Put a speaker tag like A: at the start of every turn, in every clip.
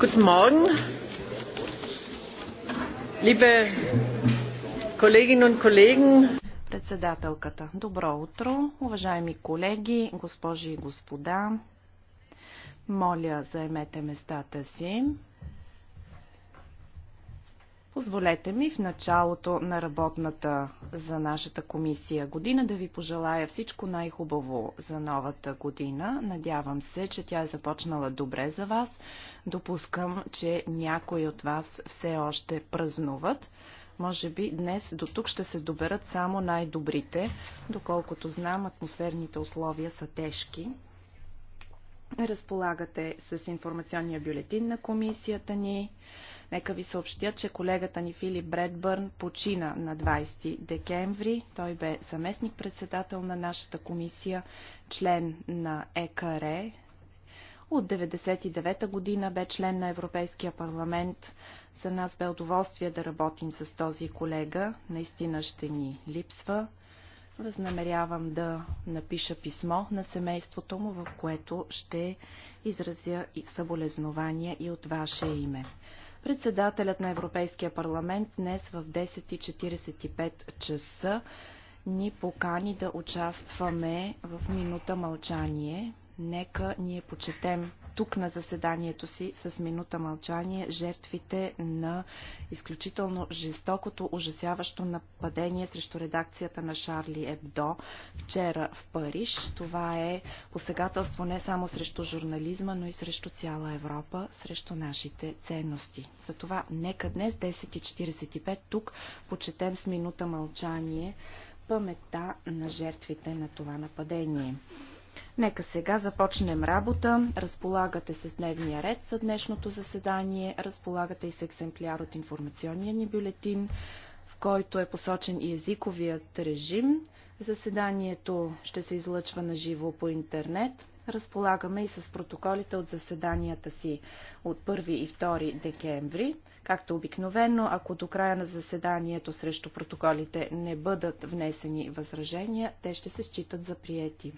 A: Guten Morgen, liebe Kolleginnen und Kollegen. Председателката. Добро утро, уважаеми колеги, госпожи и господа. Моля, заемете местата си. Позволете ми в началото на работната за нашата комисия година да ви пожелая всичко най-хубаво за новата година. Надявам се, че тя е започнала добре за вас. Допускам, че някои от вас все още празнуват. Може би днес до тук ще се доберат само най-добрите. Доколкото знам, атмосферните условия са тежки. Разполагате с информационния бюлетин на комисията ни Нека ви съобщя, че колегата ни Филип Бредбърн почина на 20 декември. Той бе заместник-председател на нашата комисия, член на ЕКР. От 99-та година бе член на Европейския парламент. За нас бе удоволствие да работим с този колега. Наистина ще ни липсва. Възнамерявам да напиша писмо на семейството му, в което ще изразя и съболезнование и от ваше име. Председателят на Европейския парламент днес в 10.45 часа ни покани да участваме в минута мълчание. Нека ние почетем тук на заседанието си с минута мълчание жертвите на изключително жестокото, ужасяващо нападение срещу редакцията на Шарли Ебдо вчера в Париж. Това е посегателство не само срещу журнализма, но и срещу цяла Европа, срещу нашите ценности. Затова нека днес 10.45 тук почетем с минута мълчание паметта на жертвите на това нападение. Нека сега започнем работа. Разполагате с дневния ред за днешното заседание. Разполагате и с екземпляр от информационния ни бюлетин, в който е посочен и езиковият режим. Заседанието ще се излъчва на живо по интернет. Разполагаме и с протоколите от заседанията си от 1 и 2 декември. Както обикновено, ако до края на заседанието срещу протоколите не бъдат внесени възражения, те ще се считат за приети.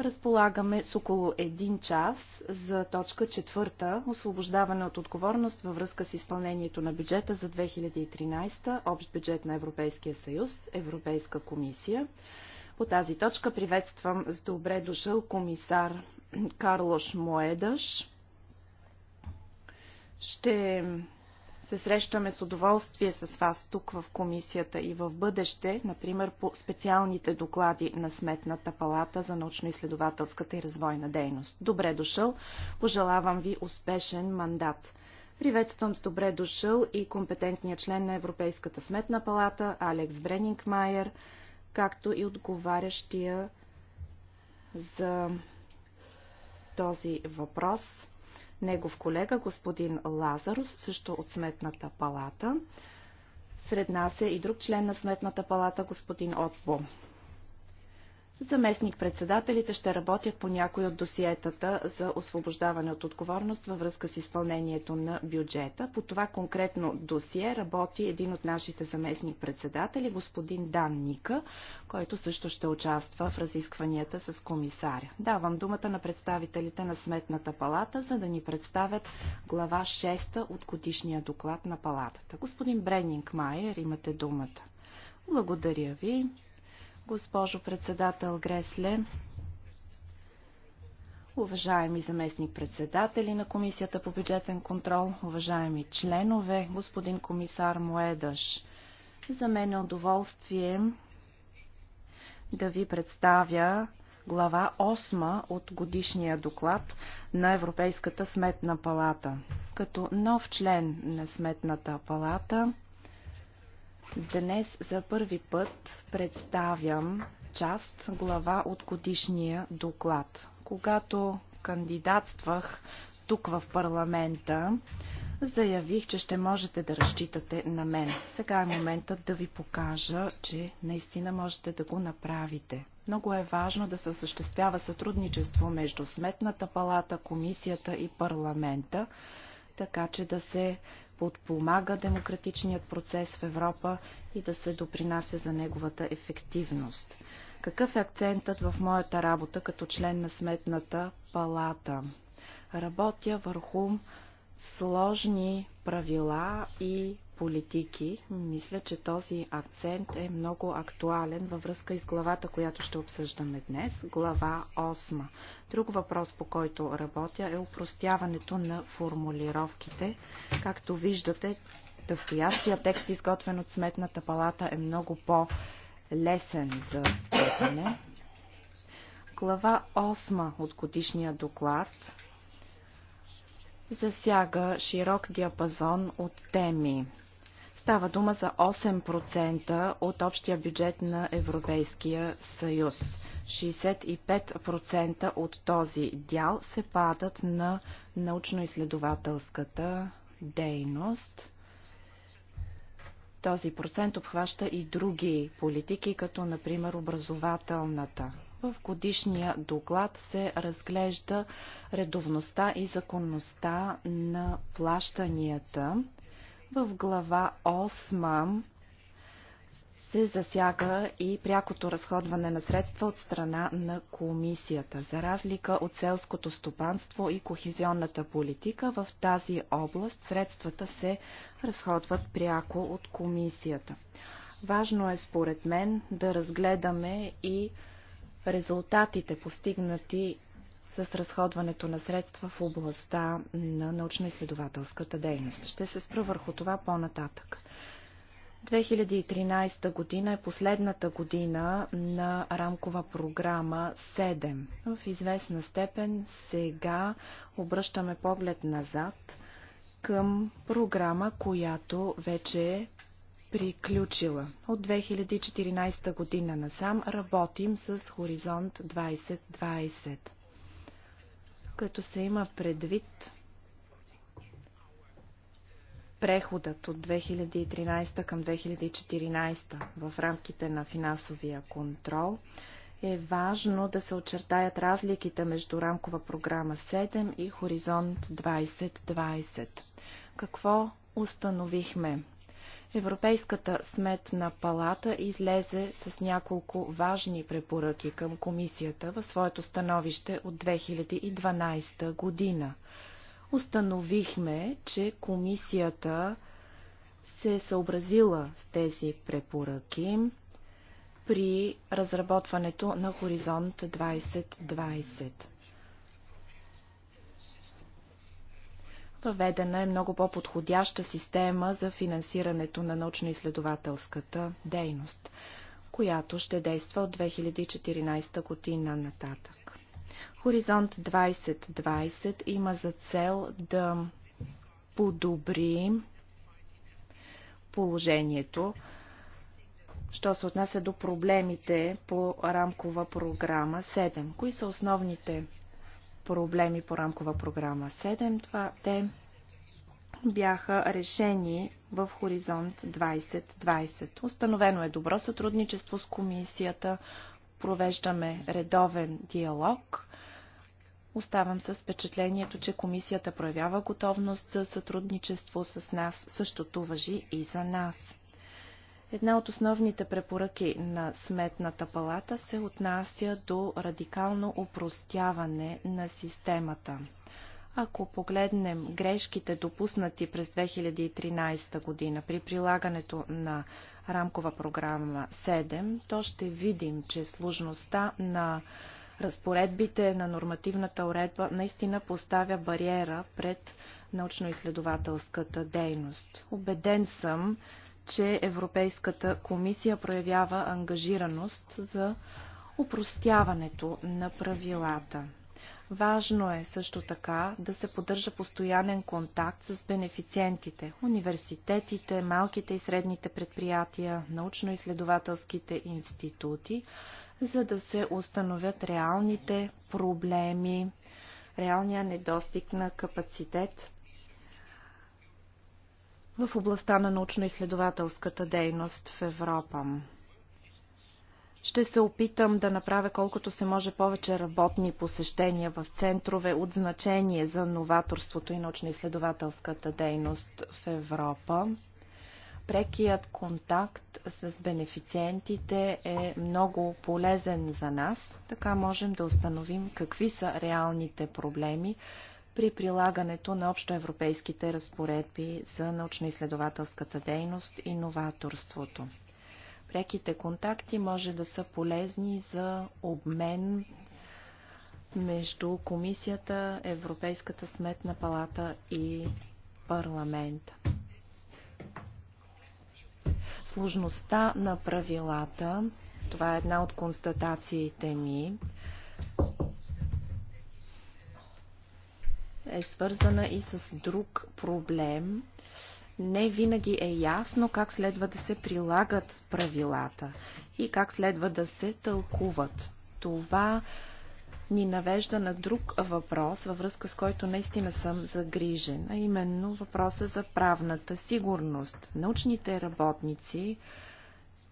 A: Разполагаме с около един час за точка четвърта – освобождаване от отговорност във връзка с изпълнението на бюджета за 2013, общ бюджет на Европейския съюз, Европейска комисия. По тази точка приветствам с добре дошъл комисар Карлош Моедаш. Ще се срещаме с удоволствие с вас тук в комисията и в бъдеще, например по специалните доклади на Сметната палата за научно-изследователската и развойна дейност. Добре дошъл, пожелавам ви успешен мандат. Приветствам с добре дошъл и компетентния член на Европейската сметна палата Алекс Бренингмайер, както и отговарящия за този въпрос негов колега господин Лазарус, също от Сметната палата. Сред нас е и друг член на Сметната палата, господин Отбо. Заместник-председателите ще работят по някои от досиетата за освобождаване от отговорност във връзка с изпълнението на бюджета. По това конкретно досие работи един от нашите заместник-председатели, господин Дан Ника, който също ще участва в разискванията с комисаря. Давам думата на представителите на Сметната палата, за да ни представят глава 6 от годишния доклад на палатата. Господин Бренинг Майер, имате думата. Благодаря ви. Госпожо председател Гресле, уважаеми заместник председатели на Комисията по бюджетен контрол, уважаеми членове, господин комисар Моедаш, за мен е удоволствие да ви представя глава 8 от годишния доклад на Европейската сметна палата. Като нов член на Сметната палата – Днес за първи път представям част, глава от годишния доклад. Когато кандидатствах тук в парламента, заявих, че ще можете да разчитате на мен. Сега е моментът да ви покажа, че наистина можете да го направите. Много е важно да се осъществява сътрудничество между Сметната палата, комисията и парламента, така че да се подпомага демократичният процес в Европа и да се допринася за неговата ефективност. Какъв е акцентът в моята работа като член на Сметната палата? Работя върху сложни правила и политики. Мисля, че този акцент е много актуален във връзка и с главата, която ще обсъждаме днес, глава 8. Друг въпрос, по който работя, е упростяването на формулировките. Както виждате, настоящия текст, изготвен от Сметната палата, е много по-лесен за четене. Глава 8 от годишния доклад засяга широк диапазон от теми. Става дума за 8% от общия бюджет на Европейския съюз. 65% от този дял се падат на научно-изследователската дейност. Този процент обхваща и други политики, като например образователната в годишния доклад се разглежда редовността и законността на плащанията. В глава 8 се засяга и прякото разходване на средства от страна на комисията. За разлика от селското стопанство и кохезионната политика, в тази област средствата се разходват пряко от комисията. Важно е според мен да разгледаме и резултатите постигнати с разходването на средства в областта на научно-изследователската дейност. Ще се спра върху това по-нататък. 2013 година е последната година на рамкова програма 7. В известна степен сега обръщаме поглед назад към програма, която вече е приключила. От 2014 година насам работим с Хоризонт 2020. Като се има предвид преходът от 2013 към 2014 в рамките на финансовия контрол, е важно да се очертаят разликите между рамкова програма 7 и Хоризонт 2020. Какво установихме? Европейската сметна палата излезе с няколко важни препоръки към комисията в своето становище от 2012 година. Установихме, че комисията се е съобразила с тези препоръки при разработването на Хоризонт 2020. Въведена е много по-подходяща система за финансирането на научно-изследователската дейност, която ще действа от 2014 година нататък. Хоризонт 2020 има за цел да подобри положението, що се отнася до проблемите по рамкова програма 7. Кои са основните проблеми по рамкова програма 7. Това те бяха решени в Хоризонт 2020. Установено е добро сътрудничество с комисията, провеждаме редовен диалог. Оставам с впечатлението, че комисията проявява готовност за сътрудничество с нас. Същото въжи и за нас. Една от основните препоръки на Сметната палата се отнася до радикално упростяване на системата. Ако погледнем грешките допуснати през 2013 година при прилагането на рамкова програма 7, то ще видим, че сложността на разпоредбите на нормативната уредба наистина поставя бариера пред научно-изследователската дейност. Обеден съм, че Европейската комисия проявява ангажираност за упростяването на правилата. Важно е също така да се поддържа постоянен контакт с бенефициентите, университетите, малките и средните предприятия, научно-изследователските институти, за да се установят реалните проблеми, реалния недостиг на капацитет в областта на научно-изследователската дейност в Европа. Ще се опитам да направя колкото се може повече работни посещения в центрове от значение за новаторството и научно-изследователската дейност в Европа. Прекият контакт с бенефициентите е много полезен за нас. Така можем да установим какви са реалните проблеми, при прилагането на общоевропейските разпоредби за научно-изследователската дейност и новаторството. Преките контакти може да са полезни за обмен между Комисията, Европейската сметна палата и парламента. Сложността на правилата, това е една от констатациите ми, е свързана и с друг проблем. Не винаги е ясно как следва да се прилагат правилата и как следва да се тълкуват. Това ни навежда на друг въпрос, във връзка с който наистина съм загрижен, а именно въпроса за правната сигурност. Научните работници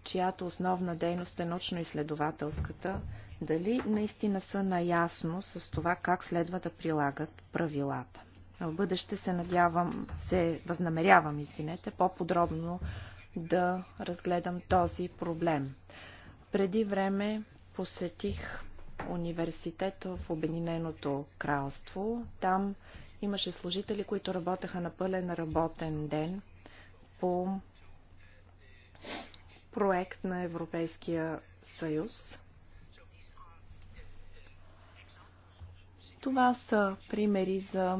A: чиято основна дейност е научно-изследователската, дали наистина са наясно с това как следва да прилагат правилата. В бъдеще се надявам, се възнамерявам, извинете, по-подробно да разгледам този проблем. Преди време посетих университет в Обединеното кралство. Там имаше служители, които работеха на пълен работен ден по проект на Европейския съюз. Това са примери за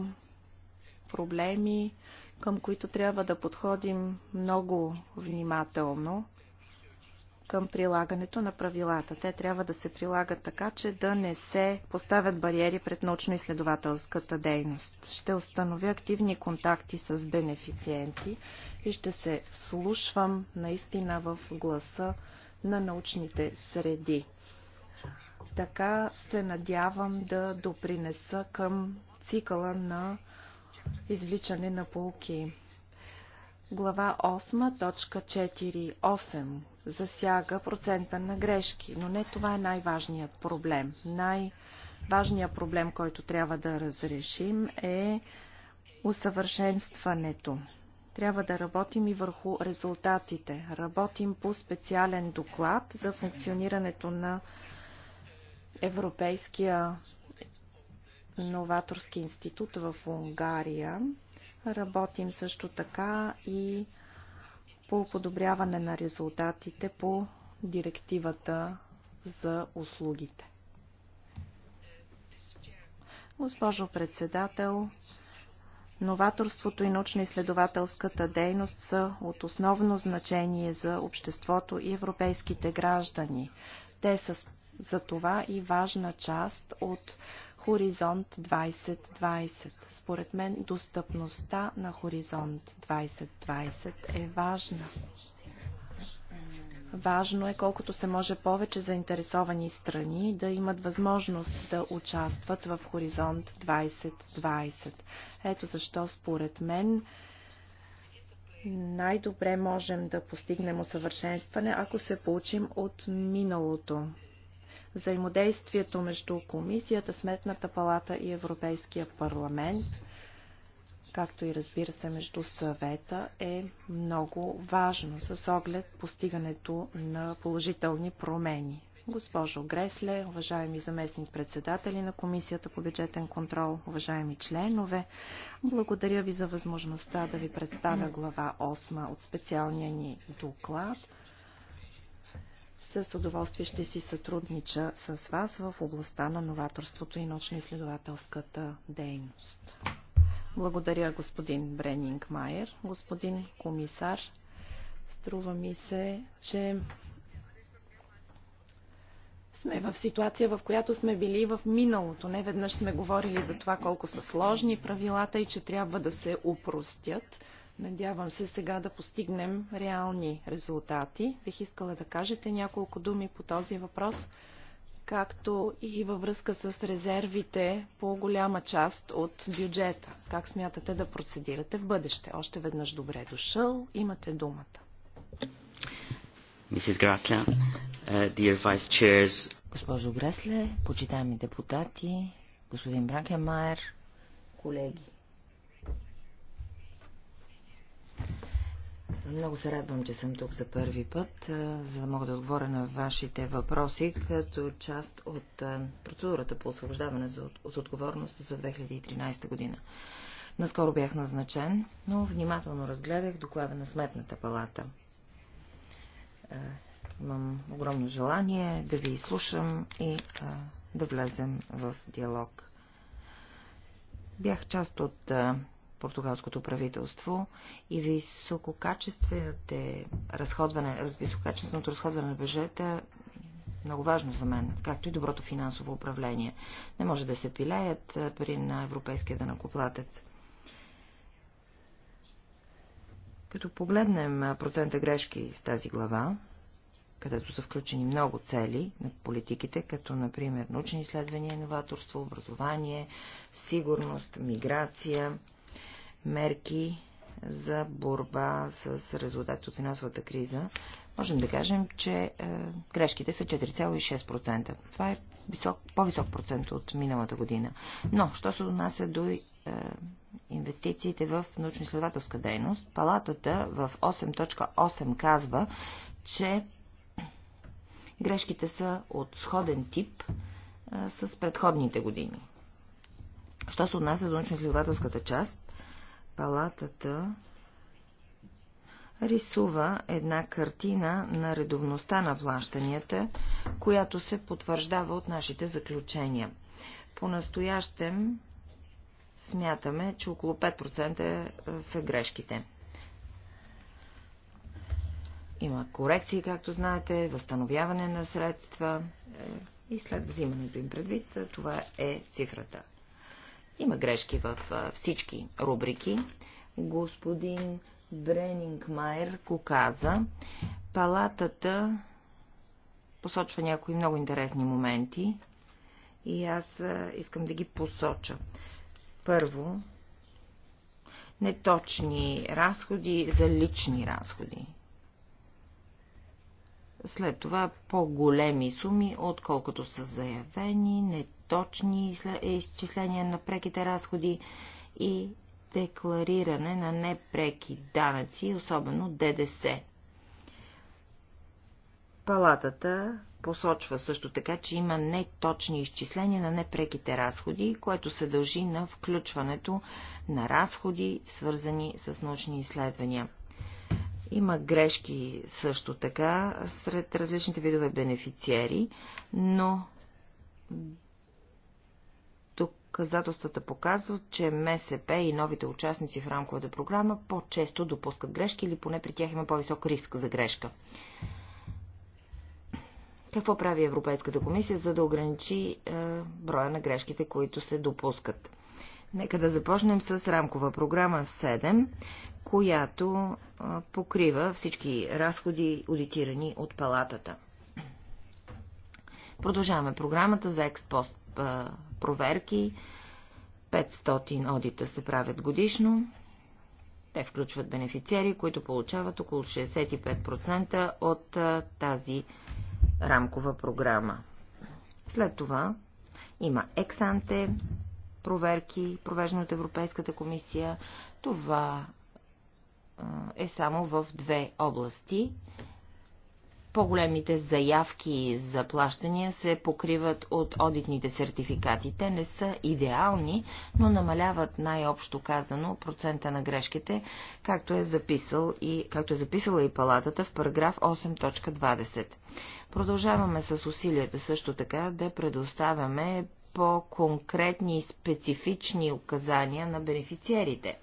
A: проблеми, към които трябва да подходим много внимателно към прилагането на правилата. Те трябва да се прилагат така, че да не се поставят бариери пред научно-изследователската дейност. Ще установя активни контакти с бенефициенти и ще се вслушвам наистина в гласа на научните среди. Така се надявам да допринеса към цикъла на извличане на полки. Глава 8, точка 4.8 засяга процента на грешки, но не това е най-важният проблем. Най-важният проблем, който трябва да разрешим е усъвършенстването. Трябва да работим и върху резултатите. Работим по специален доклад за функционирането на Европейския новаторски институт в Унгария. Работим също така и по подобряване на резултатите по директивата за услугите. Госпожо председател, новаторството и научно-изследователската дейност са от основно значение за обществото и европейските граждани. Те са за това и важна част от Хоризонт 2020. Според мен достъпността на Хоризонт 2020 е важна. Важно е колкото се може повече заинтересовани страни да имат възможност да участват в Хоризонт 2020. Ето защо според мен най-добре можем да постигнем усъвършенстване, ако се получим от миналото взаимодействието между Комисията, Сметната палата и Европейския парламент, както и разбира се между съвета, е много важно с оглед постигането на положителни промени. Госпожо Гресле, уважаеми заместник председатели на Комисията по бюджетен контрол, уважаеми членове, благодаря ви за възможността да ви представя глава 8 от специалния ни доклад – с удоволствие ще си сътруднича с вас в областта на новаторството и научно-изследователската дейност. Благодаря, господин Бренинг Майер. Господин комисар, струва ми се, че сме в ситуация, в която сме били в миналото. Не веднъж сме говорили за това колко са сложни правилата и че трябва да се упростят. Надявам се сега да постигнем реални резултати. Бих искала да кажете няколко думи по този въпрос, както и във връзка с резервите по голяма част от бюджета. Как смятате да процедирате в бъдеще? Още веднъж добре дошъл. Имате думата.
B: Мисис Грасля, uh, dear vice chairs. Госпожо Гресле, почитаеми депутати, господин Бракемайер, колеги. Много се радвам, че съм тук за първи път, за да мога да отговоря на вашите въпроси като част от процедурата по освобождаване от отговорност за 2013 година. Наскоро бях назначен, но внимателно разгледах доклада на Сметната палата. Имам огромно желание да ви слушам и да влезем в диалог. Бях част от португалското правителство и висококачествените разходване, висококачественото разходване на бюджета е много важно за мен, както и доброто финансово управление. Не може да се пилеят при на европейския данакоплатец. Като погледнем процента грешки в тази глава, където са включени много цели на политиките, като например научни изследвания, новаторство, образование, сигурност, миграция, мерки за борба с резултат от финансовата криза, можем да кажем, че е, грешките са 4,6%. Това е висок, по-висок процент от миналата година. Но, що се отнася до е, инвестициите в научно-изследователска дейност, палатата в 8.8 казва, че грешките са от сходен тип е, с предходните години. Що се отнася до научно-изследователската част, палатата рисува една картина на редовността на плащанията, която се потвърждава от нашите заключения. По-настоящем смятаме, че около 5% е, са грешките. Има корекции, както знаете, възстановяване на средства е, и след взимането им предвид, е, това е цифрата. Има грешки в всички рубрики. Господин Бренингмайер го каза. Палатата посочва някои много интересни моменти и аз искам да ги посоча. Първо, неточни разходи за лични разходи след това по-големи суми, отколкото са заявени, неточни е, изчисления на преките разходи и деклариране на непреки данъци, особено ДДС. Палатата посочва също така, че има неточни изчисления на непреките разходи, което се дължи на включването на разходи, свързани с научни изследвания. Има грешки също така сред различните видове бенефициери, но доказателствата показват, че МСП и новите участници в рамковата програма по-често допускат грешки или поне при тях има по-висок риск за грешка. Какво прави Европейската комисия, за да ограничи е, броя на грешките, които се допускат? Нека да започнем с рамкова програма 7, която покрива всички разходи, аудитирани от палатата. Продължаваме програмата за експост проверки. 500 одита се правят годишно. Те включват бенефициери, които получават около 65% от тази рамкова програма. След това има ексанте проверки, провеждани от Европейската комисия. Това е само в две области. По-големите заявки за плащания се покриват от одитните сертификати. Те не са идеални, но намаляват най-общо казано процента на грешките, както е, записал и, както е записала и палатата в параграф 8.20. Продължаваме с усилията също така да предоставяме по-конкретни и специфични указания на бенефициерите.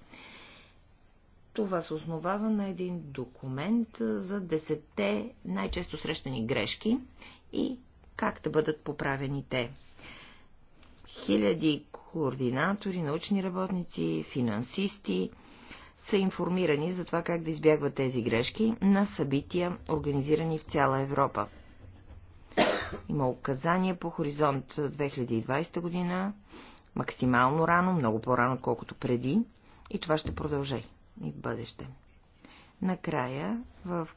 B: Това се основава на един документ за десетте най-често срещани грешки и как да бъдат поправени те. Хиляди координатори, научни работници, финансисти са информирани за това как да избягват тези грешки на събития, организирани в цяла Европа. Има указания по хоризонт 2020 година, максимално рано, много по-рано, отколкото преди. И това ще продължи и в бъдеще. Накрая, в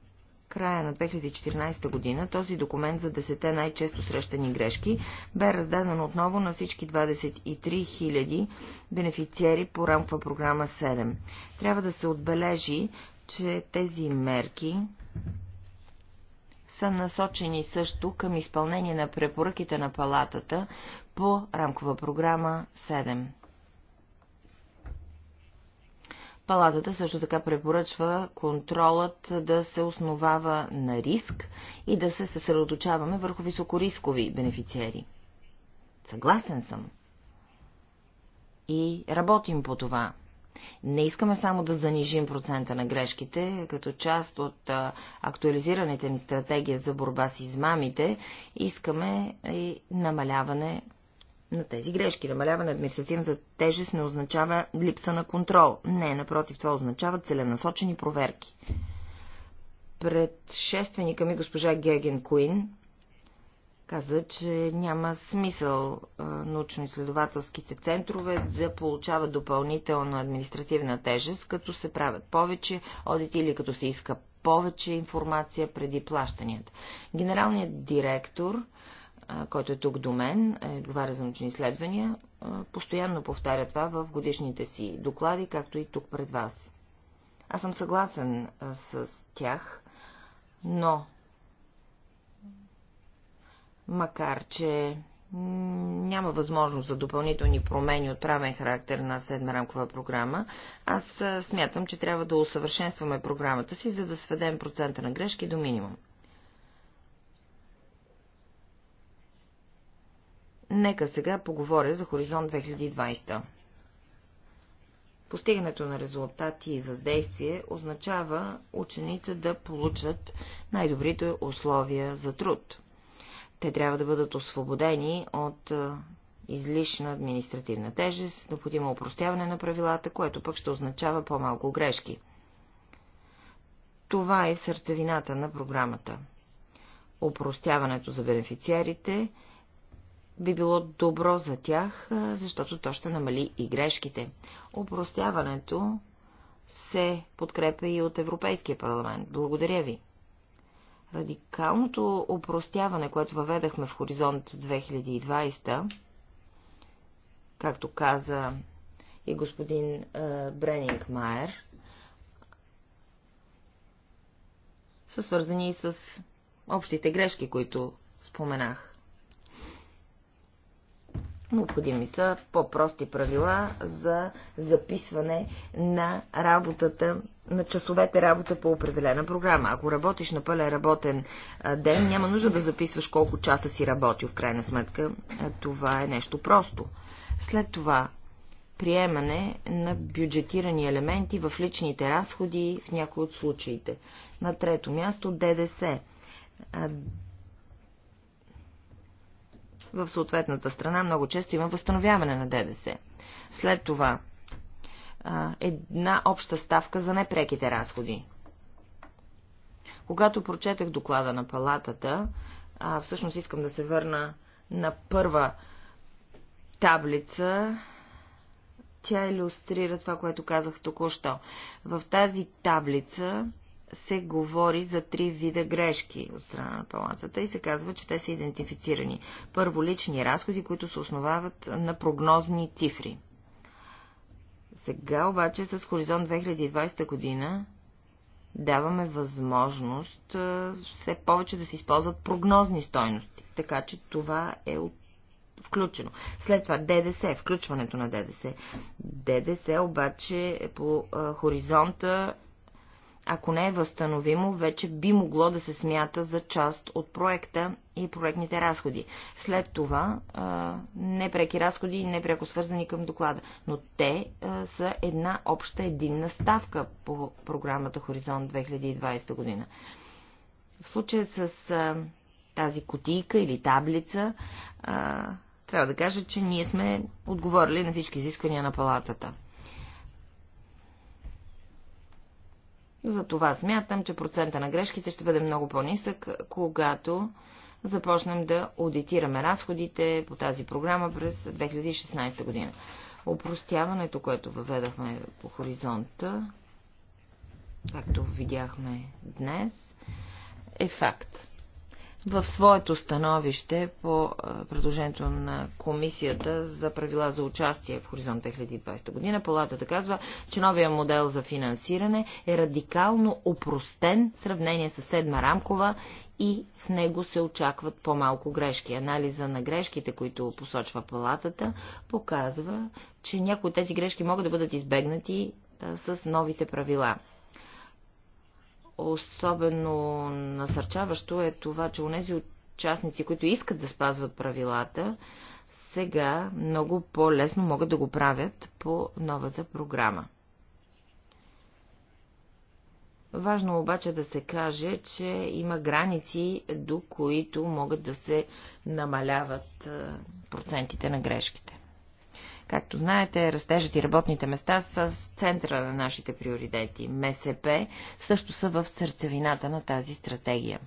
B: края на 2014 година, този документ за 10 най-често срещани грешки бе раздаден отново на всички 23 000 бенефициери по рамкова програма 7. Трябва да се отбележи, че тези мерки са насочени също към изпълнение на препоръките на палатата по рамкова програма 7. Палатата също така препоръчва контролът да се основава на риск и да се съсредоточаваме върху високорискови бенефициери. Съгласен съм. И работим по това. Не искаме само да занижим процента на грешките, като част от актуализираните ни стратегия за борба с измамите, искаме и намаляване на тези грешки. Намаляване на административната тежест не означава липса на контрол. Не, напротив, това означава целенасочени проверки. Предшественика ми, госпожа Геген Куин, каза, че няма смисъл научно-изследователските центрове да получават допълнителна административна тежест, като се правят повече одити или като се иска повече информация преди плащанията. Генералният директор, който е тук до мен, е, отговаря за научни изследвания, постоянно повтаря това в годишните си доклади, както и тук пред вас. Аз съм съгласен с тях, но макар че няма възможност за допълнителни промени от правен характер на седма рамкова програма, аз смятам, че трябва да усъвършенстваме програмата си, за да сведем процента на грешки до минимум. Нека сега поговоря за Хоризонт 2020. Постигането на резултати и въздействие означава учените да получат най-добрите условия за труд – те трябва да бъдат освободени от излишна административна тежест, необходимо упростяване на правилата, което пък ще означава по-малко грешки. Това е сърцевината на програмата. Упростяването за бенефициарите би било добро за тях, защото то ще намали и грешките. Упростяването се подкрепя и от Европейския парламент. Благодаря ви. Радикалното упростяване, което въведахме в Хоризонт 2020, както каза и господин Бренинг Майер, са свързани и с общите грешки, които споменах. Необходими са по-прости правила за записване на работата на часовете работа по определена програма. Ако работиш на пълен работен ден, няма нужда да записваш колко часа си работил. В крайна сметка това е нещо просто. След това приемане на бюджетирани елементи в личните разходи в някои от случаите. На трето място ДДС. В съответната страна много често има възстановяване на ДДС. След това една обща ставка за непреките разходи. Когато прочетах доклада на палатата, а, всъщност искам да се върна на първа таблица. Тя иллюстрира това, което казах току-що. В тази таблица се говори за три вида грешки от страна на палатата и се казва, че те са идентифицирани. Първо, лични разходи, които се основават на прогнозни цифри. Сега обаче с Хоризонт 2020 година даваме възможност все повече да се използват прогнозни стойности. Така че това е включено. След това ДДС, включването на ДДС. ДДС обаче е по хоризонта ако не е възстановимо, вече би могло да се смята за част от проекта и проектните разходи. След това а, непреки разходи и непряко свързани към доклада, но те а, са една обща единна ставка по програмата Хоризонт 2020 година. В случая с а, тази котийка или таблица, а, трябва да кажа, че ние сме отговорили на всички изисквания на палатата. Затова смятам, че процента на грешките ще бъде много по-нисък, когато започнем да аудитираме разходите по тази програма през 2016 година. Опростяването, което въведахме по хоризонта, както видяхме днес, е факт в своето становище по предложението на комисията за правила за участие в Хоризонт 2020 година, палатата казва, че новия модел за финансиране е радикално опростен в сравнение с седма рамкова и в него се очакват по-малко грешки. Анализа на грешките, които посочва палатата, показва, че някои от тези грешки могат да бъдат избегнати с новите правила. Особено насърчаващо е това, че нези участници, които искат да спазват правилата, сега много по-лесно могат да го правят по новата програма. Важно обаче да се каже, че има граници, до които могат да се намаляват е, процентите на грешките. Както знаете, растежът и работните места са с центъра на нашите приоритети. МСП също са в сърцевината на тази стратегия.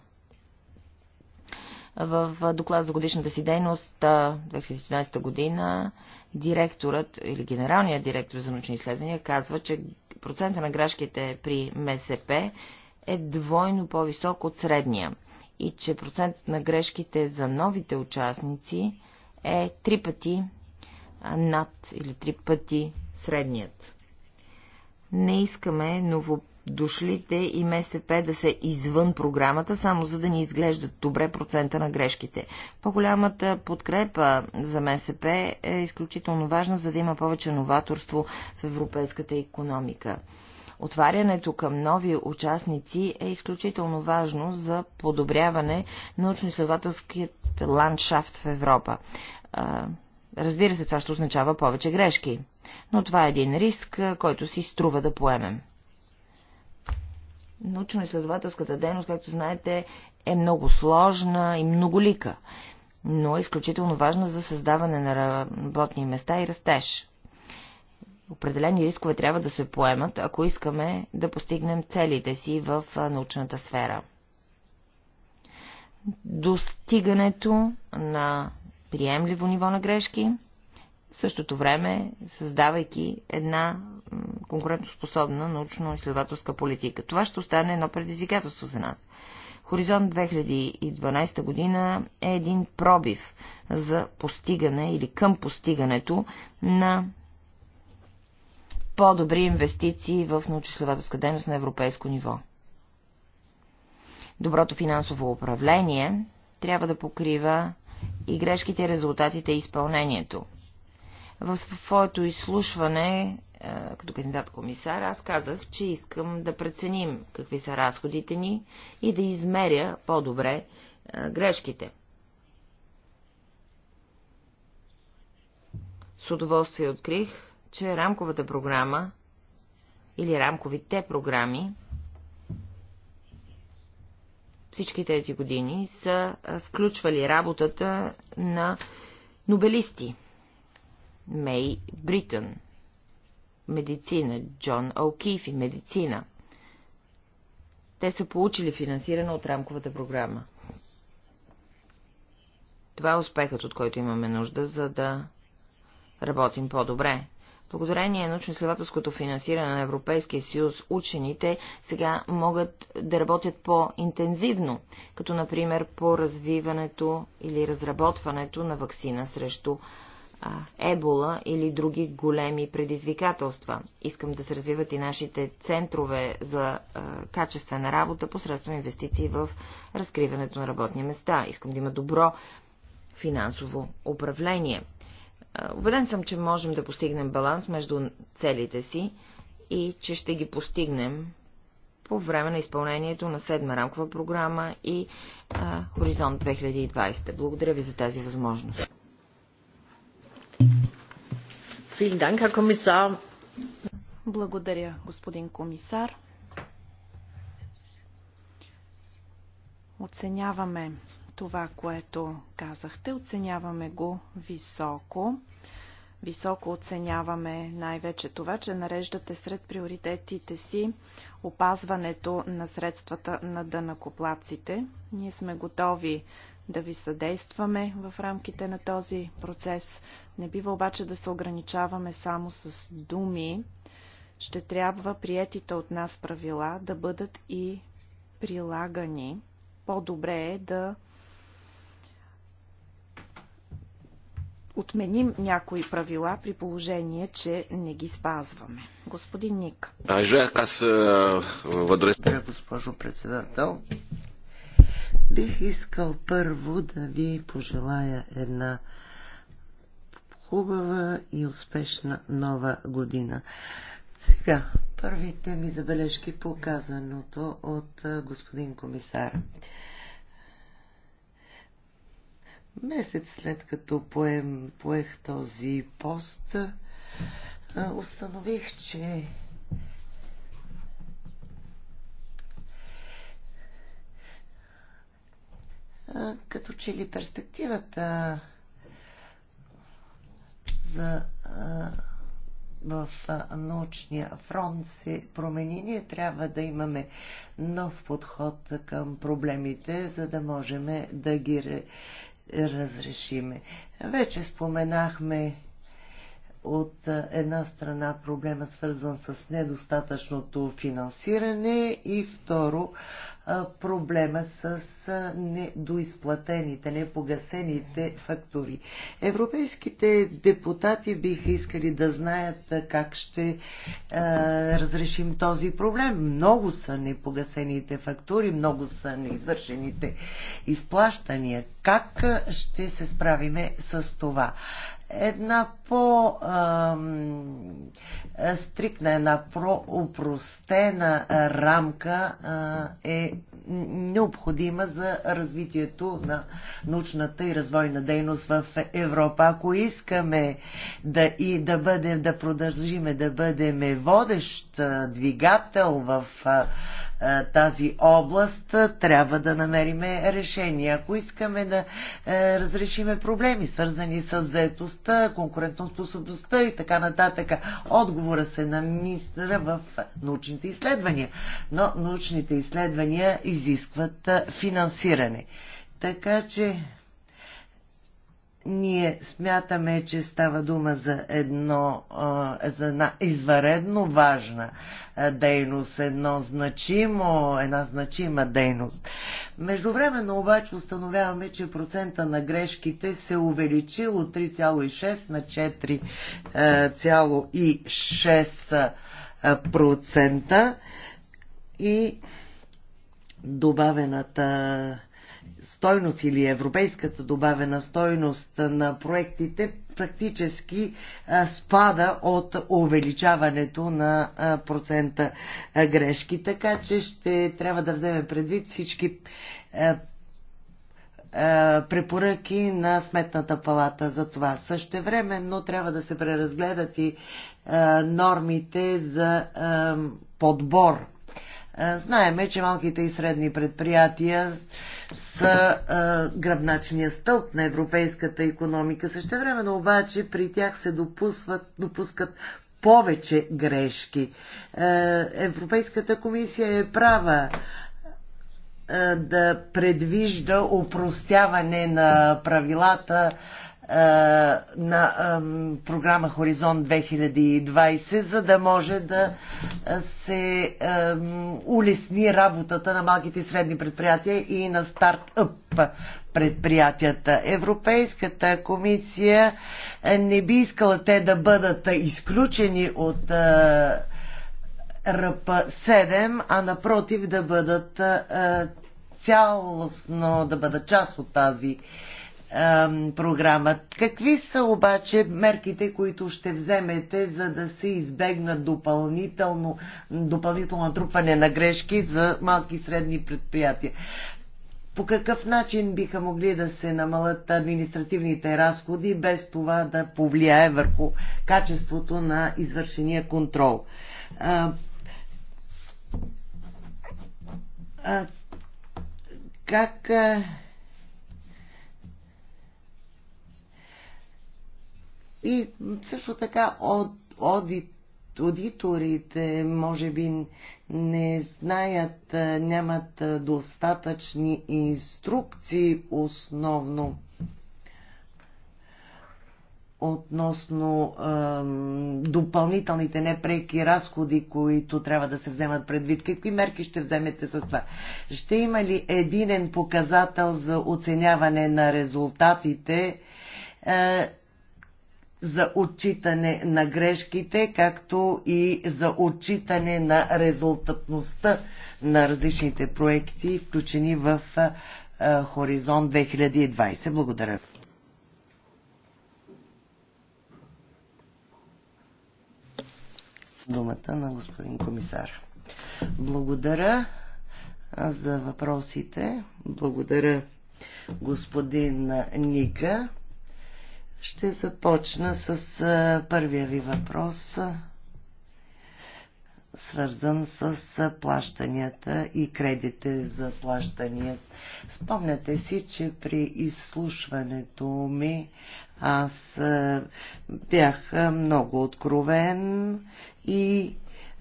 B: В доклад за годишната си дейност 2014 година директорът или генералният директор за научни изследвания казва, че процента на грешките при МСП е двойно по-висок от средния и че процентът на грешките за новите участници е три пъти над или три пъти средният. Не искаме новодошлите и МСП да са извън програмата, само за да ни изглеждат добре процента на грешките. По-голямата подкрепа за МСП е изключително важна, за да има повече новаторство в европейската економика. Отварянето към нови участници е изключително важно за подобряване на научно-изследователският ландшафт в Европа Разбира се, това ще означава повече грешки, но това е един риск, който си струва да поемем. Научно-изследователската дейност, както знаете, е много сложна и многолика, но е изключително важна за създаване на работни места и растеж. Определени рискове трябва да се поемат, ако искаме да постигнем целите си в научната сфера. Достигането на приемливо ниво на грешки, в същото време създавайки една конкурентоспособна научно-изследователска политика. Това ще остане едно предизвикателство за нас. Хоризонт 2012 година е един пробив за постигане или към постигането на по-добри инвестиции в научно-изследователска дейност на европейско ниво. Доброто финансово управление трябва да покрива и грешките, резултатите и изпълнението. В своето изслушване е, като кандидат комисар, аз казах, че искам да преценим какви са разходите ни и да измеря по-добре е, грешките. С удоволствие открих, че рамковата програма или рамковите програми всички тези години са включвали работата на нобелисти. Мей Бритън, медицина, Джон О'Кифи, медицина. Те са получили финансиране от рамковата програма. Това е успехът, от който имаме нужда, за да работим по-добре. Благодарение на научно-изследователското финансиране на Европейския съюз, учените сега могат да работят по-интензивно, като например по развиването или разработването на вакцина срещу а, ебола или други големи предизвикателства. Искам да се развиват и нашите центрове за а, качествена работа посредством инвестиции в разкриването на работни места. Искам да има добро финансово управление. Убеден съм, че можем да постигнем баланс между целите си и че ще ги постигнем по време на изпълнението на седма рамкова програма и а, Хоризонт 2020. Благодаря ви за тази възможност.
A: Благодаря, господин комисар. Оценяваме това, което казахте. Оценяваме го високо. Високо оценяваме най-вече това, че нареждате сред приоритетите си опазването на средствата на дънакоплаците. Ние сме готови да ви съдействаме в рамките на този процес. Не бива обаче да се ограничаваме само с думи. Ще трябва приетите от нас правила да бъдат и прилагани. По-добре е да отменим някои правила при положение, че не ги
C: спазваме. Господин Ник. Е, Благодаря, госпожо председател. Бих искал първо да ви пожелая една хубава и успешна нова година. Сега, първите ми забележки показаното от е, господин комисар. Месец след като поем, поех този пост, установих, че като че ли перспективата за в научния фронт се промени. Ние трябва да имаме нов подход към проблемите, за да можем да ги разрешиме. Вече споменахме от една страна проблема свързан с недостатъчното финансиране и второ проблема с недоизплатените, непогасените фактури. Европейските депутати биха искали да знаят как ще разрешим този проблем. Много са непогасените фактури, много са неизвършените изплащания. Как ще се справиме с това? една по стрикна, една проупростена рамка е необходима за развитието на научната и развойна дейност в Европа. Ако искаме да, и да, бъдем, да продължиме да бъдем водещ двигател в тази област, трябва да намериме решение. Ако искаме да разрешиме проблеми, свързани с заетостта, конкурентоспособността и така нататък, отговора се намира в научните изследвания. Но научните изследвания изискват финансиране. Така че ние смятаме, че става дума за, едно, за една изваредно важна дейност, едно значимо, една значима дейност. Междувременно обаче установяваме, че процента на грешките се увеличил от 3,6 на 4,6% и добавената стойност или европейската добавена стойност на проектите практически спада от увеличаването на процента грешки. Така че ще трябва да вземем предвид всички препоръки на Сметната палата за това. Също време, но трябва да се преразгледат и нормите за подбор. Знаеме, че малките и средни предприятия са а, гръбначния стълб на европейската економика. Също обаче при тях се допусват, допускат повече грешки. А, е, Европейската комисия е права а, е, да предвижда упростяване на правилата е, на е, програма Хоризонт 2020, за да може да е, се улесни работата на малките и средни предприятия и на стартъп предприятията. Европейската комисия не би искала те да бъдат изключени от РП-7, а напротив да бъдат цялостно, да бъдат част от тази програма. Какви са обаче мерките, които ще вземете, за да се избегнат допълнително, допълнително натрупване на грешки за малки и средни предприятия? По какъв начин биха могли да се намалят административните разходи, без това да повлияе върху качеството на извършения контрол? А, а, как. А И също така от, оди, аудиторите може би не знаят, нямат достатъчни инструкции основно относно е, допълнителните непреки разходи, които трябва да се вземат предвид. Какви мерки ще вземете за това? Ще има ли единен показател за оценяване на резултатите? Е, за отчитане на грешките, както и за отчитане на резултатността на различните проекти, включени в Хоризонт 2020. Благодаря. Думата на господин комисар. Благодаря за въпросите. Благодаря господин Ника. Ще започна с а, първия ви въпрос, а, свързан с а, плащанията и кредите за плащания. Спомняте си, че при изслушването ми аз а, бях а, много откровен и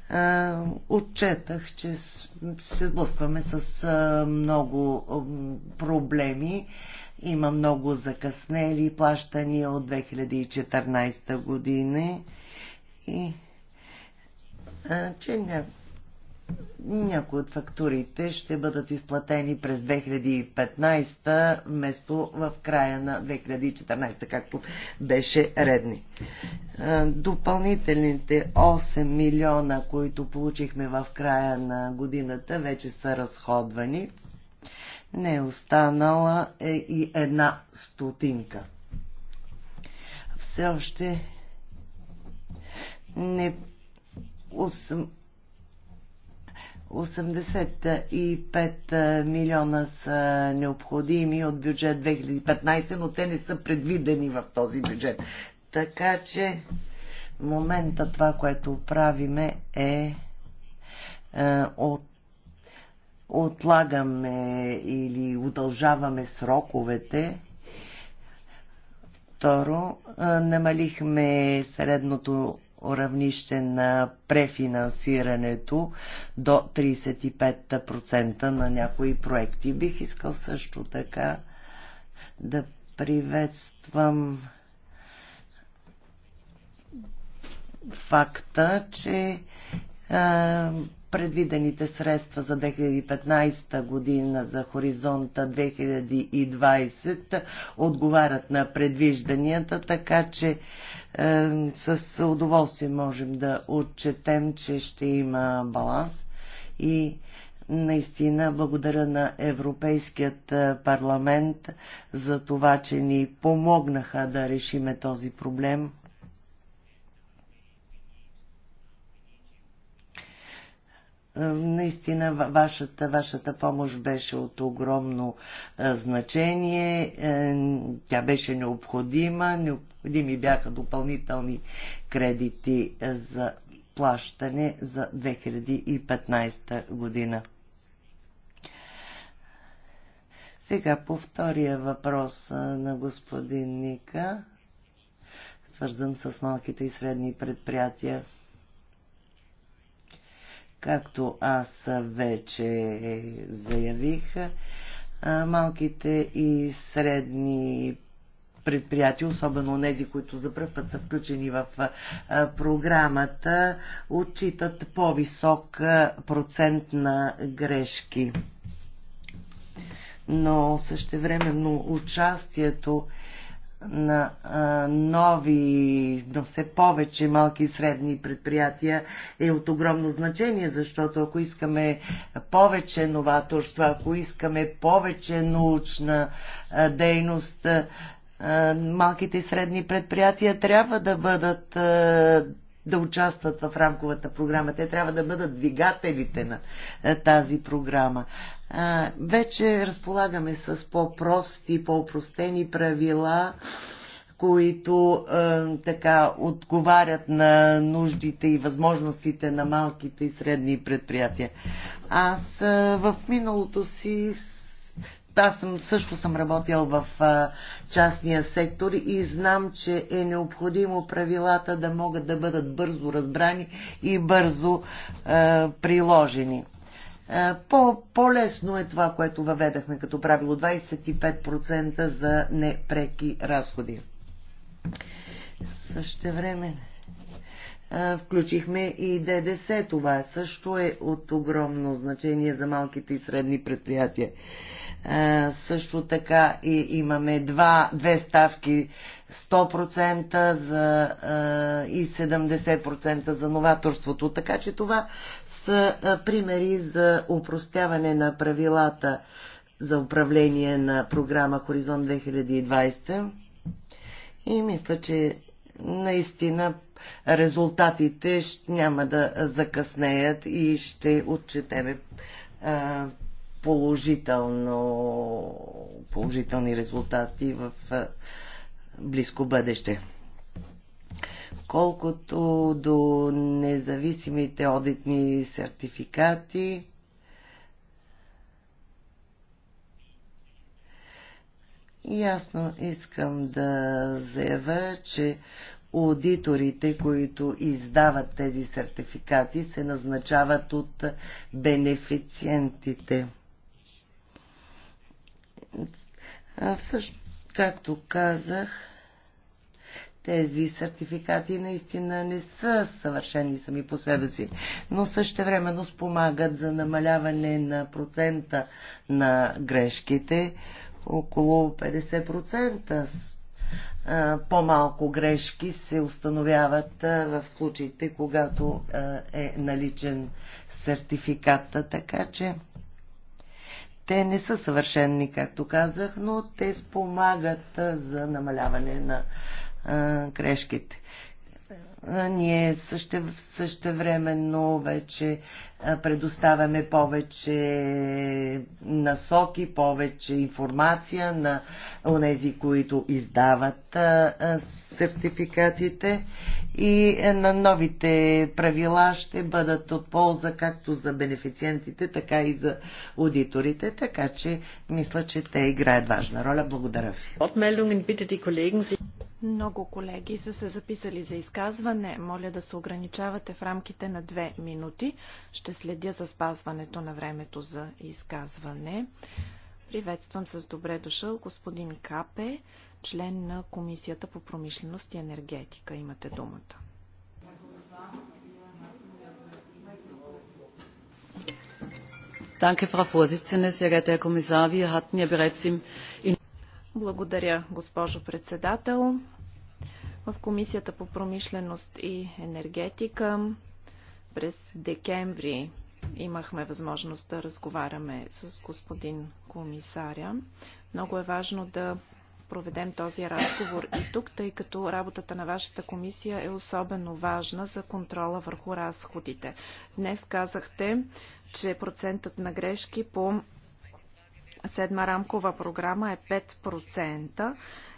C: а, отчетах, че се сблъскваме с а, много а, проблеми има много закъснели плащания от 2014 година и а, че ня... някои от фактурите ще бъдат изплатени през 2015 вместо в края на 2014, както беше редни. А, допълнителните 8 милиона, които получихме в края на годината, вече са разходвани не е останала е и една стотинка. Все още не 85 милиона са необходими от бюджет 2015, но те не са предвидени в този бюджет. Така че момента това, което правиме е, е от отлагаме или удължаваме сроковете. Второ, намалихме средното равнище на префинансирането до 35% на някои проекти. Бих искал също така да приветствам факта, че предвидените средства за 2015 година за хоризонта 2020 отговарят на предвижданията, така че е, с удоволствие можем да отчетем, че ще има баланс и наистина благодаря на Европейският е, парламент за това, че ни помогнаха да решиме този проблем Е, наистина вашата, вашата помощ беше от огромно е, значение. Е, тя беше необходима. Необходими бяха допълнителни кредити за плащане за 2015 година. Сега по втория въпрос на господин Ника, свързан с малките и средни предприятия. Както аз вече заявих, малките и средни предприятия, особено тези, които за първ път са включени в програмата, отчитат по-висок процент на грешки. Но същевременно участието на а, нови, но все повече малки и средни предприятия е от огромно значение, защото ако искаме повече новаторство, ако искаме повече научна а, дейност, а, малките и средни предприятия трябва да бъдат а, да участват в рамковата програма. Те трябва да бъдат двигателите на тази програма. А, вече разполагаме с по-прости, по-простени правила, които а, така отговарят на нуждите и възможностите на малките и средни предприятия. Аз а, в миналото си аз съм, също съм работил в а, частния сектор и знам, че е необходимо правилата да могат да бъдат бързо разбрани и бързо а, приложени. По, по-лесно е това, което въведахме като правило 25% за непреки разходи. Също време включихме и ДДС. Това също е от огромно значение за малките и средни предприятия. Също така и имаме два, две ставки 100% за, и 70% за новаторството. Така че това са примери за упростяване на правилата за управление на програма Хоризонт 2020. И мисля, че наистина резултатите няма да закъснеят и ще отчетеме положително, положителни резултати в близко бъдеще. Колкото до независимите одитни сертификати, ясно искам да заявя, че аудиторите, които издават тези сертификати, се назначават от бенефициентите. А всъщност, както казах, тези сертификати наистина не са съвършени сами по себе си, но също времено спомагат за намаляване на процента на грешките около 50% по-малко грешки се установяват в случаите, когато е наличен сертификата. Така че те не са съвършенни, както казах, но те спомагат за намаляване на грешките. Ние също, времено вече предоставяме повече насоки, повече информация на тези, които издават сертификатите и е, на новите правила ще бъдат от полза както за бенефициентите, така и за аудиторите, така че мисля, че те играят важна роля. Благодаря
A: ви. Много колеги са се записали за изказване. Моля да се ограничавате в рамките на две минути. Ще ще следя за спазването на времето за изказване. Приветствам с добре дошъл господин Капе, член на Комисията по промишленост и енергетика. Имате думата. Благодаря, госпожо председател. В Комисията по промишленост и енергетика през декември имахме възможност да разговаряме с господин комисаря. Много е важно да проведем този разговор и тук, тъй като работата на вашата комисия е особено важна за контрола върху разходите. Днес казахте, че процентът на грешки по седма рамкова програма е 5%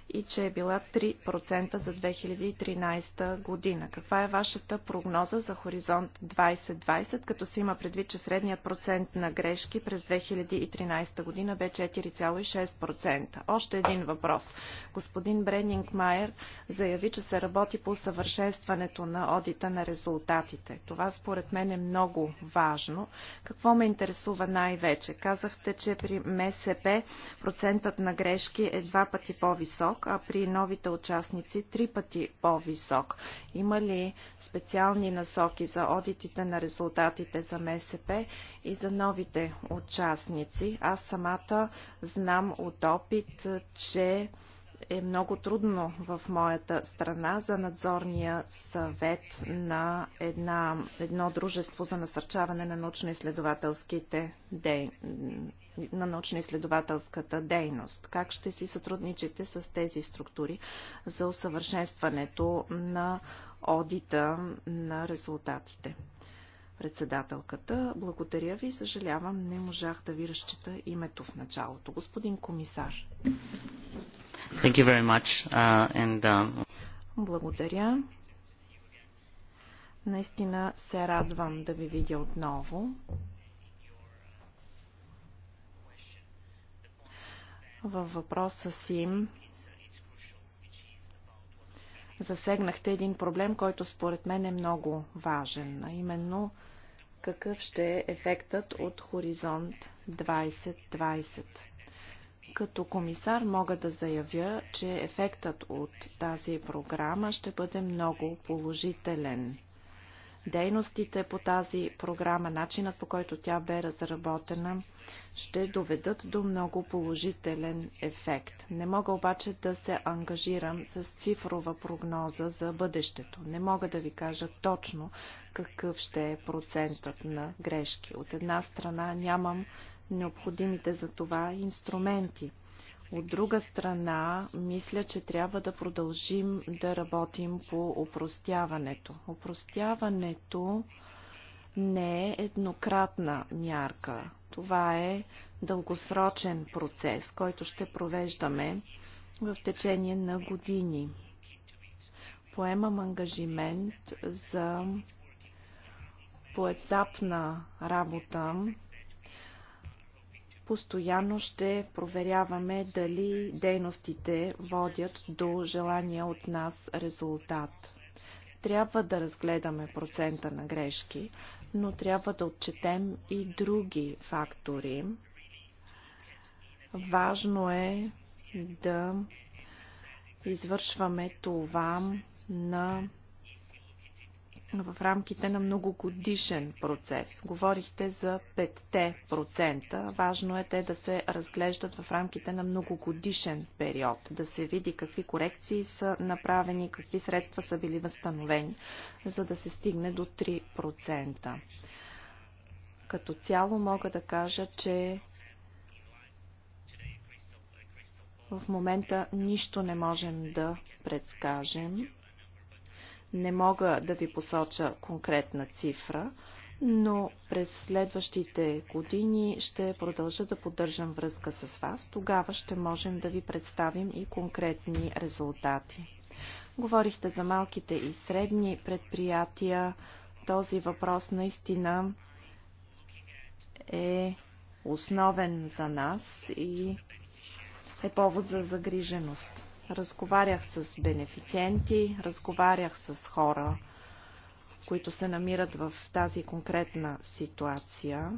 A: и че е била 3% за 2013 година. Каква е вашата прогноза за хоризонт 2020, като се има предвид, че средният процент на грешки през 2013 година бе 4,6%? Още един въпрос. Господин Бренинг Майер заяви, че се работи по усъвършенстването на одита на резултатите. Това според мен е много важно. Какво ме интересува най-вече? Казахте, че при МСП процентът на грешки е два пъти по-висок висок а при новите участници три пъти по-висок. Има ли специални насоки за одитите на резултатите за МСП и за новите участници? Аз самата знам от опит, че е много трудно в моята страна за надзорния съвет на една, едно дружество за насърчаване на научно-изследователските дей... на научно-изследователската дейност. Как ще си сътрудничите с тези структури за усъвършенстването на одита на резултатите? Председателката, благодаря ви. Съжалявам, не можах да ви разчита името в началото. Господин комисар.
C: Thank you very much. Uh, and, uh,
A: Благодаря. Наистина се радвам да ви видя отново. Във въпроса си засегнахте един проблем, който според мен е много важен, а именно какъв ще е ефектът от Хоризонт 2020. Като комисар мога да заявя, че ефектът от тази програма ще бъде много положителен. Дейностите по тази програма, начинът по който тя бе разработена, ще доведат до много положителен ефект. Не мога обаче да се ангажирам с цифрова прогноза за бъдещето. Не мога да ви кажа точно какъв ще е процентът на грешки. От една страна нямам необходимите за това инструменти. От друга страна, мисля, че трябва да продължим да работим по опростяването. Опростяването не е еднократна мярка. Това е дългосрочен процес, който ще провеждаме в течение на години. Поемам ангажимент за поетапна работа Постоянно ще проверяваме дали дейностите водят до желания от нас резултат. Трябва да разгледаме процента на грешки, но трябва да отчетем и други фактори. Важно е да извършваме това на в рамките на многогодишен процес. Говорихте за 5%. Важно е те да се разглеждат в рамките на многогодишен период, да се види какви корекции са направени, какви средства са били възстановени, за да се стигне до 3%. Като цяло мога да кажа, че в момента нищо не можем да предскажем не мога да ви посоча конкретна цифра, но през следващите години ще продължа да поддържам връзка с вас. Тогава ще можем да ви представим и конкретни резултати. Говорихте за малките и средни предприятия. Този въпрос наистина е основен за нас и е повод за загриженост. Разговарях с бенефициенти, разговарях с хора, които се намират в тази конкретна ситуация.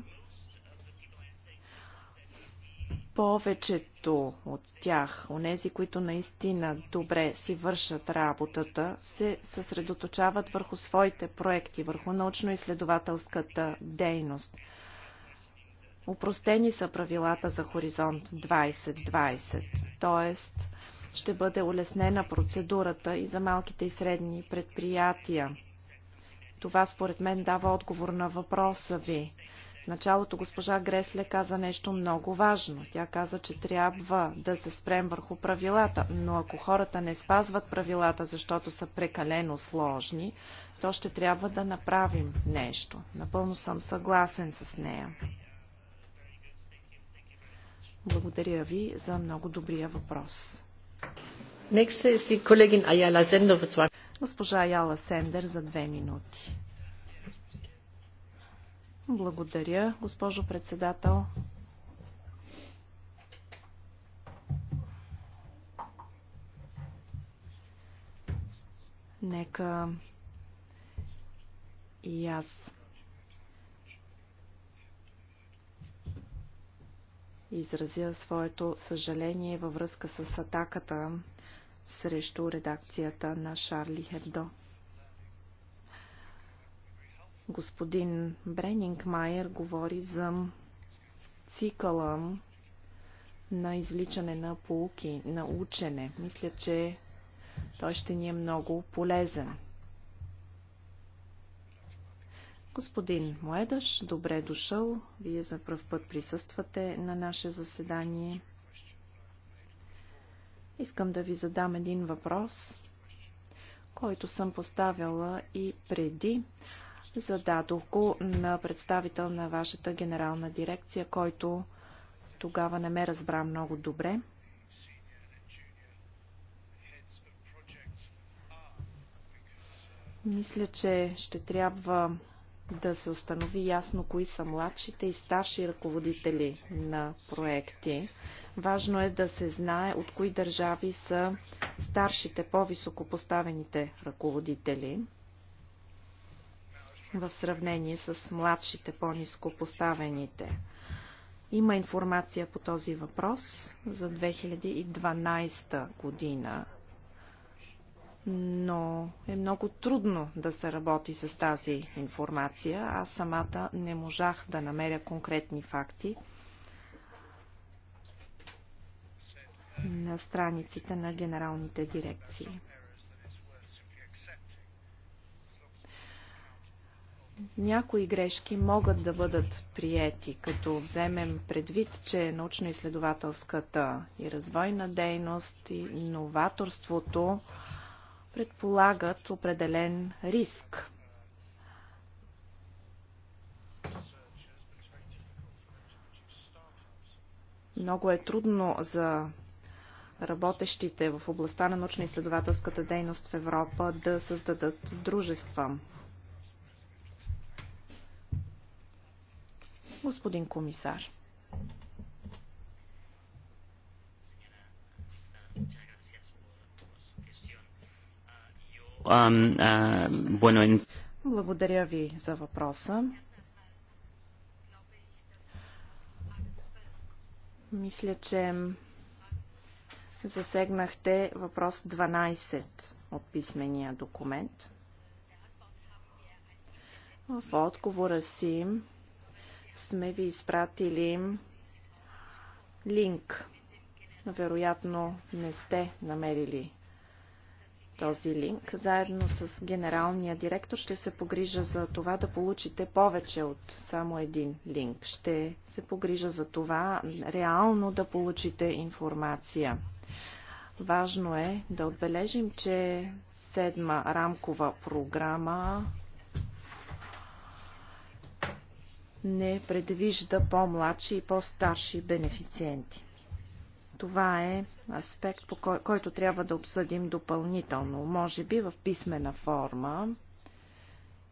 A: Повечето от тях, онези, които наистина добре си вършат работата, се съсредоточават върху своите проекти, върху научно-изследователската дейност. Опростени са правилата за Хоризонт 2020, т.е ще бъде улеснена процедурата и за малките и средни предприятия. Това според мен дава отговор на въпроса ви. В началото госпожа Гресле каза нещо много важно. Тя каза, че трябва да се спрем върху правилата, но ако хората не спазват правилата, защото са прекалено сложни, то ще трябва да направим нещо. Напълно съм съгласен с нея. Благодаря ви за много добрия въпрос. Госпожа Аяла Сендер за две минути. Благодаря, госпожо председател. Нека и аз изразя своето съжаление във връзка с атаката срещу редакцията на Шарли Хебдо. Господин Бренинг Майер говори за цикъла на извличане на полуки, на учене. Мисля, че той ще ни е много полезен. Господин Моедаш, добре дошъл. Вие за пръв път присъствате на наше заседание. Искам да ви задам един въпрос, който съм поставяла и преди. Зададох го на представител на вашата генерална дирекция, който тогава не ме разбра много добре. Мисля, че ще трябва да се установи ясно кои са младшите и старши ръководители на проекти. Важно е да се знае от кои държави са старшите, по-високо поставените ръководители в сравнение с младшите, по-низко поставените. Има информация по този въпрос за 2012 година но е много трудно да се работи с тази информация. Аз самата не можах да намеря конкретни факти на страниците на генералните дирекции. Някои грешки могат да бъдат приети, като вземем предвид, че научно-изследователската и развойна дейност и новаторството предполагат определен риск. Много е трудно за работещите в областта на научно-изследователската дейност в Европа да създадат дружества. Господин комисар. Благодаря ви за въпроса. Мисля, че засегнахте въпрос 12 от писмения документ. В отговора си сме ви изпратили линк. Вероятно не сте намерили този линк. Заедно с генералния директор ще се погрижа за това да получите повече от само един линк. Ще се погрижа за това реално да получите информация. Важно е да отбележим, че седма рамкова програма не предвижда по-младши и по-старши бенефициенти. Това е аспект, по кой, който трябва да обсъдим допълнително, може би в писмена форма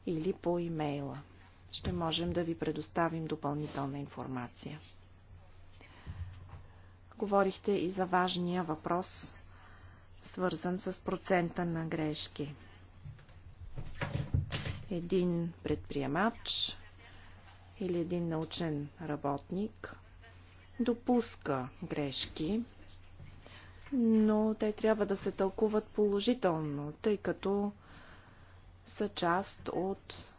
A: или по имейла. Ще можем да ви предоставим допълнителна информация. Говорихте и за важния въпрос, свързан с процента на грешки. Един предприемач или един научен работник – допуска грешки, но те трябва да се тълкуват положително, тъй като са част от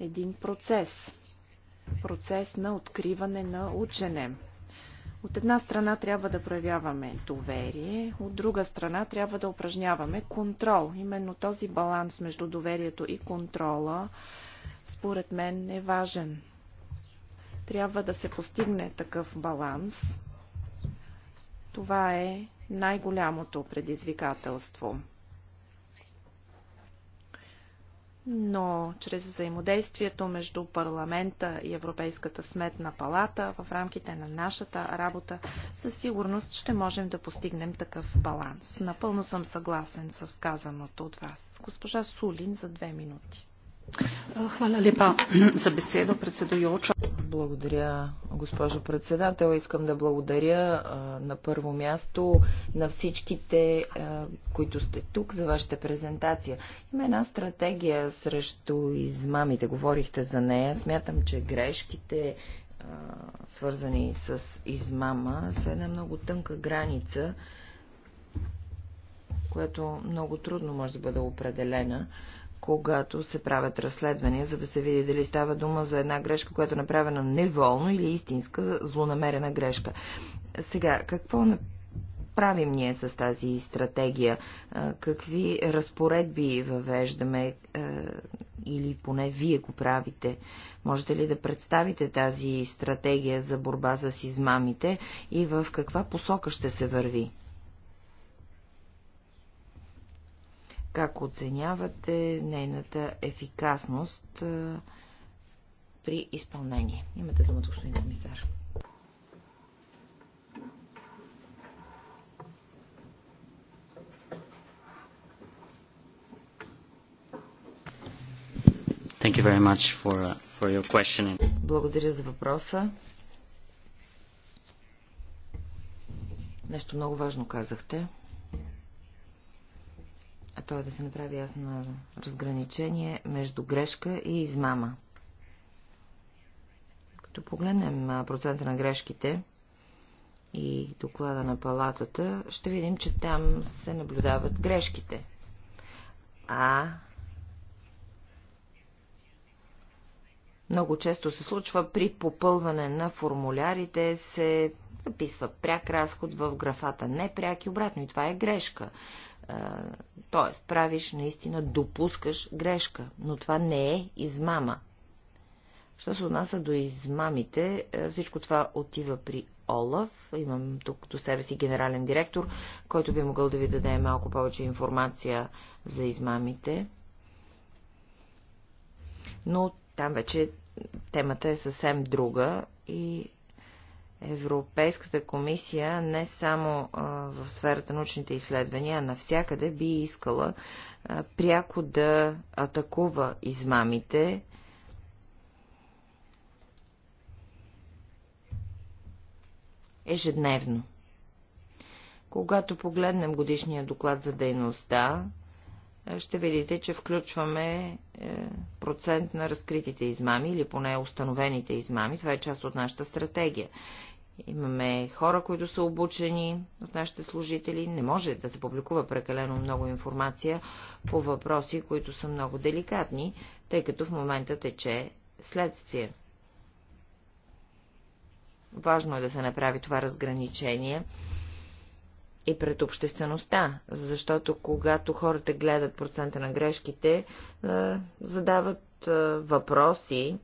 A: един процес. Процес на откриване на учене. От една страна трябва да проявяваме доверие, от друга страна трябва да упражняваме контрол. Именно този баланс между доверието и контрола, според мен, е важен. Трябва да се постигне такъв баланс. Това е най-голямото предизвикателство. Но чрез взаимодействието между парламента и Европейската сметна палата в рамките на нашата работа със сигурност ще можем да постигнем такъв баланс. Напълно съм съгласен с казаното от вас. Госпожа Сулин за две минути.
B: Хвала за беседо, председуюча. Благодаря, госпожо председател. Искам да благодаря на първо място на всичките, които сте тук за вашата презентация. Има една стратегия срещу измамите. Говорихте за нея. Смятам, че грешките, свързани с измама, са една много тънка граница, която много трудно може да бъде определена когато се правят разследвания, за да се види дали става дума за една грешка, която е направена неволно или е истинска злонамерена грешка. Сега, какво правим ние с тази стратегия? Какви разпоредби въвеждаме или поне вие го правите? Можете ли да представите тази стратегия за борба с измамите и в каква посока ще се върви? Как оценявате нейната ефикасност при изпълнение? Имате думата, господин комисар.
C: For, uh, for
B: Благодаря за въпроса. Нещо много важно казахте а то е да се направи ясно разграничение между грешка и измама. Като погледнем процента на грешките и доклада на палатата, ще видим, че там се наблюдават грешките. А много често се случва при попълване на формулярите се записва пряк разход в графата непряк и обратно. И това е грешка. Тоест, правиш наистина, допускаш грешка, но това не е измама. Що се отнася до измамите, всичко това отива при Олаф. Имам тук до себе си генерален директор, който би могъл да ви даде малко повече информация за измамите. Но там вече темата е съвсем друга и Европейската комисия не само в сферата научните изследвания, а навсякъде би искала пряко да атакува измамите. Ежедневно. Когато погледнем годишния доклад за дейността, ще видите, че включваме е, процент на разкритите измами или поне установените измами. Това е част от нашата стратегия. Имаме хора, които са обучени от нашите служители. Не може да се публикува прекалено много информация по въпроси, които са много деликатни, тъй като в момента тече следствие. Важно е да се направи това разграничение и пред обществеността, защото когато хората гледат процента на грешките, е, задават е, въпроси,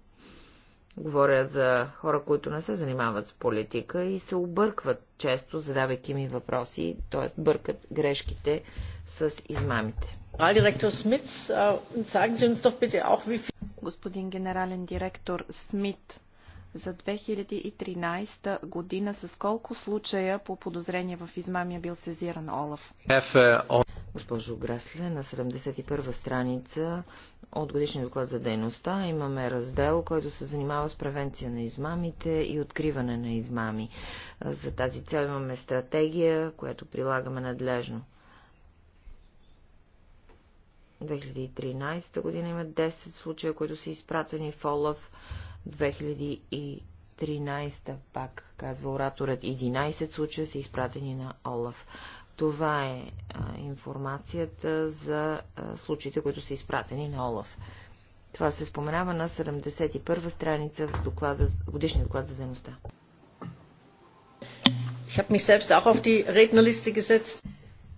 B: Говоря за хора, които не се занимават с политика и се объркват често, задавайки ми въпроси, т.е. бъркат грешките с измамите.
A: Господин генерален директор Смит, за 2013 година с колко случая по подозрение в измами е бил сезиран Олаф?
B: Е, е, Госпожо Грасле, на 71-а страница от годишния доклад за дейността имаме раздел, който се занимава с превенция на измамите и откриване на измами. За тази цел имаме стратегия, която прилагаме надлежно. 2013 година има 10 случая, които са изпратени в Олаф 2013, пак казва ораторът, 11 случая са изпратени на Олаф. Това е а, информацията за а, случаите, които са изпратени на Олаф. Това се споменава на 71 страница в доклада, годишния доклад за дейността.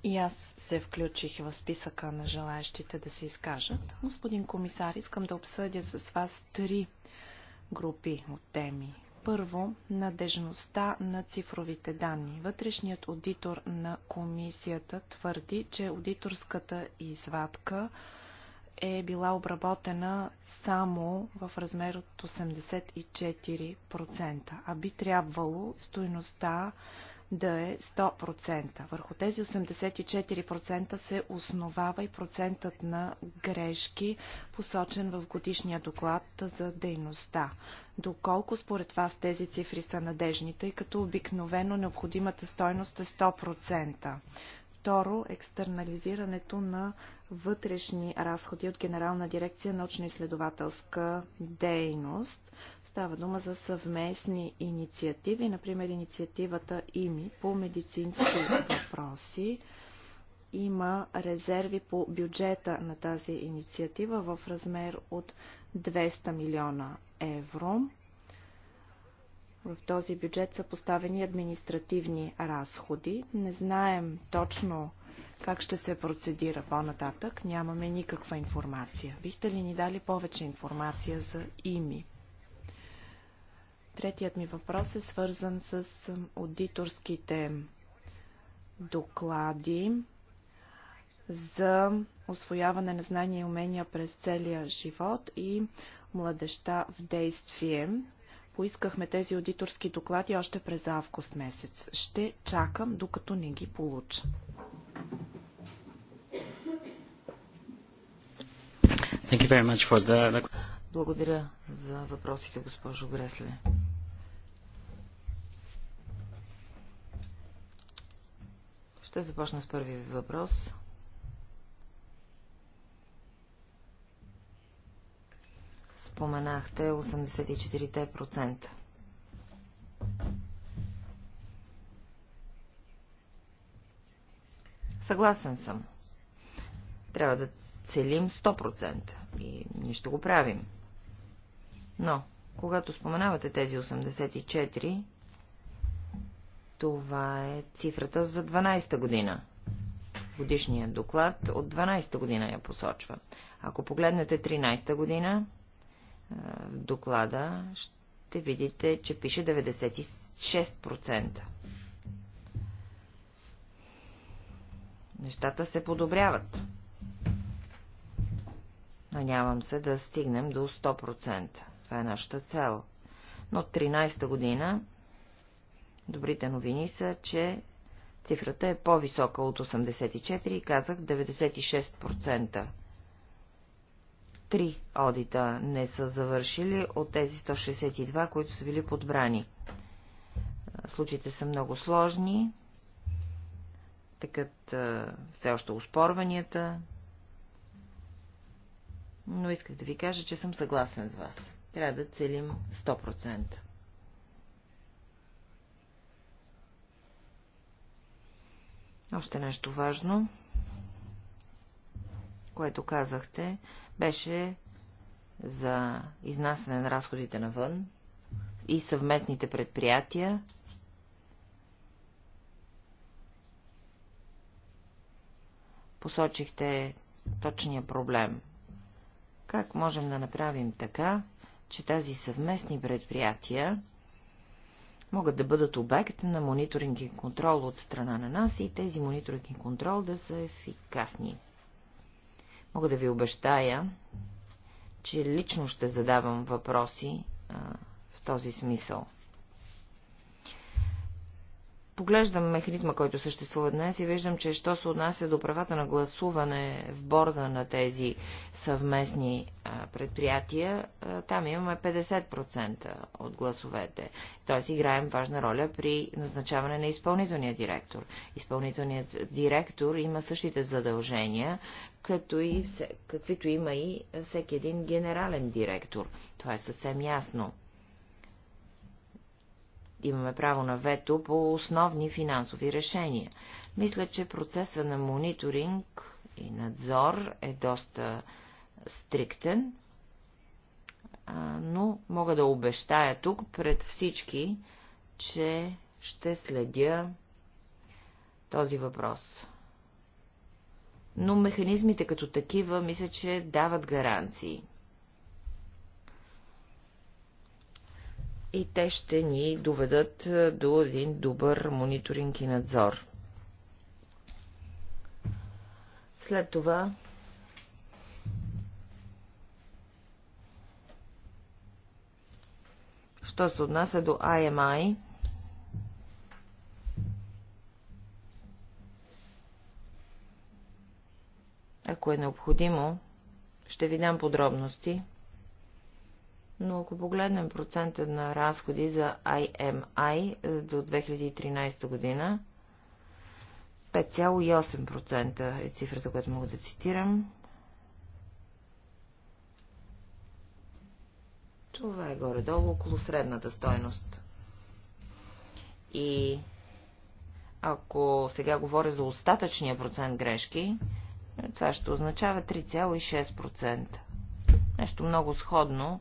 A: И аз се включих в списъка на желаящите да се изкажат. Господин комисар, искам да обсъдя с вас три групи от теми. Първо, надежността на цифровите данни. Вътрешният аудитор на комисията твърди, че аудиторската извадка е била обработена само в размер от 84%, а би трябвало стоеността да е 100%. Върху тези 84% се основава и процентът на грешки, посочен в годишния доклад за дейността. Доколко според вас тези цифри са надежни, тъй като обикновено необходимата стойност е 100%? Второ, екстернализирането на вътрешни разходи от Генерална дирекция научно-изследователска дейност. Става дума за съвместни инициативи, например инициативата ИМИ по медицински въпроси. Има резерви по бюджета на тази инициатива в размер от 200 милиона евро. В този бюджет са поставени административни разходи. Не знаем точно как ще се процедира по-нататък. Нямаме никаква информация. Бихте ли ни дали повече информация за ИМИ? Третият ми въпрос е свързан с аудиторските доклади за освояване на знания и умения през целия живот и младеща в действие. Поискахме тези аудиторски доклади още през август месец. Ще чакам, докато не ги получа.
C: Thank you very much for the...
B: Благодаря за въпросите, госпожо Гресле. Ще започна с първи въпрос. споменахте 84%. Съгласен съм. Трябва да целим 100% и ние ще го правим. Но, когато споменавате тези 84, това е цифрата за 12-та година. Годишният доклад от 12-та година я посочва. Ако погледнете 13-та година, в доклада, ще видите, че пише 96%. Нещата се подобряват. Надявам се да стигнем до 100%. Това е нашата цел. Но 13-та година добрите новини са, че цифрата е по-висока от 84 и казах 96% три одита не са завършили от тези 162, които са били подбрани. Случаите са много сложни, такът все още успорванията, но исках да ви кажа, че съм съгласен с вас. Трябва да целим 100%. Още нещо важно, което казахте беше за изнасяне на разходите навън и съвместните предприятия. Посочихте точния проблем. Как можем да направим така, че тази съвместни предприятия могат да бъдат обект на мониторинг и контрол от страна на нас и тези мониторинг и контрол да са ефикасни? Мога да ви обещая, че лично ще задавам въпроси а, в този смисъл поглеждам механизма, който съществува днес и виждам, че що се отнася до правата на гласуване в борда на тези съвместни предприятия, там имаме 50% от гласовете. Тоест играем важна роля при назначаване на изпълнителния директор. Изпълнителният директор има същите задължения, като и все, каквито има и всеки един генерален директор. Това е съвсем ясно имаме право на вето по основни финансови решения. Мисля, че процеса на мониторинг и надзор е доста стриктен, но мога да обещая тук пред всички, че ще следя този въпрос. Но механизмите като такива, мисля, че дават гаранции – и те ще ни доведат е, до един добър мониторинг и надзор. След това Що се отнася до IMI, ако е необходимо, ще ви дам подробности но ако погледнем процента на разходи за IMI е, до 2013 година, 5,8% е цифрата, която мога да цитирам. Това е горе-долу около средната стойност. И ако сега говоря за остатъчния процент грешки, това ще означава 3,6%. Нещо много сходно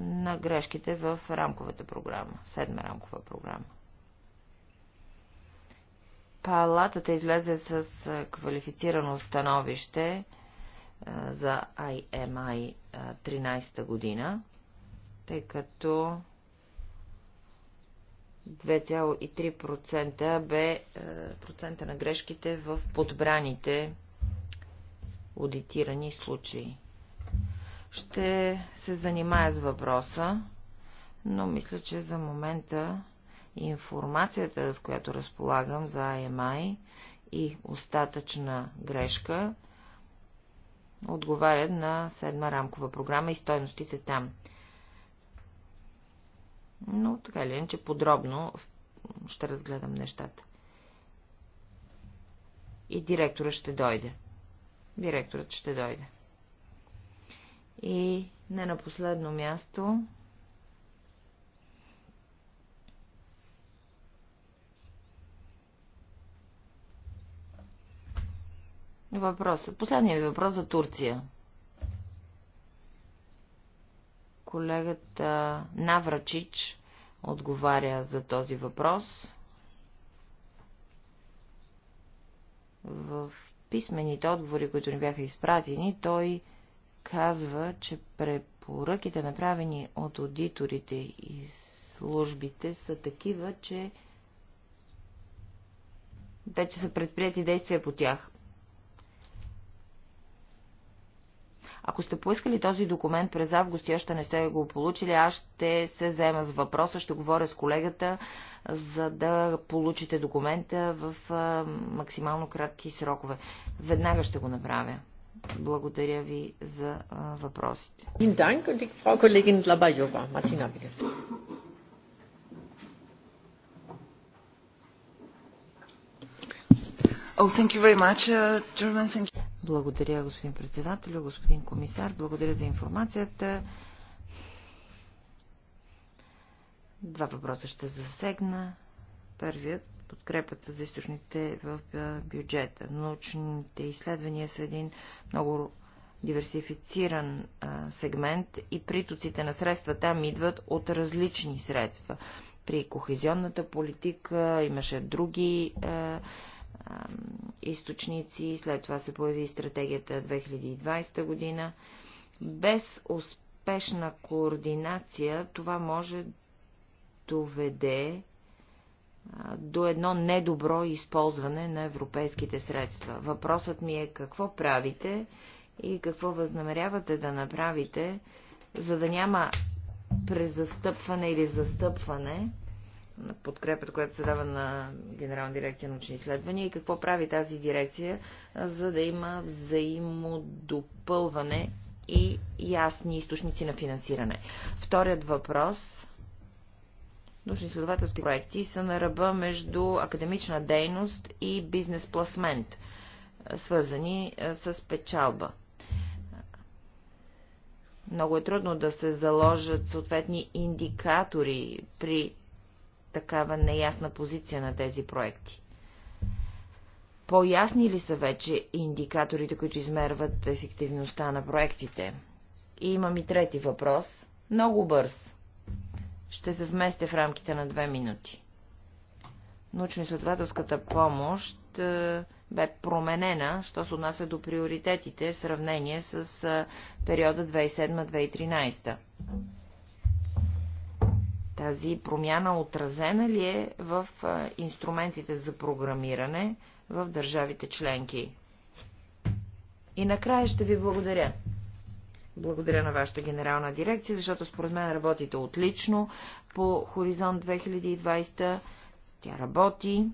B: на грешките в рамковата програма, седма рамкова програма. Палатата излезе с квалифицирано становище за IMI 13-та година, тъй като 2,3% бе процента на грешките в подбраните аудитирани случаи ще се занимая с въпроса, но мисля, че за момента информацията, с която разполагам за IMI и остатъчна грешка, отговарят на седма рамкова програма и стойностите там. Но така или иначе подробно ще разгледам нещата. И директора ще дойде. Директорът ще дойде. И не на последно място, Въпрос. Последният въпрос за Турция. Колегата Наврачич отговаря за този въпрос. В писмените отговори, които ни бяха изпратени, той казва, че препоръките, направени от аудиторите и службите, са такива, че вече са предприяти действия по тях. Ако сте поискали този документ през август и още не сте го получили, аз ще се взема с въпроса, ще говоря с колегата, за да получите документа в максимално кратки срокове. Веднага ще го направя. Благодаря ви за въпросите. Oh, uh, Благодаря, господин председател, господин комисар. Благодаря за информацията. Два въпроса ще засегна. Първият подкрепата за източниците в бюджета. Научните изследвания са един много диверсифициран а, сегмент и притоците на средства там идват от различни средства. При кохезионната политика имаше други а, а, източници, след това се появи стратегията 2020 година. Без успешна координация това може доведе до едно недобро използване на европейските средства. Въпросът ми е какво правите и какво възнамерявате да направите, за да няма презастъпване или застъпване на подкрепата, която се дава на Генерална дирекция научни изследвания и какво прави тази дирекция, за да има взаимодопълване и ясни източници на финансиране. Вторият въпрос научно-изследователски проекти са на ръба между академична дейност и бизнес пласмент, свързани с печалба. Много е трудно да се заложат съответни индикатори при такава неясна позиция на тези проекти. По-ясни ли са вече индикаторите, които измерват ефективността на проектите? И имам и трети въпрос. Много бърз. Ще се вместе в рамките на две минути. Научно-изследователската помощ е, бе променена, що се отнася до приоритетите в сравнение с е, периода 2007-2013. Тази промяна отразена ли е в е, инструментите за програмиране в държавите членки? И накрая ще ви благодаря. Благодаря на вашата генерална дирекция, защото според мен работите отлично по Хоризонт 2020. Тя работи.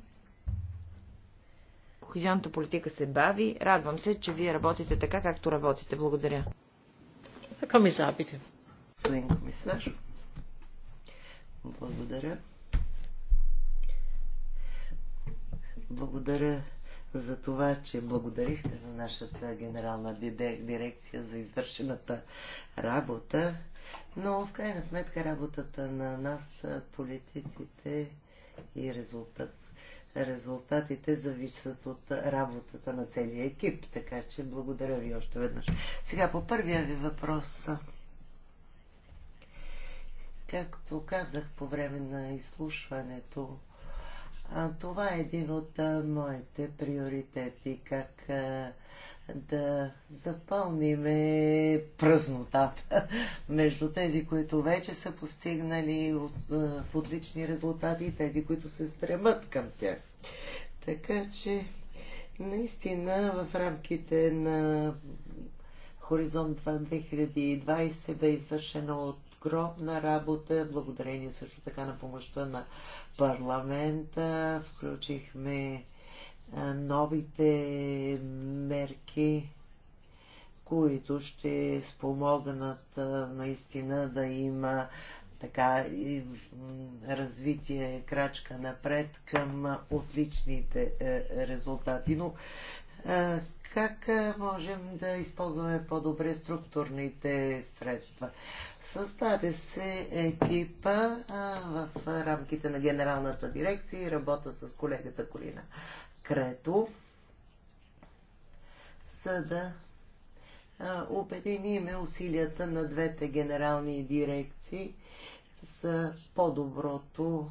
B: Кохезионната политика се бави. Радвам се, че вие работите така, както работите. Благодаря. ми бите.
C: Господин комисар, благодаря. Благодаря за това, че благодарихте за нашата генерална дирекция за извършената работа, но в крайна сметка работата на нас, политиците и резултат, резултатите зависят от работата на целия екип, така че благодаря ви още веднъж. Сега по първия ви въпрос. Както казах по време на изслушването, това е един от моите приоритети, как да запълним празнотата между тези, които вече са постигнали в отлични резултати и тези, които се стремат към тях. Така че, наистина, в рамките на Хоризонт 2020 бе извършено от огромна работа, благодарение също така на помощта на парламента. Включихме новите мерки, които ще спомогнат наистина да има така и развитие крачка напред към отличните е, резултати. Но е, как можем да използваме по-добре структурните средства. Създаде се екипа в рамките на Генералната дирекция и работа с колегата Колина Крето, за да обединиме усилията на двете генерални дирекции за по-доброто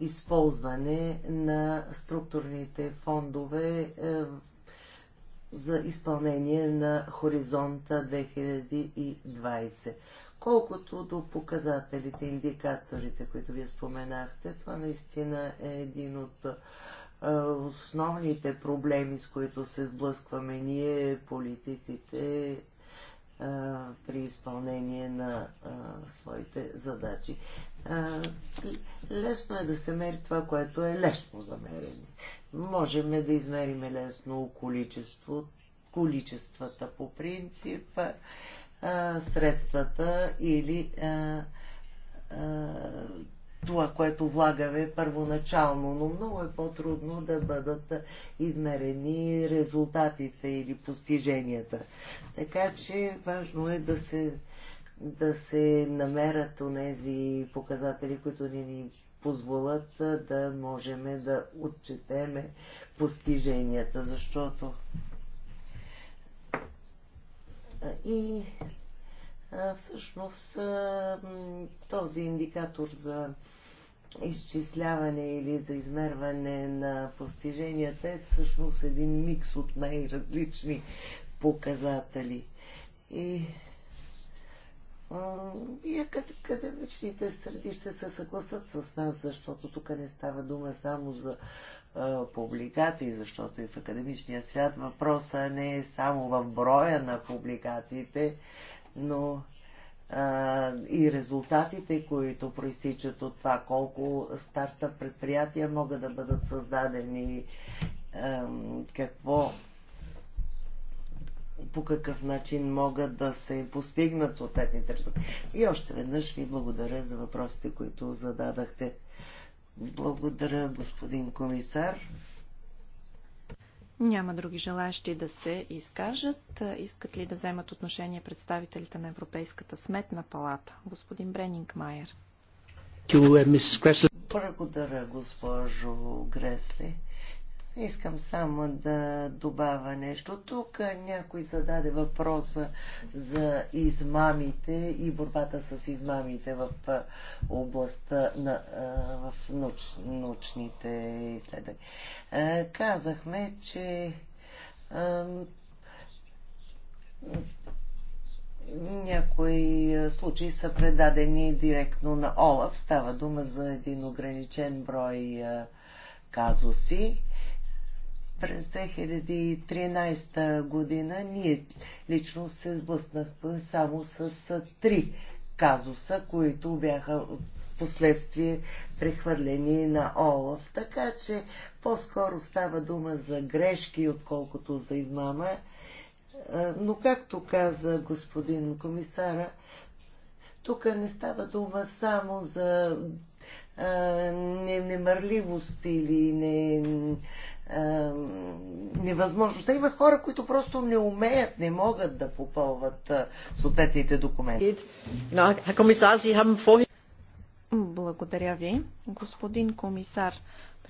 C: използване на структурните фондове за изпълнение на хоризонта 2020. Колкото до показателите, индикаторите, които вие споменахте, това наистина е един от е, основните проблеми, с които се сблъскваме ние, политиците, е, при изпълнение на е, своите задачи лесно е да се мери това, което е лесно за мерене. Можем да измерим лесно количество, количествата по принцип, средствата или това, което влагаме първоначално, но много е по-трудно да бъдат измерени резултатите или постиженията. Така че важно е да се да се намерят онези показатели, които ни, ни позволят да можем да отчетеме постиженията, защото и всъщност този индикатор за изчисляване или за измерване на постиженията е всъщност един микс от най-различни показатели. И и академичните е среди ще се съгласат с нас, защото тук не става дума само за а, публикации, защото и в академичния свят въпроса не е само в броя на публикациите, но а, и резултатите, които проистичат от това, колко стартъп предприятия могат да бъдат създадени, а, какво по какъв начин могат да се постигнат съответните резултати. И още веднъж ви благодаря за въпросите, които зададахте. Благодаря, господин комисар.
A: Няма други желаящи да се изкажат. Искат ли да вземат отношение представителите на Европейската сметна палата? Господин Бренинг Майер.
C: Uh, благодаря, госпожо Гресли. Искам само да добавя нещо. Тук някой зададе въпроса за измамите и борбата с измамите в областта на в науч, научните изследвания. Казахме, че някои случаи са предадени директно на Олаф. Става дума за един ограничен брой казуси. През 2013 година ние лично се сблъснахме само с три казуса, които бяха последствие прехвърлени на Олаф. Така че по-скоро става дума за грешки, отколкото за измама. Е, но както каза господин комисара, тук не става дума само за немърливост или не, а, невъзможност. Има хора, които просто не умеят, не могат да попълват съответните документи. Благодаря ви.
A: Господин комисар,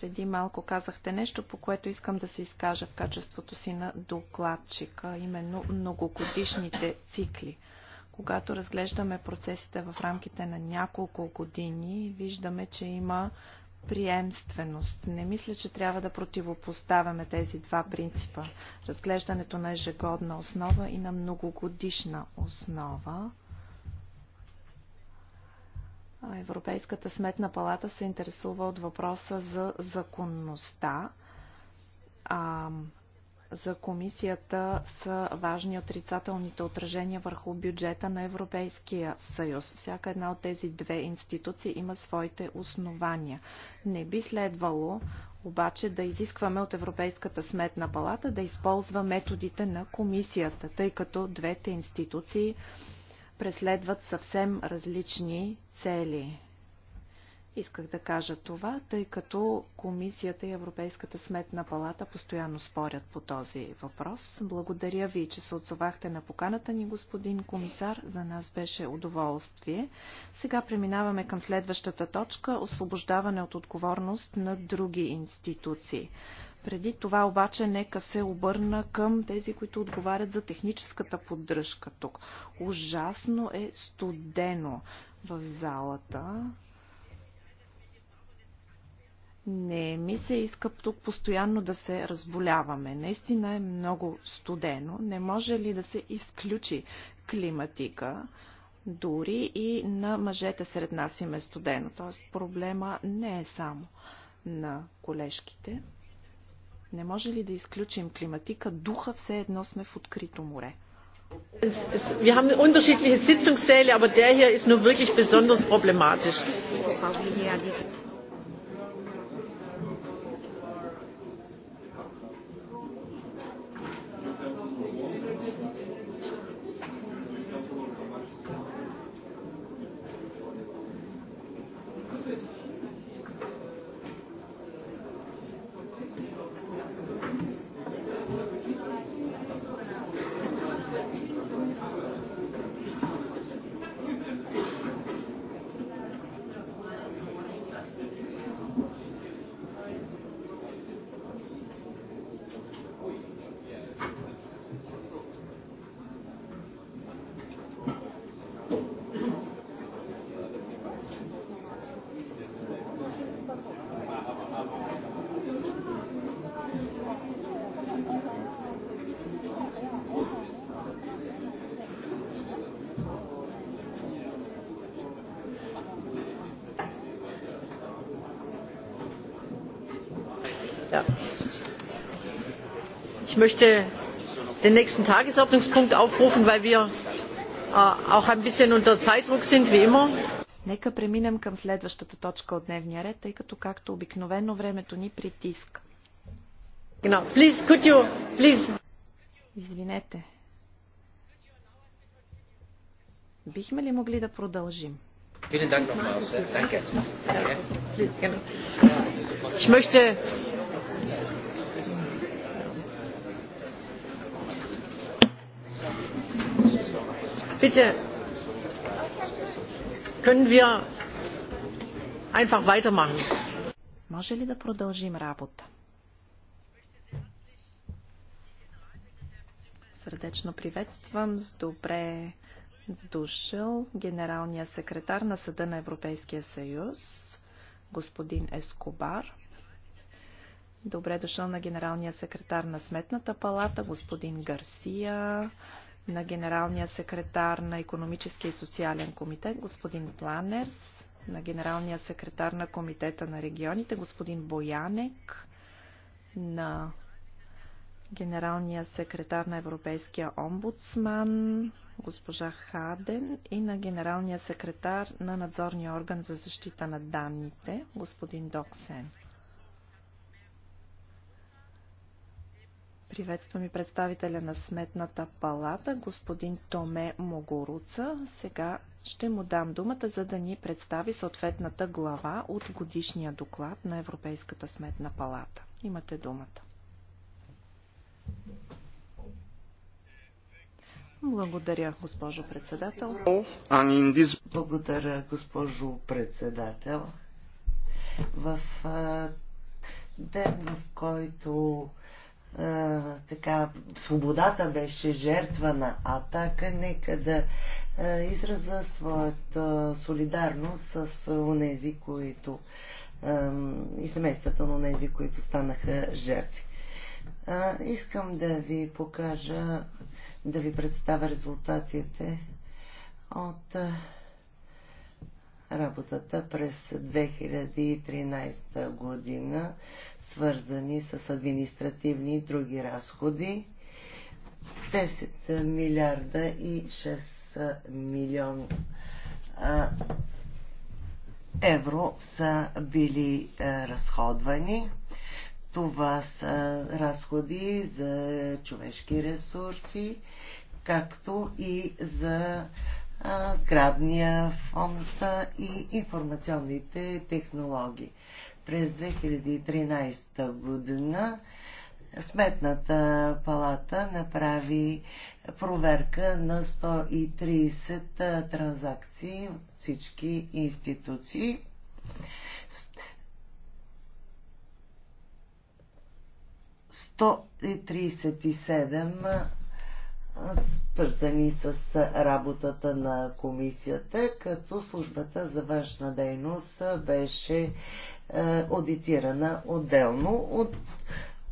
A: преди малко казахте нещо, по което искам да се изкажа в качеството си на докладчика, именно многогодишните цикли – когато разглеждаме процесите в рамките на няколко години, виждаме, че има приемственост. Не мисля, че трябва да противопоставяме тези два принципа. Разглеждането на ежегодна основа и на многогодишна основа. Европейската сметна палата се интересува от въпроса за законността. А, за комисията са важни отрицателните отражения върху бюджета на Европейския съюз. Всяка една от тези две институции има своите основания. Не би следвало обаче да изискваме от Европейската сметна палата да използва методите на комисията, тъй като двете институции преследват съвсем различни цели. Исках да кажа това, тъй като Комисията и Европейската сметна палата постоянно спорят по този въпрос. Благодаря ви, че се отзовахте на поканата ни, господин комисар. За нас беше удоволствие. Сега преминаваме към следващата точка – освобождаване от отговорност на други институции. Преди това обаче нека се обърна към тези, които отговарят за техническата поддръжка тук. Ужасно е студено в залата не ми се иска тук постоянно да се разболяваме. Наистина е много студено. Не може ли да се изключи климатика? Дори и на мъжете сред нас им е студено. Тоест проблема не е само на колежките. Не може ли да изключим климатика? Духа все едно сме в открито море. Wir haben unterschiedliche Sitzungssäle, aber der hier ist nur wirklich besonders problematisch. möchte den nächsten Tagesordnungspunkt aufrufen, weil wir auch ein bisschen unter Zeitdruck sind, wie immer. Нека преминем към следващата точка от дневния ред, тъй като както обикновено времето ни притиска. Genau. Please, could you, please. Извинете. Бихме ли могли да продължим? Ich möchte Bitte können wir einfach weitermachen. Може ли да продължим работа? Сърдечно приветствам с добре дошъл генералния секретар на Съда на Европейския съюз, господин Ескобар. Добре дошъл на генералния секретар на Сметната палата, господин Гарсия, на генералния секретар на Економическия и социален комитет, господин Планерс, на генералния секретар на Комитета на регионите, господин Боянек, на генералния секретар на Европейския омбудсман, госпожа Хаден и на генералния секретар на надзорния орган за защита на данните, господин Доксен. Приветствам и представителя на Сметната палата, господин Томе Могоруца. Сега ще му дам думата, за да ни представи съответната глава от годишния доклад на Европейската Сметна палата. Имате думата. Благодаря, госпожо председател.
C: Благодаря, госпожо председател. В ден, в който а, е, така, свободата беше жертва на атака, нека да а, е, израза своята солидарност с онези, които е, и семействата на онези, които станаха жертви. А, искам да ви покажа, да ви представя резултатите от а, работата през 2013 година, свързани с административни и други разходи. 10 милиарда и 6 милион евро са били разходвани. Това са разходи за човешки ресурси, както и за сградния фонд и информационните технологии. През 2013 година Сметната палата направи проверка на 130 транзакции от всички институции. Сто и свързани с работата на комисията, като службата за външна дейност беше е, аудитирана отделно от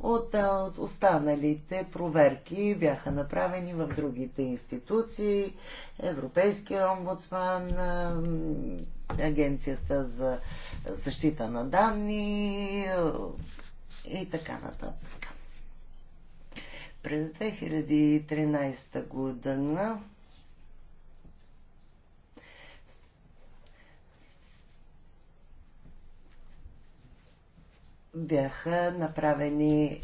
C: от, е, от останалите проверки бяха направени в другите институции, Европейския омбудсман, е, Агенцията за защита на данни и така нататък. През 2013 година бяха направени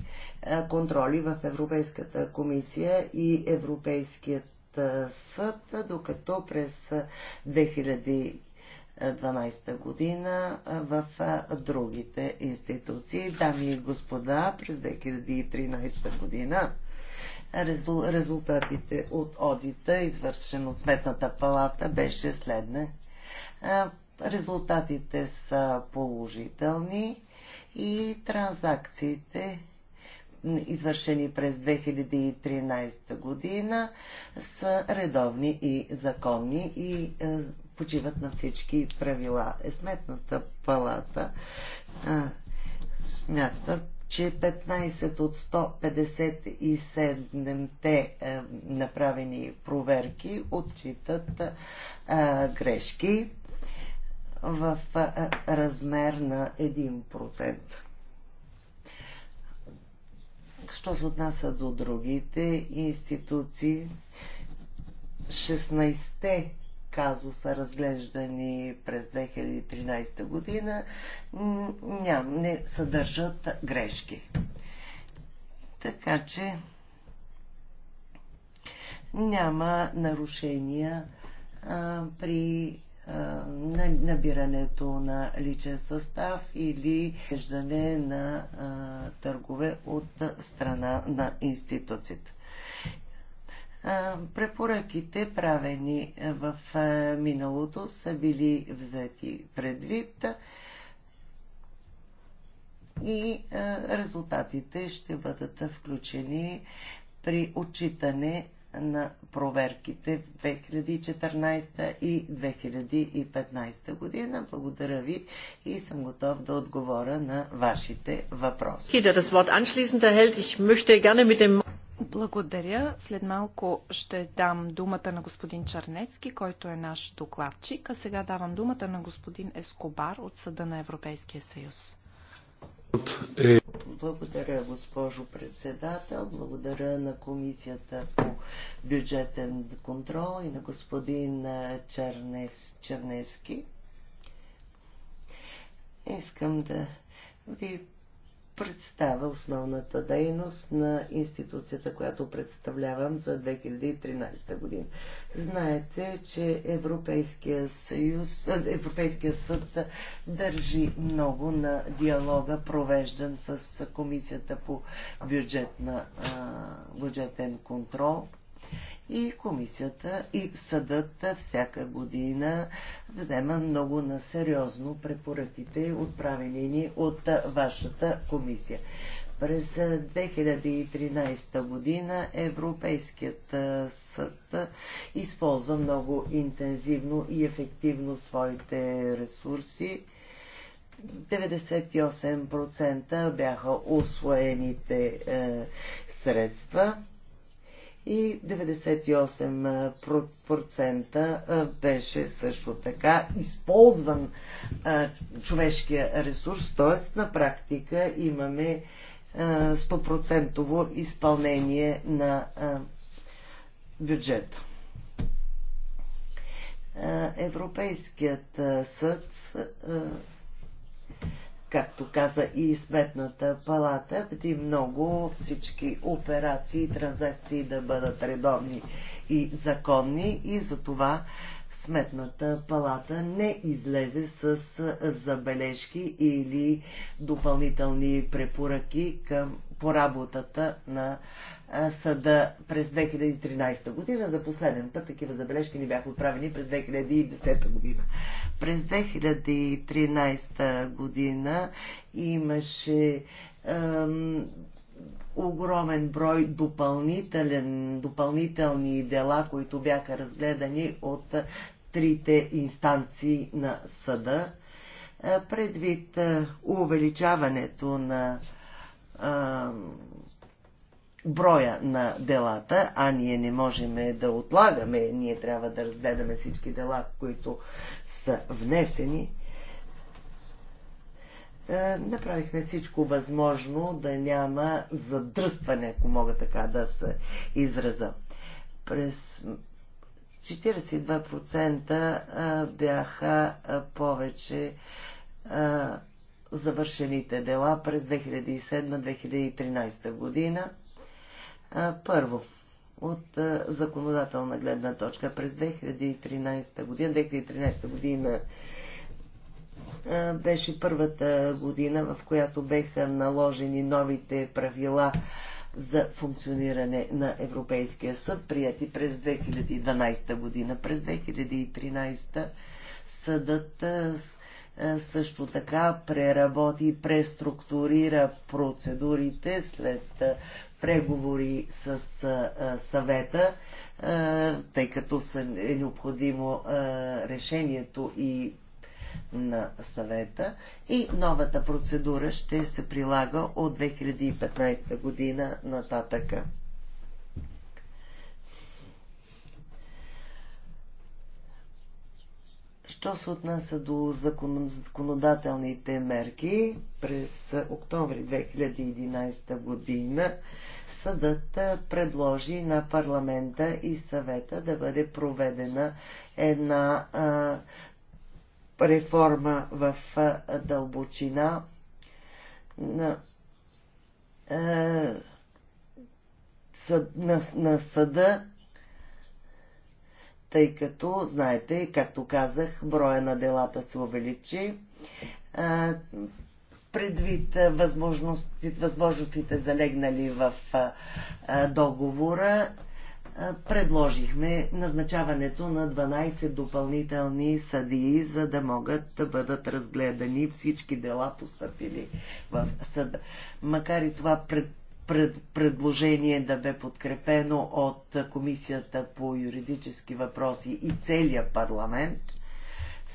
C: контроли в Европейската комисия и Европейският съд, докато през 2012 година в другите институции. Дами и господа, през 2013 година резултатите от одита, извършен от Сметната палата, беше следне. Резултатите са положителни и транзакциите, извършени през 2013 година, са редовни и законни и почиват на всички правила. Е, Сметната палата смятат, че 15 от 157-те е, направени проверки отчитат е, грешки в е, размер на 1%. Що се отнася до другите институции, 16-те казуса разглеждани през 2013 година ням, не съдържат грешки. Така че няма нарушения а, при а, набирането на личен състав или веждане на а, търгове от страна на институцията. Препоръките, правени в миналото, са били взети предвид и резултатите ще бъдат включени при отчитане на проверките в 2014 и 2015 година. Благодаря ви и съм готов да отговоря на вашите въпроси.
A: Благодаря. След малко ще дам думата на господин Чернецки, който е наш докладчик, а сега давам думата на господин Ескобар от Съда на Европейския съюз. Е-
C: Благодаря, госпожо председател. Благодаря на комисията по бюджетен контрол и на господин Чернес, Чернески. Искам да ви представя основната дейност на институцията, която представлявам за 2013 година. Знаете, че Европейския, съюз, Европейския съд държи много на диалога, провеждан с Комисията по бюджетна, бюджетен контрол и комисията и съдът всяка година взема много на сериозно препоръките, отправени ни от вашата комисия. През 2013 година Европейският съд използва много интензивно и ефективно своите ресурси. 98% бяха освоените средства и 98% беше също така използван човешкия ресурс, т.е. на практика имаме 100% изпълнение на бюджета. Европейският съд както каза и Сметната палата, бди много всички операции и транзакции да бъдат редовни и законни и за това Сметната палата не излезе с забележки или допълнителни препоръки към, по работата на съда през 2013 година. За последен път такива забележки ни бяха отправени през 2010 година. През 2013 година имаше ем, огромен брой допълнителен, допълнителни дела, които бяха разгледани от трите инстанции на съда. Предвид увеличаването на ем, броя на делата, а ние не можем да отлагаме, ние трябва да разгледаме всички дела, които са внесени, е, направихме всичко възможно да няма задръстване, ако мога така да се израза. През 42% е, бяха е, повече завършените дела през 2007-2013 година. Първо, от законодателна гледна точка през 2013 година, 2013 година беше първата година, в която беха наложени новите правила за функциониране на Европейския съд, прияти през 2012 година. През 2013 съдът също така преработи и преструктурира процедурите след преговори с съвета, тъй като са е необходимо решението и на съвета и новата процедура ще се прилага от 2015 година нататъка. Що се отнася до законодателните мерки, през октомври 2011 година съдът предложи на парламента и съвета да бъде проведена една а, реформа в а, дълбочина на, а, на, на съда тъй като, знаете, както казах, броя на делата се увеличи. Предвид възможностите, възможностите залегнали в договора, предложихме назначаването на 12 допълнителни съдии, за да могат да бъдат разгледани всички дела, поступили в съда. Макар и това пред пред, предложение да бе подкрепено от Комисията по юридически въпроси и целия парламент,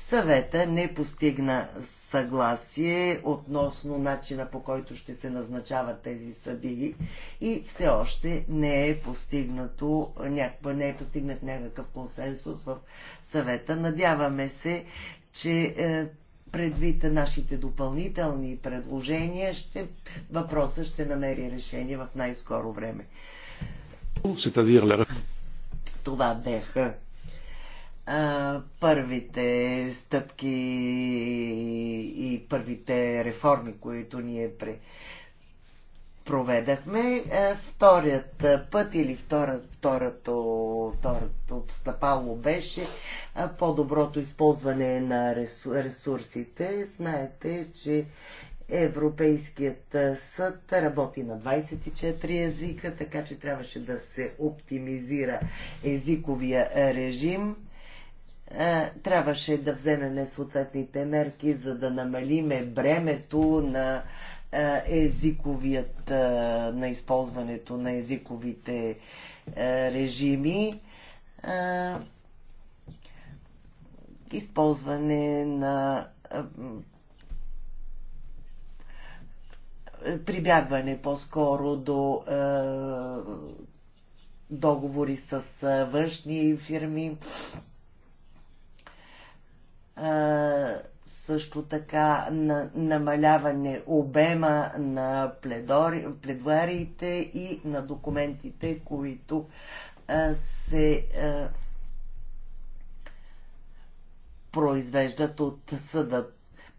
C: съвета не постигна съгласие относно начина по който ще се назначават тези съдии и все още не е, постигнато, не е постигнат някакъв консенсус в съвета. Надяваме се, че е, предвид нашите допълнителни предложения, ще, въпросът ще намери решение в най-скоро време. Това беха а, първите стъпки и първите реформи, които ние пре, проведахме. Е, вторият е, път или втора, второто, второто стъпало беше е, по-доброто използване на ресурсите. Знаете, че Европейският съд работи на 24 езика, така че трябваше да се оптимизира езиковия режим. Трябваше да вземем съответните мерки, за да намалиме бремето на е, езиковият, е, на използването на езиковите е, режими, използване на прибягване по-скоро до договори с външни фирми също така на намаляване обема на пледори, и на документите, които а, се а, произвеждат от съда.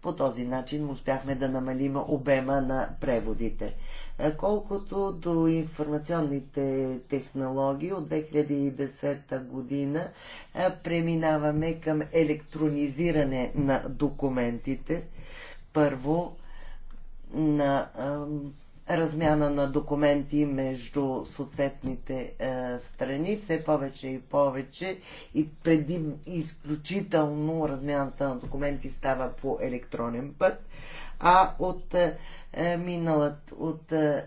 C: По този начин успяхме да намалим обема на преводите. Е, колкото до информационните технологии, от 2010 година е, преминаваме към електронизиране на документите. Първо на е, размяна на документи между съответните е, страни, все повече и повече и преди изключително размяната на документи става по електронен път, а от е, е, миналът, от е,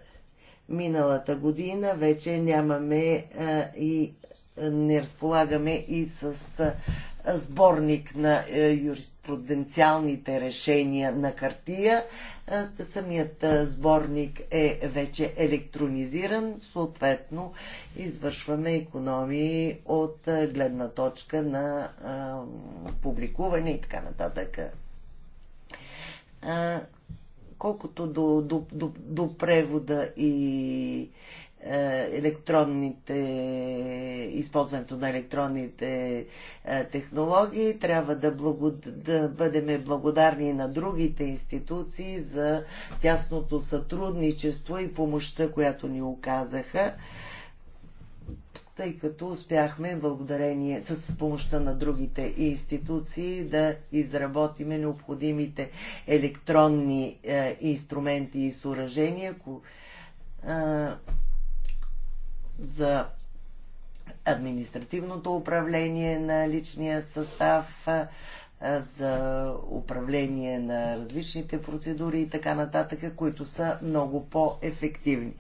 C: миналата година. Вече нямаме е, и не разполагаме и с сборник на юриспруденциалните решения на картия. Самият сборник е вече електронизиран, съответно извършваме економии от гледна точка на публикуване и така нататък. Колкото до, до, до, до превода и е, електронните, използването на електронните е, технологии, трябва да, благод, да бъдем благодарни на другите институции за тясното сътрудничество и помощта, която ни оказаха тъй като успяхме благодарение с помощта на другите институции да изработиме необходимите електронни е, инструменти и съоръжения ко, е, за административното управление на личния състав, е, за управление на различните процедури и така нататък, които са много по-ефективни.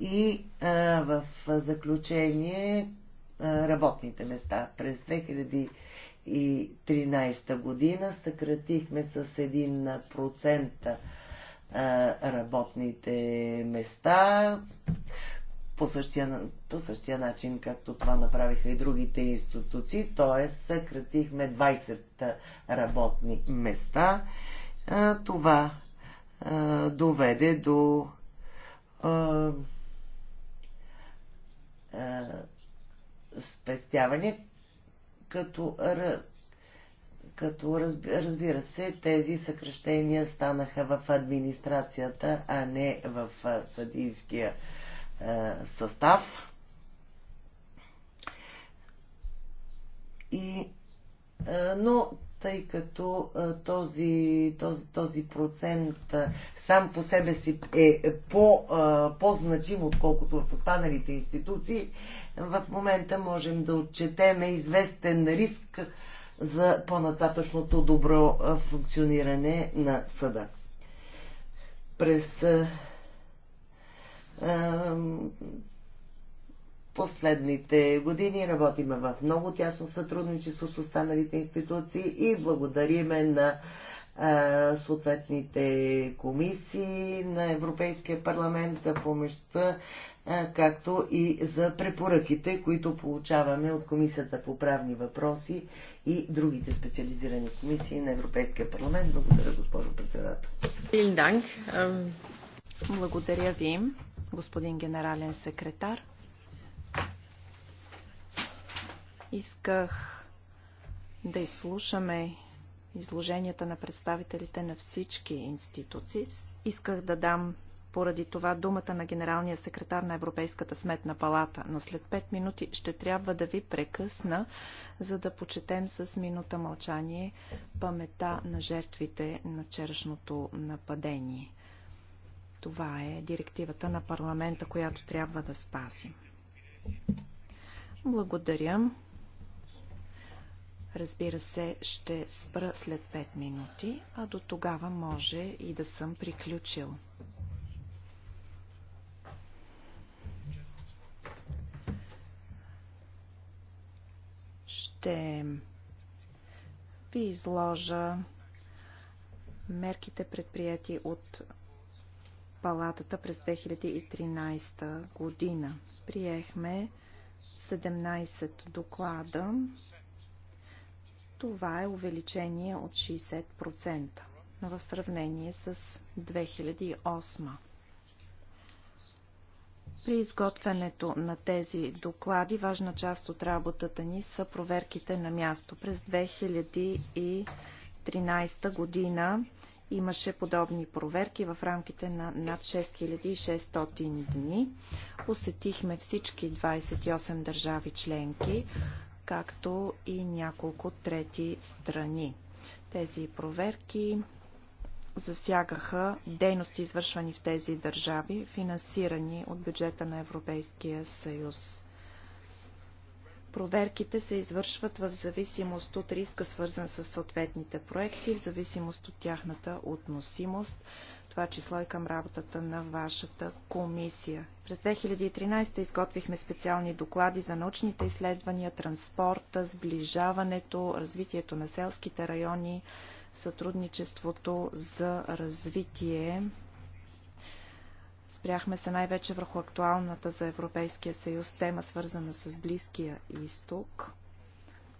C: И а, в заключение а, работните места. През 2013 година съкратихме с 1% работните места по същия, по същия начин, както това направиха и другите институции, т.е. съкратихме 20 работни места. Това доведе до е, спестяване, като, като разбира се, тези съкръщения станаха в администрацията, а не в е, съдийския е, състав. И, но тъй като този, този, този процент сам по себе си е по, по-значим, отколкото в останалите институции. В момента можем да отчетеме известен риск за по-нататъчното добро функциониране на съда. През последните години. Работиме в много тясно сътрудничество с останалите институции и благодариме на съответните комисии на Европейския парламент за помощта, както и за препоръките, които получаваме от Комисията по правни въпроси и другите специализирани комисии на Европейския парламент. Благодаря, госпожо председател.
A: Благодаря ви, господин генерален секретар. Исках да изслушаме изложенията на представителите на всички институции. Исках да дам поради това думата на генералния секретар на Европейската сметна палата, но след 5 минути ще трябва да ви прекъсна, за да почетем с минута мълчание памета на жертвите на вчерашното нападение. Това е директивата на парламента, която трябва да спасим. Благодаря. Разбира се, ще спра след 5 минути, а до тогава може и да съм приключил. Ще ви изложа мерките предприяти от палатата през 2013 година. Приехме 17 доклада това е увеличение от 60% в сравнение с 2008. При изготвянето на тези доклади важна част от работата ни са проверките на място. През 2013 година имаше подобни проверки в рамките на над 6600 дни. Посетихме всички 28 държави членки както и няколко трети страни. Тези проверки засягаха дейности, извършвани в тези държави, финансирани от бюджета на Европейския съюз. Проверките се извършват в зависимост от риска, свързан с съответните проекти, в зависимост от тяхната относимост, това число и към работата на вашата комисия. През 2013 изготвихме специални доклади за научните изследвания, транспорта, сближаването, развитието на селските райони, сътрудничеството за развитие. Спряхме се най-вече върху актуалната за Европейския съюз тема, свързана с Близкия изток.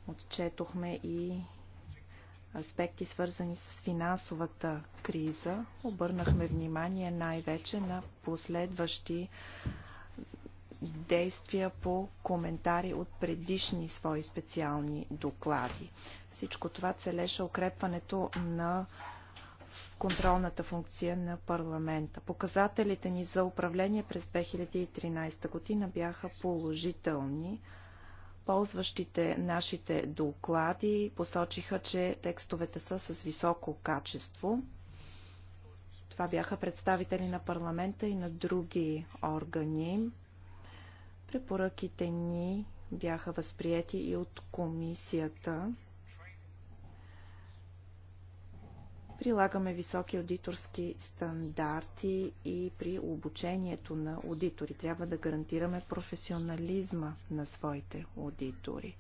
A: Отчетохме и аспекти, свързани с финансовата криза, обърнахме внимание най-вече на последващи действия по коментари от предишни свои специални доклади. Всичко това целеше укрепването на контролната функция на парламента. Показателите ни за управление през 2013 година бяха положителни. Ползващите нашите доклади посочиха, че текстовете са с високо качество. Това бяха представители на парламента и на други органи. Препоръките ни бяха възприяти и от комисията. Прилагаме високи аудиторски стандарти и при обучението на аудитори. Трябва да гарантираме професионализма на своите аудитори.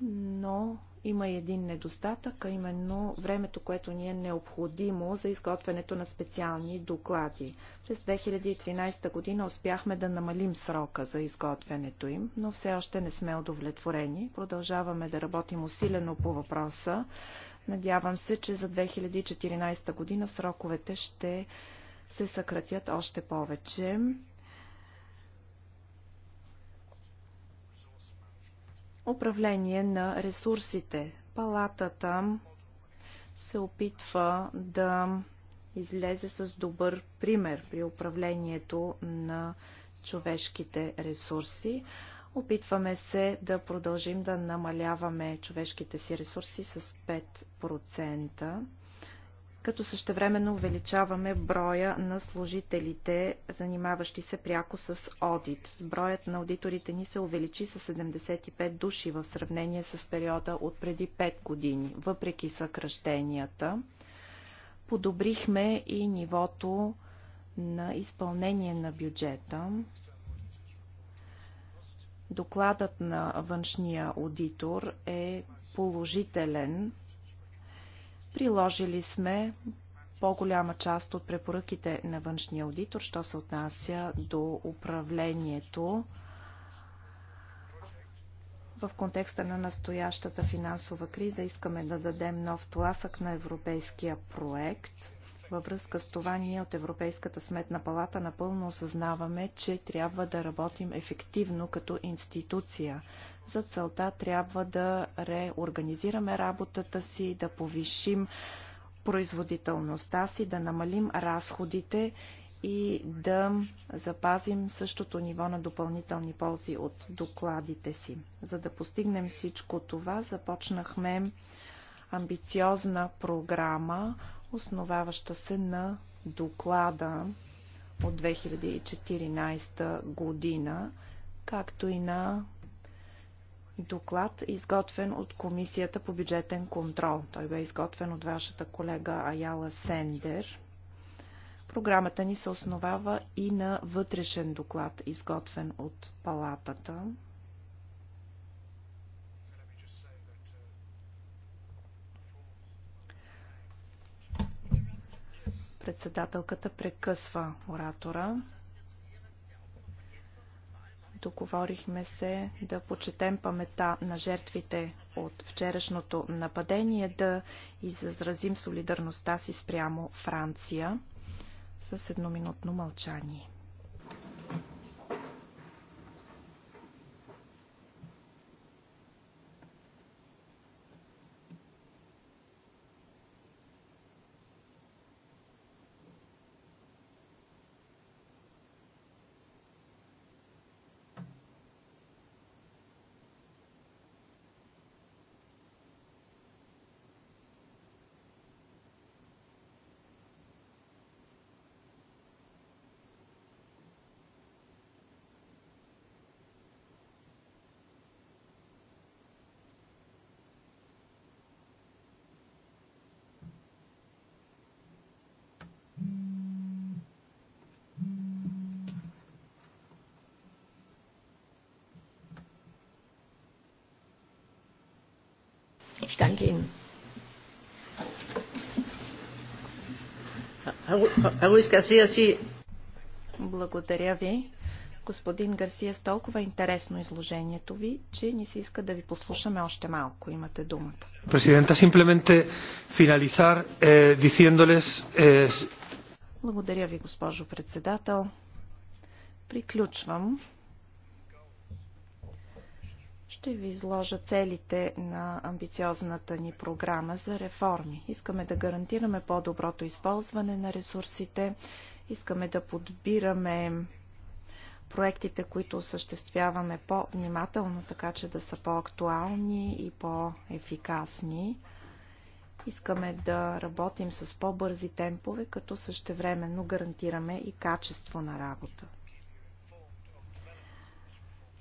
A: Но има един недостатък, а именно времето, което ни е необходимо за изготвянето на специални доклади. През 2013 година успяхме да намалим срока за изготвянето им, но все още не сме удовлетворени. Продължаваме да работим усилено по въпроса. Надявам се, че за 2014 година сроковете ще се съкратят още повече. Управление на ресурсите. Палатата се опитва да излезе с добър пример при управлението на човешките ресурси. Опитваме се да продължим да намаляваме човешките си ресурси с 5%, като същевременно увеличаваме броя на служителите, занимаващи се пряко с одит. Броят на аудиторите ни се увеличи с 75 души в сравнение с периода от преди 5 години, въпреки съкръщенията. Подобрихме и нивото на изпълнение на бюджета. Докладът на външния аудитор е положителен. Приложили сме по-голяма част от препоръките на външния аудитор, що се отнася до управлението в контекста на настоящата финансова криза искаме да дадем нов тласък на европейския проект. Във връзка с това ние от Европейската сметна палата напълно осъзнаваме, че трябва да работим ефективно като институция. За целта трябва да реорганизираме работата си, да повишим производителността си, да намалим разходите и да запазим същото ниво на допълнителни ползи от докладите си. За да постигнем всичко това, започнахме амбициозна програма, основаваща се на доклада от 2014 година, както и на доклад, изготвен от Комисията по бюджетен контрол. Той бе изготвен от вашата колега Аяла Сендер. Програмата ни се основава и на вътрешен доклад, изготвен от палатата. Председателката прекъсва оратора. Договорихме се да почетем памета на жертвите от вчерашното нападение, да изразим солидарността си спрямо Франция с едноминутно мълчание. Ich danke Ihnen. Благодаря ви. Господин Гарсия, с толкова интересно изложението ви, че ни се иска да ви послушаме още малко. Имате думата. Президента, simplemente finalizar eh, diciéndoles... Eh... Благодаря ви, госпожо председател. Приключвам ще ви изложа целите на амбициозната ни програма за реформи. Искаме да гарантираме по-доброто използване на ресурсите, искаме да подбираме проектите, които осъществяваме по-внимателно, така че да са по-актуални и по-ефикасни. Искаме да работим с по-бързи темпове, като същевременно гарантираме и качество на работа.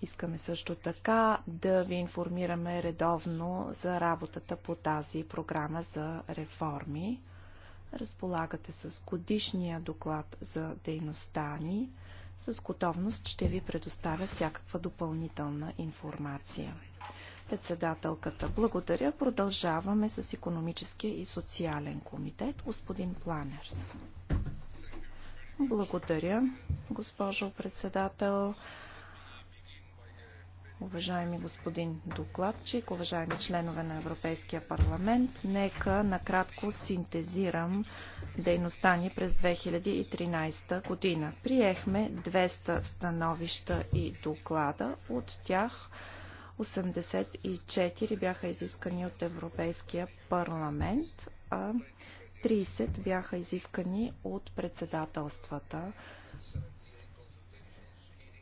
A: Искаме също така да ви информираме редовно за работата по тази програма за реформи. Разполагате с годишния доклад за дейността ни. С готовност ще ви предоставя всякаква допълнителна информация. Председателката, благодаря. Продължаваме с економическия и социален комитет. Господин Планерс. Благодаря, госпожо председател. Уважаеми господин докладчик, уважаеми членове на Европейския парламент, нека накратко синтезирам дейността ни през 2013 година. Приехме 200 становища и доклада, от тях 84 бяха изискани от Европейския парламент, а 30 бяха изискани от председателствата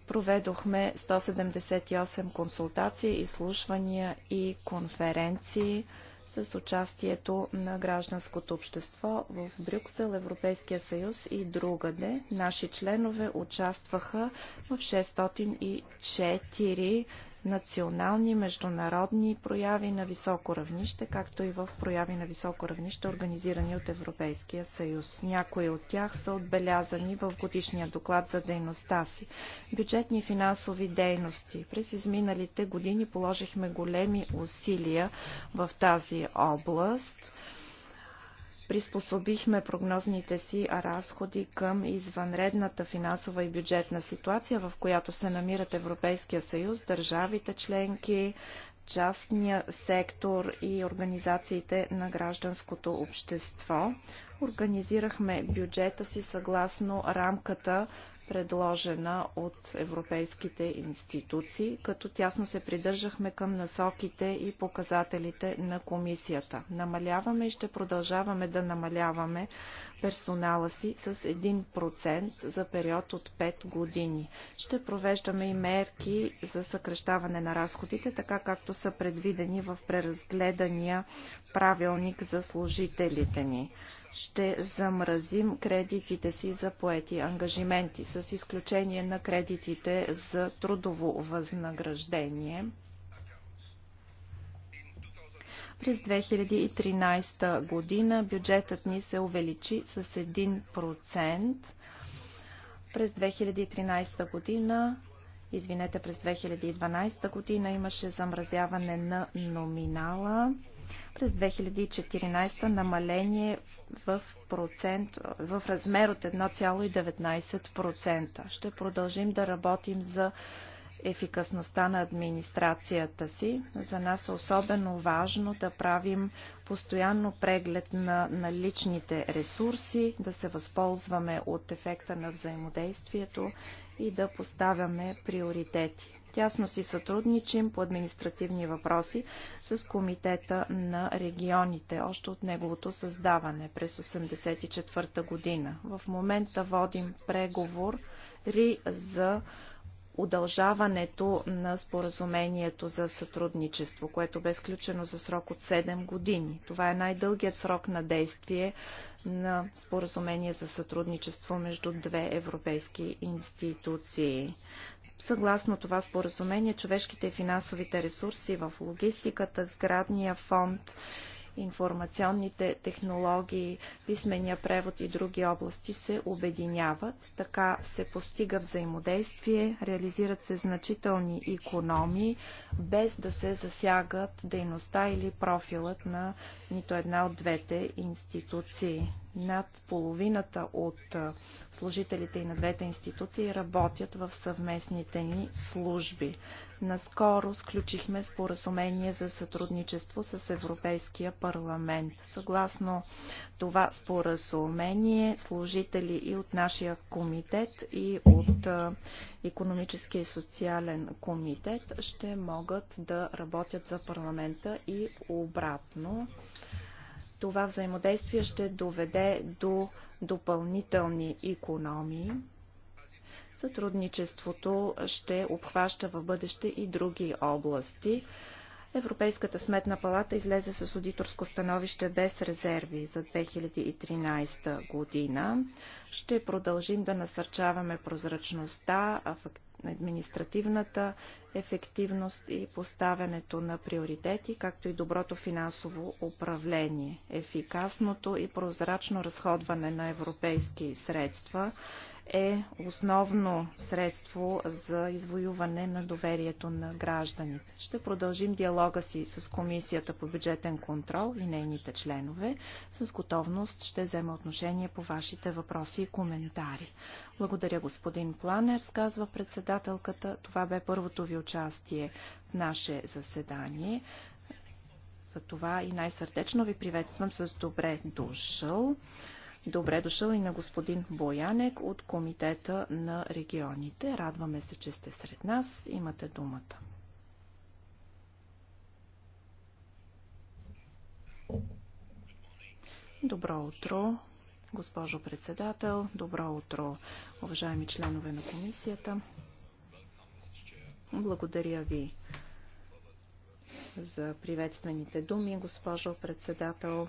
A: Проведохме 178 консултации, изслушвания и конференции с участието на гражданското общество в Брюксел, Европейския съюз и другаде. Наши членове участваха в 604 национални, международни прояви на високо равнище, както и в прояви на високо равнище, организирани от Европейския съюз. Някои от тях са отбелязани в годишния доклад за дейността си. Бюджетни и финансови дейности. През изминалите години положихме големи усилия в тази област – приспособихме прогнозните си разходи към извънредната финансова и бюджетна ситуация, в която се намират Европейския съюз, държавите членки, частния сектор и организациите на гражданското общество. Организирахме бюджета си съгласно рамката предложена от европейските институции, като тясно се придържахме към насоките и показателите на комисията. Намаляваме и ще продължаваме да намаляваме персонала си с 1% за период от 5 години. Ще провеждаме и мерки за съкрещаване на разходите, така както са предвидени в преразгледания правилник за служителите ни ще замразим кредитите си за поети ангажименти, с изключение на кредитите за трудово възнаграждение. През 2013 година бюджетът ни се увеличи с 1%. През 2013 година Извинете, през 2012 година имаше замразяване на номинала. През 2014 намаление в, процент, в размер от 1,19%. Ще продължим да работим за ефикасността на администрацията си. За нас е особено важно да правим постоянно преглед на наличните ресурси, да се възползваме от ефекта на взаимодействието и да поставяме приоритети. Тясно си сътрудничим по административни въпроси с Комитета на регионите, още от неговото създаване през 1984 година. В момента водим преговор за удължаването на споразумението за сътрудничество, което бе сключено за срок от 7 години. Това е най-дългият срок на действие на споразумение за сътрудничество между две европейски институции. Съгласно това споразумение, човешките и финансовите ресурси в логистиката, сградния фонд, информационните технологии, писмения превод и други области се обединяват. Така се постига взаимодействие, реализират се значителни економии, без да се засягат дейността или профилът на нито една от двете институции. Над половината от служителите и на двете институции работят в съвместните ни служби. Наскоро сключихме споразумение за сътрудничество с Европейския парламент. Съгласно това споразумение, служители и от нашия комитет, и от економическия и социален комитет ще могат да работят за парламента и обратно. Това взаимодействие ще доведе до допълнителни економии. Сътрудничеството ще обхваща в бъдеще и други области. Европейската сметна палата излезе с аудиторско становище без резерви за 2013 година. Ще продължим да насърчаваме прозрачността, административната ефективност и поставянето на приоритети, както и доброто финансово управление. Ефикасното и прозрачно разходване на европейски средства е основно средство за извоюване на доверието на гражданите. Ще продължим диалога си с Комисията по бюджетен контрол и нейните членове. С готовност ще взема отношение по вашите въпроси и коментари. Благодаря господин Планер, сказва председателката. Това бе първото ви участие в наше заседание. За това и най-сърдечно ви приветствам с добре дошъл. Добре дошъл и на господин Боянек от Комитета на регионите. Радваме се, че сте сред нас. Имате думата. Добро утро, госпожо председател. Добро утро, уважаеми членове на комисията. Благодаря ви за приветствените думи, госпожо председател.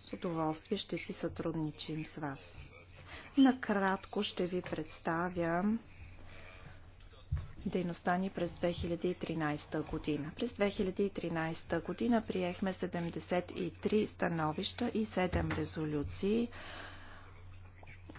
A: С удоволствие ще си сътрудничим с вас. Накратко ще ви представя дейността ни през 2013 година. През 2013 година приехме 73 становища и 7 резолюции,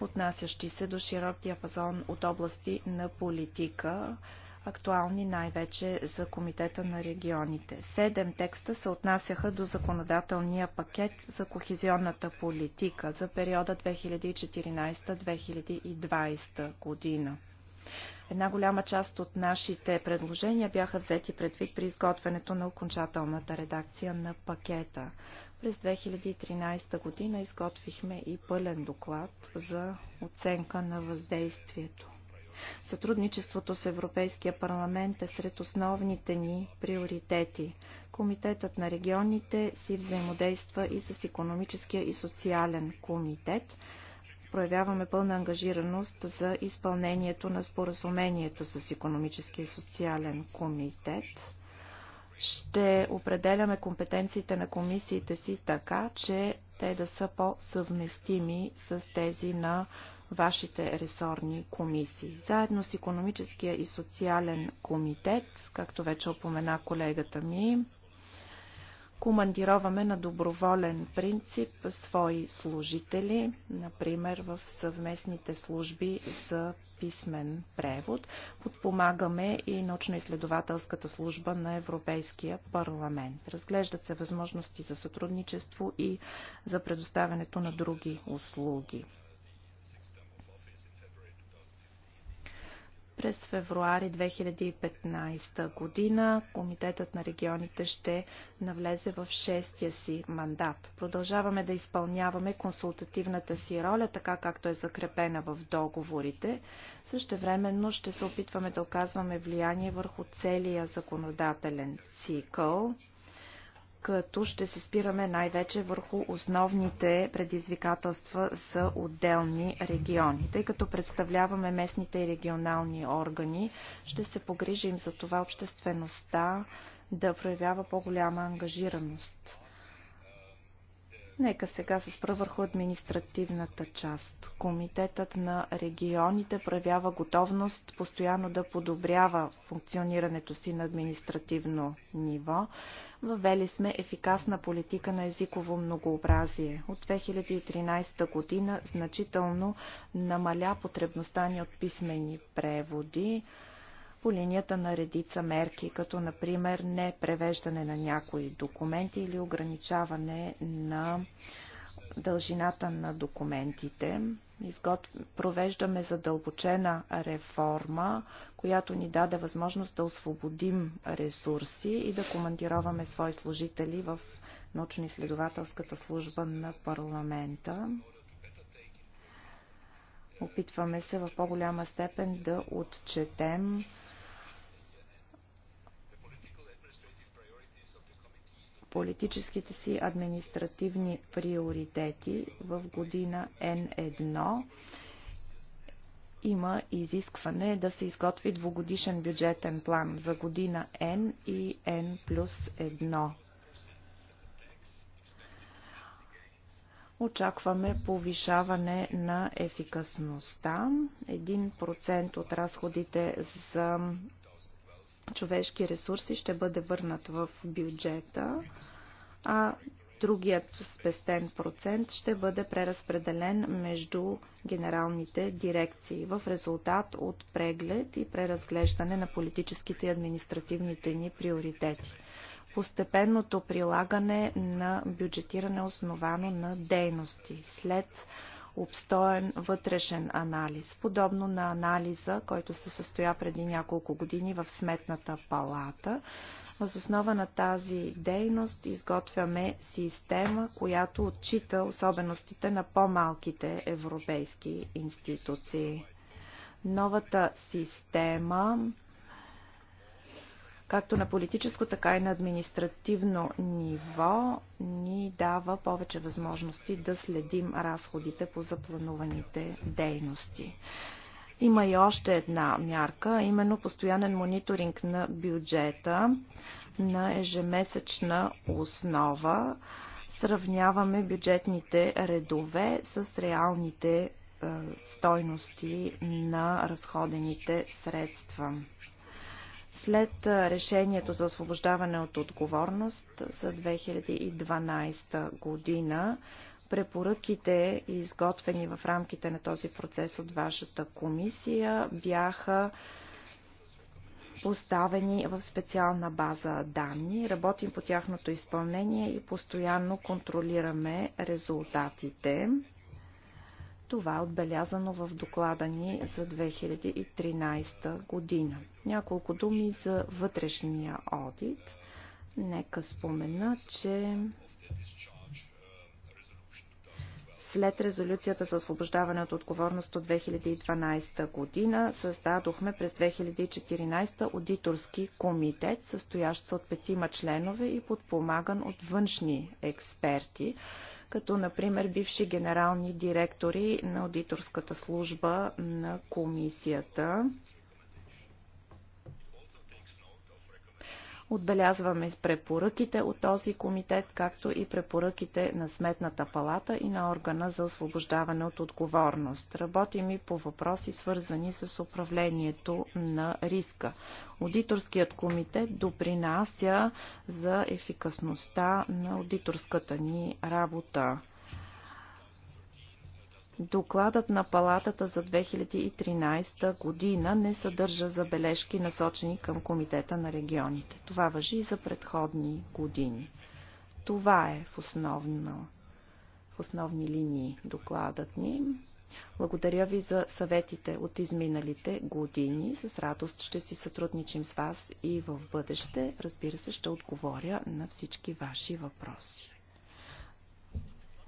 A: отнасящи се до широк диапазон от области на политика, актуални най-вече за Комитета на регионите. Седем текста се отнасяха до законодателния пакет за кохезионната политика за периода 2014-2020 година. Една голяма част от нашите предложения бяха взети предвид при изготвянето на окончателната редакция на пакета. През 2013 година изготвихме и пълен доклад за оценка на въздействието. Сътрудничеството с Европейския парламент е сред основните ни приоритети. Комитетът на регионите си взаимодейства и с економическия и социален комитет. Проявяваме пълна ангажираност за изпълнението на споразумението с економическия и социален комитет ще определяме компетенциите на комисиите си така, че те да са по-съвместими с тези на вашите ресорни комисии. Заедно с економическия и социален комитет, както вече опомена колегата ми, командироваме на доброволен принцип свои служители, например в съвместните служби за писмен превод. Подпомагаме и научно-изследователската служба на Европейския парламент. Разглеждат се възможности за сътрудничество и за предоставянето на други услуги. През февруари 2015 година Комитетът на регионите ще навлезе в шестия си мандат. Продължаваме да изпълняваме консултативната си роля, така както е закрепена в договорите. Същевременно ще се опитваме да оказваме влияние върху целия законодателен цикъл като ще се спираме най-вече върху основните предизвикателства за отделни региони. Тъй като представляваме местните и регионални органи, ще се погрижим за това обществеността да проявява по-голяма ангажираност Нека сега се спра върху административната част. Комитетът на регионите проявява готовност постоянно да подобрява функционирането си на административно ниво. Въвели сме ефикасна политика на езиково многообразие. От 2013 година значително намаля потребността ни от писмени преводи по линията на редица мерки, като например не превеждане на някои документи или ограничаване на дължината на документите. Изгод... Провеждаме задълбочена реформа, която ни даде възможност да освободим ресурси и да командироваме свои служители в научно-изследователската служба на парламента. Опитваме се в по-голяма степен да отчетем политическите си административни приоритети в година Н 1 има изискване да се изготви двогодишен бюджетен план за година N и N плюс 1. Очакваме повишаване на ефикасността. 1% от разходите за човешки ресурси ще бъде върнат в бюджета, а другият спестен процент ще бъде преразпределен между генералните дирекции в резултат от преглед и преразглеждане на политическите и административните ни приоритети постепенното прилагане на бюджетиране основано на дейности след обстоен вътрешен анализ, подобно на анализа, който се състоя преди няколко години в Сметната палата. Въз основа на тази дейност изготвяме система, която отчита особеностите на по-малките европейски институции. Новата система както на политическо, така и на административно ниво, ни дава повече възможности да следим разходите по заплануваните дейности. Има и още една мярка, именно постоянен мониторинг на бюджета на ежемесечна основа. Сравняваме бюджетните редове с реалните е, стойности на разходените средства. След решението за освобождаване от отговорност за 2012 година, препоръките, изготвени в рамките на този процес от вашата комисия, бяха поставени в специална база данни. Работим по тяхното изпълнение и постоянно контролираме резултатите. Това е отбелязано в доклада ни за 2013 година. Няколко думи за вътрешния одит. Нека спомена, че след резолюцията за освобождаване от отговорност от 2012 година, създадохме през 2014 аудиторски комитет, състоящ се от петима членове и подпомаган от външни експерти като например бивши генерални директори на аудиторската служба на комисията. Отбелязваме препоръките от този комитет, както и препоръките на Сметната палата и на органа за освобождаване от отговорност. Работим и по въпроси, свързани с управлението на риска. Аудиторският комитет допринася за ефикасността на аудиторската ни работа. Докладът на палатата за 2013 година не съдържа забележки насочени към Комитета на регионите. Това въжи и за предходни години. Това е в, основно, в основни линии докладът ни. Благодаря ви за съветите от изминалите години. С радост ще си сътрудничим с вас и в бъдеще. Разбира се, ще отговоря на всички ваши въпроси.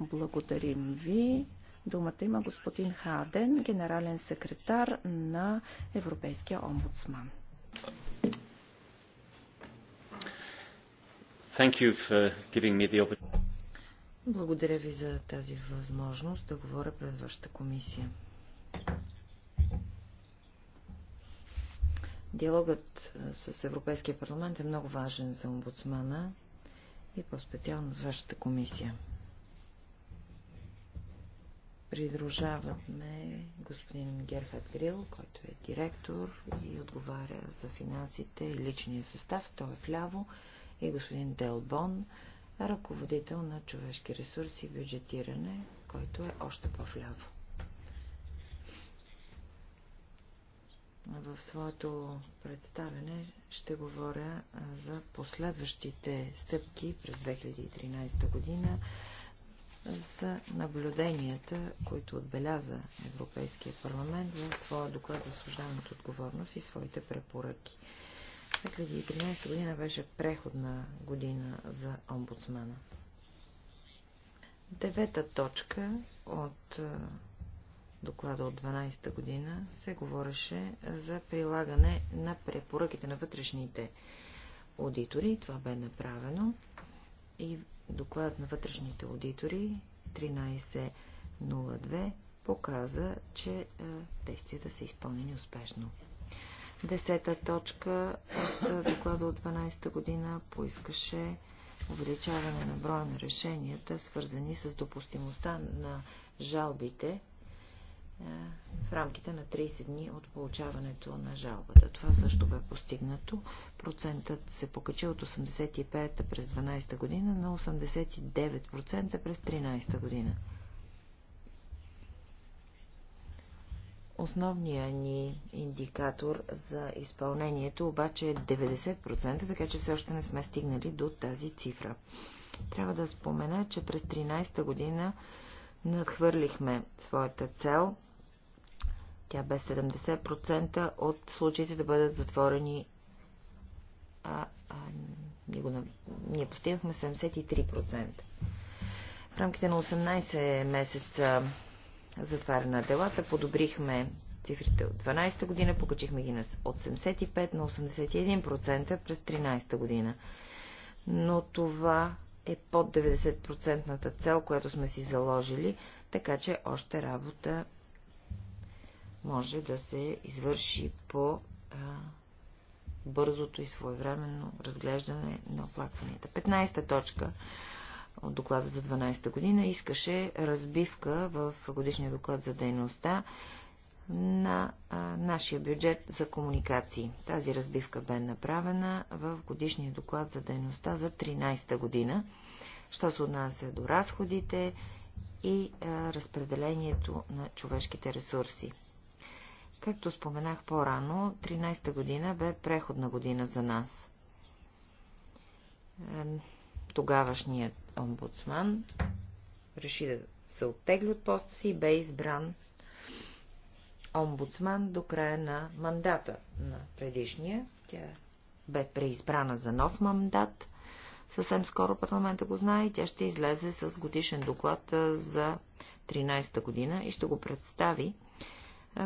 A: Благодарим ви. Думата има господин Хаден, генерален секретар на Европейския омбудсман.
B: Благодаря ви за тази възможност да говоря пред вашата комисия. Диалогът с Европейския парламент е много важен за омбудсмана и по-специално с вашата комисия придружаваме господин Герхард Грил, който е директор и отговаря за финансите и личния състав. Той е вляво. И господин Делбон, ръководител на човешки ресурси и бюджетиране, който е още по-вляво. В своето представене ще говоря за последващите стъпки през 2013 година за наблюденията, които отбеляза Европейския парламент за своя доклад за служебната отговорност и своите препоръки. 2013 година беше преходна година за омбудсмана. Девета точка от е, доклада от 12-та година се говореше за прилагане на препоръките на вътрешните аудитори. Това бе направено и Доклад на вътрешните аудитори 1302 показа, че е, действията са изпълнени успешно. Десета точка от е, доклада от 12-та година поискаше увеличаване на броя на решенията, свързани с допустимостта на жалбите е, в рамките на 30 дни от получаването на жалбата. Това също бе постигнато. Процентът се покачи от 85 през 12 година на 89% през 13 година. Основният ни индикатор за изпълнението обаче е 90%, така че все още не сме стигнали до тази цифра. Трябва да спомена, че през 13 година надхвърлихме своята цел – тя бе 70% от случаите да бъдат затворени. А, а, ние, го, ние постигнахме 73%. В рамките на 18 месеца затваряне на делата подобрихме цифрите от 12-та година, покачихме ги на от 75 на 81% през 13-та година. Но това е под 90 цел, която сме си заложили, така че още работа може да се извърши по а, бързото и своевременно разглеждане на оплакванията. 15-та точка от доклада за 12-та година искаше разбивка в годишния доклад за дейността на а, нашия бюджет за комуникации. Тази разбивка бе направена в годишния доклад за дейността за 13-та година, що се отнася до разходите и а, разпределението на човешките ресурси. Както споменах по-рано, 13-та година бе преходна година за нас. Тогавашният омбудсман реши да се оттегли от поста си и бе избран омбудсман до края на мандата на предишния. Тя бе преизбрана за нов мандат. Съвсем скоро парламента го знае и тя ще излезе с годишен доклад за 13-та година и ще го представи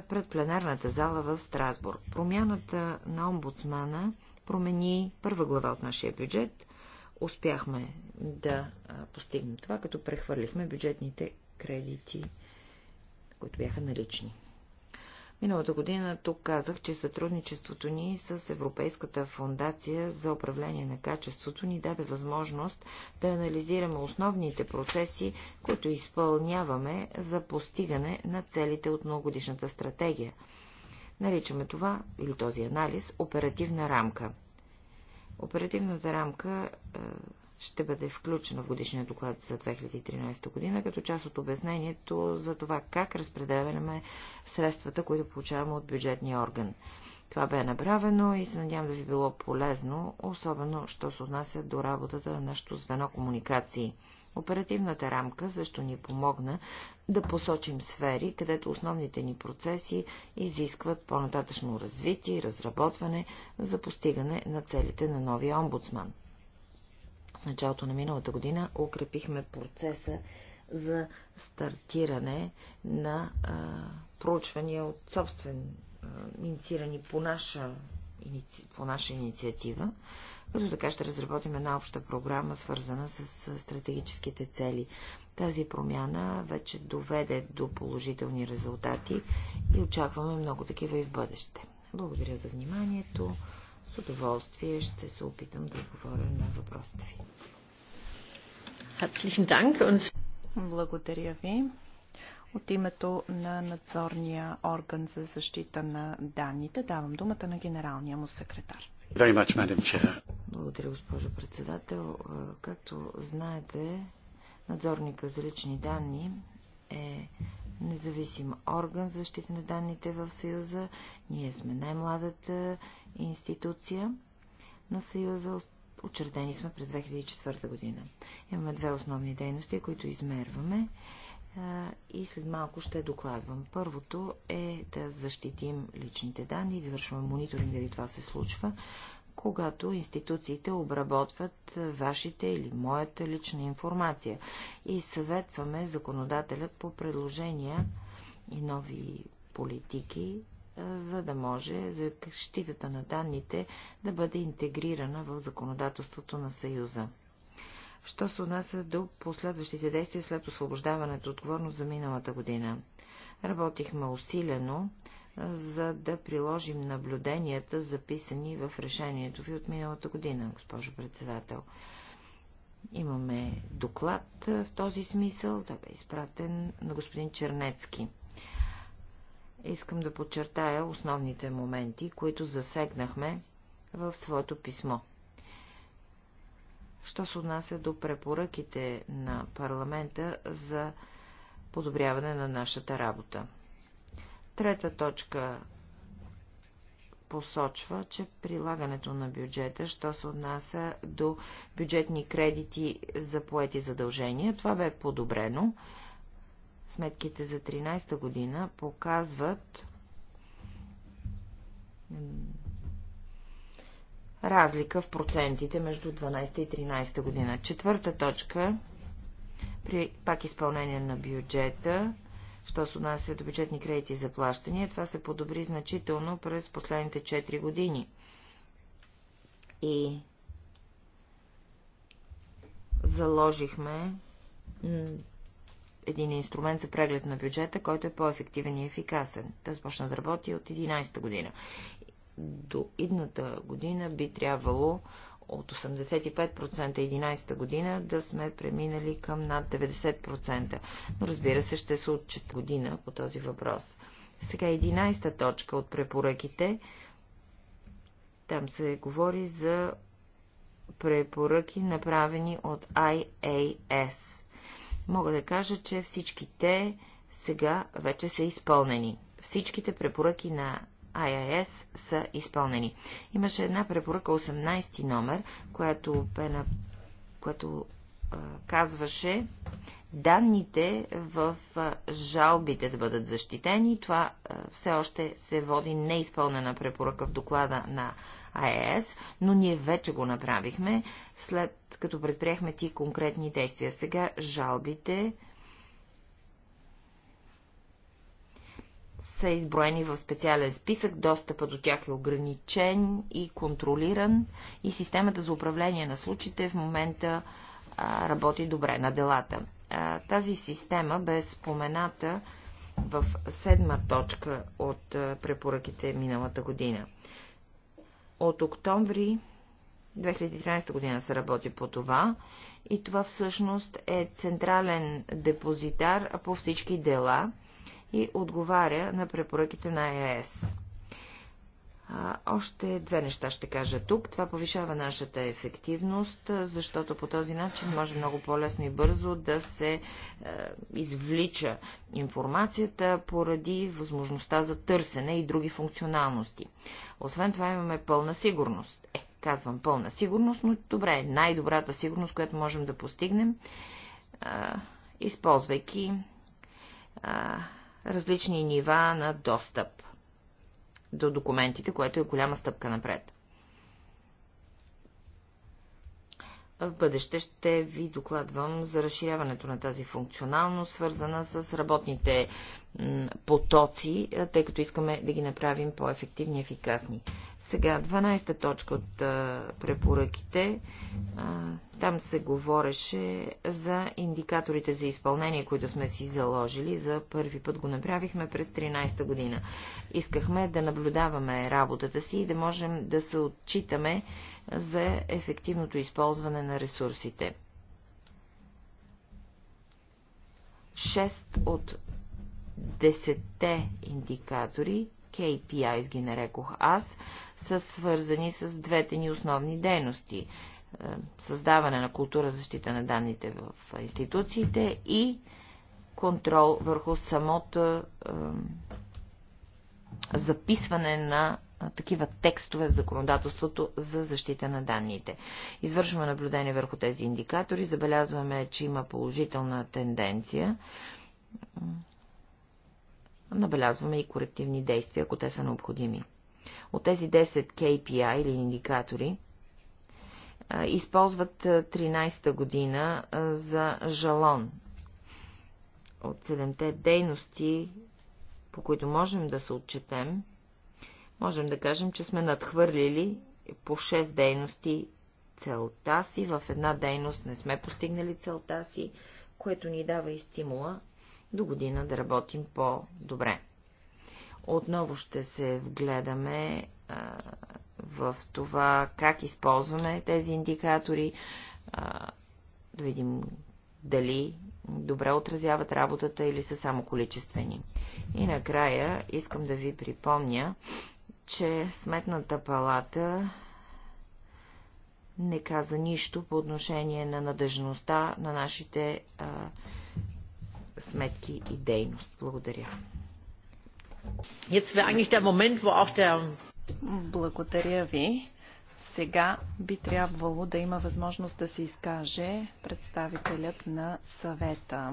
B: пред пленарната зала в Страсбург. Промяната на омбудсмана промени първа глава от нашия бюджет. Успяхме да постигнем това, като прехвърлихме бюджетните кредити, които бяха налични. Миналата година тук казах, че сътрудничеството ни с Европейската фундация за управление на качеството ни даде възможност да анализираме основните процеси, които изпълняваме за постигане на целите от многогодишната стратегия. Наричаме това, или този анализ, оперативна рамка. Оперативната рамка е, ще бъде включена в годишния доклад за 2013 година, като част от обяснението за това как разпределяме средствата, които получаваме от бюджетния орган. Това бе направено и се надявам да ви било полезно, особено, що се отнася до работата на нашето звено комуникации. Оперативната рамка също ни помогна да посочим сфери, където основните ни процеси изискват по-нататъчно развитие и разработване за постигане на целите на новия омбудсман началото на миналата година укрепихме процеса за стартиране на а, проучвания от собствен, а, инициирани по наша, иници, по наша инициатива, като така ще разработим една обща програма, свързана с стратегическите цели. Тази промяна вече доведе до положителни резултати и очакваме много такива и в бъдеще. Благодаря за вниманието удоволствие ще се опитам да отговоря на въпросите ви.
A: Благодаря ви. От името на надзорния орган за защита на данните давам думата на генералния му секретар.
B: Much, Благодаря, госпожо председател. Както знаете, надзорника за лични данни е независим орган за защита на данните в Съюза. Ние сме най-младата институция на Съюза. Учредени сме през 2004 година. Имаме две основни дейности, които измерваме и след малко ще докладвам. Първото е да защитим личните данни, извършваме мониторинг дали това се случва когато институциите обработват вашите или моята лична информация и съветваме законодателят по предложения и нови политики, за да може защитата на данните да бъде интегрирана в законодателството на Съюза. Що се отнася до последващите действия след освобождаването отговорност за миналата година? Работихме усилено, за да приложим наблюденията, записани в решението ви от миналата година, госпожо председател. Имаме доклад в този смисъл, той бе изпратен на господин Чернецки. Искам да подчертая основните моменти, които засегнахме в своето писмо. Що се отнася до препоръките на парламента за подобряване на нашата работа. Трета точка посочва, че прилагането на бюджета, що се отнася до бюджетни кредити за поети задължения, това бе подобрено. Сметките за 13-та година показват разлика в процентите между 12 и 13 година. Четвърта точка при пак изпълнение на бюджета Що се отнася до бюджетни кредити за плащания, това се подобри значително през последните 4 години. И заложихме един инструмент за преглед на бюджета, който е по-ефективен и ефикасен. Той започна да работи от 11-та година. До идната година би трябвало от 85% 11-та година да сме преминали към над 90%. Но разбира се, ще се отчет година по този въпрос. Сега 11-та точка от препоръките. Там се говори за препоръки, направени от IAS. Мога да кажа, че всички те сега вече са изпълнени. Всичките препоръки на IIS са изпълнени. Имаше една препоръка 18 номер, която, бе на... която а, казваше данните в жалбите да бъдат защитени. Това все още се води неизпълнена препоръка в доклада на IIS, но ние вече го направихме, след като предприехме ти конкретни действия. Сега жалбите са изброени в специален списък, достъпа до тях е ограничен и контролиран и системата за управление на случаите в момента а, работи добре на делата. А, тази система бе спомената в седма точка от а, препоръките миналата година. От октомври 2013 година се работи по това и това всъщност е централен депозитар по всички дела, и отговаря на препоръките на ЕАС. А, още две неща ще кажа тук. Това повишава нашата ефективност, защото по този начин може много по-лесно и бързо да се е, извлича информацията поради възможността за търсене и други функционалности. Освен това имаме пълна сигурност. Е, казвам пълна сигурност, но добре, най-добрата сигурност, която можем да постигнем, е, използвайки различни нива на достъп до документите, което е голяма стъпка напред. В бъдеще ще ви докладвам за разширяването на тази функционалност, свързана с работните потоци, е, тъй като искаме да ги направим по-ефективни и ефикасни. Сега, 12-та точка от а, препоръките. А, там се говореше за индикаторите за изпълнение, които сме си заложили. За първи път го направихме през 13-та година. Искахме да наблюдаваме работата си и да можем да се отчитаме за ефективното използване на ресурсите. 6 от 10 индикатори KPIs ги нарекох аз, са свързани с двете ни основни дейности. Е, създаване на култура защита на данните в институциите и контрол върху самото записване на такива текстове в законодателството за защита на данните. Извършваме наблюдение върху тези индикатори, забелязваме, че има положителна тенденция набелязваме и корективни действия, ако те са необходими. От тези 10 KPI или индикатори, използват 13-та година за жалон. От 7-те дейности, по които можем да се отчетем, можем да кажем, че сме надхвърлили по 6 дейности целта си, в една дейност не сме постигнали целта си, което ни дава и стимула до година да работим по-добре. Отново ще се вгледаме а, в това как използваме тези индикатори, а, да видим дали добре отразяват работата или са само количествени. И накрая искам да ви припомня, че Сметната палата не каза нищо по отношение на надежността на нашите а, сметки и дейност. Благодаря.
A: Благодаря ви. Сега би трябвало да има възможност да се изкаже представителят на съвета,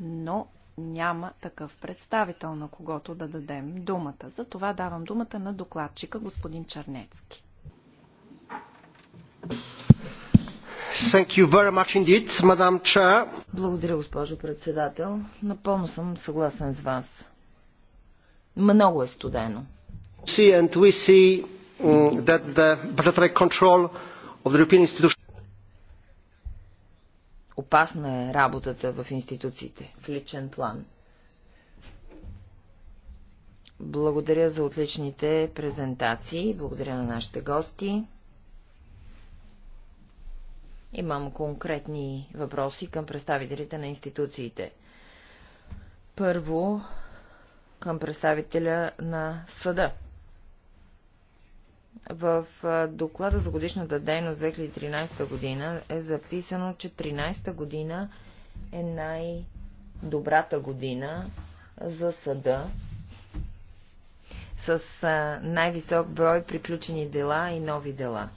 A: но няма такъв представител, на когото да дадем думата. За това давам думата на докладчика господин Чернецки.
C: Indeed,
B: Благодаря, госпожо председател. Напълно съм съгласен с вас. Много е студено. Опасна е работата в институциите, в личен план. Благодаря за отличните презентации, благодаря на нашите гости. Имам конкретни въпроси към представителите на институциите. Първо, към представителя на съда. В доклада за годишната дейност 2013 година е записано, че 13 година е най-добрата година за съда, с най-висок брой приключени дела и нови дела.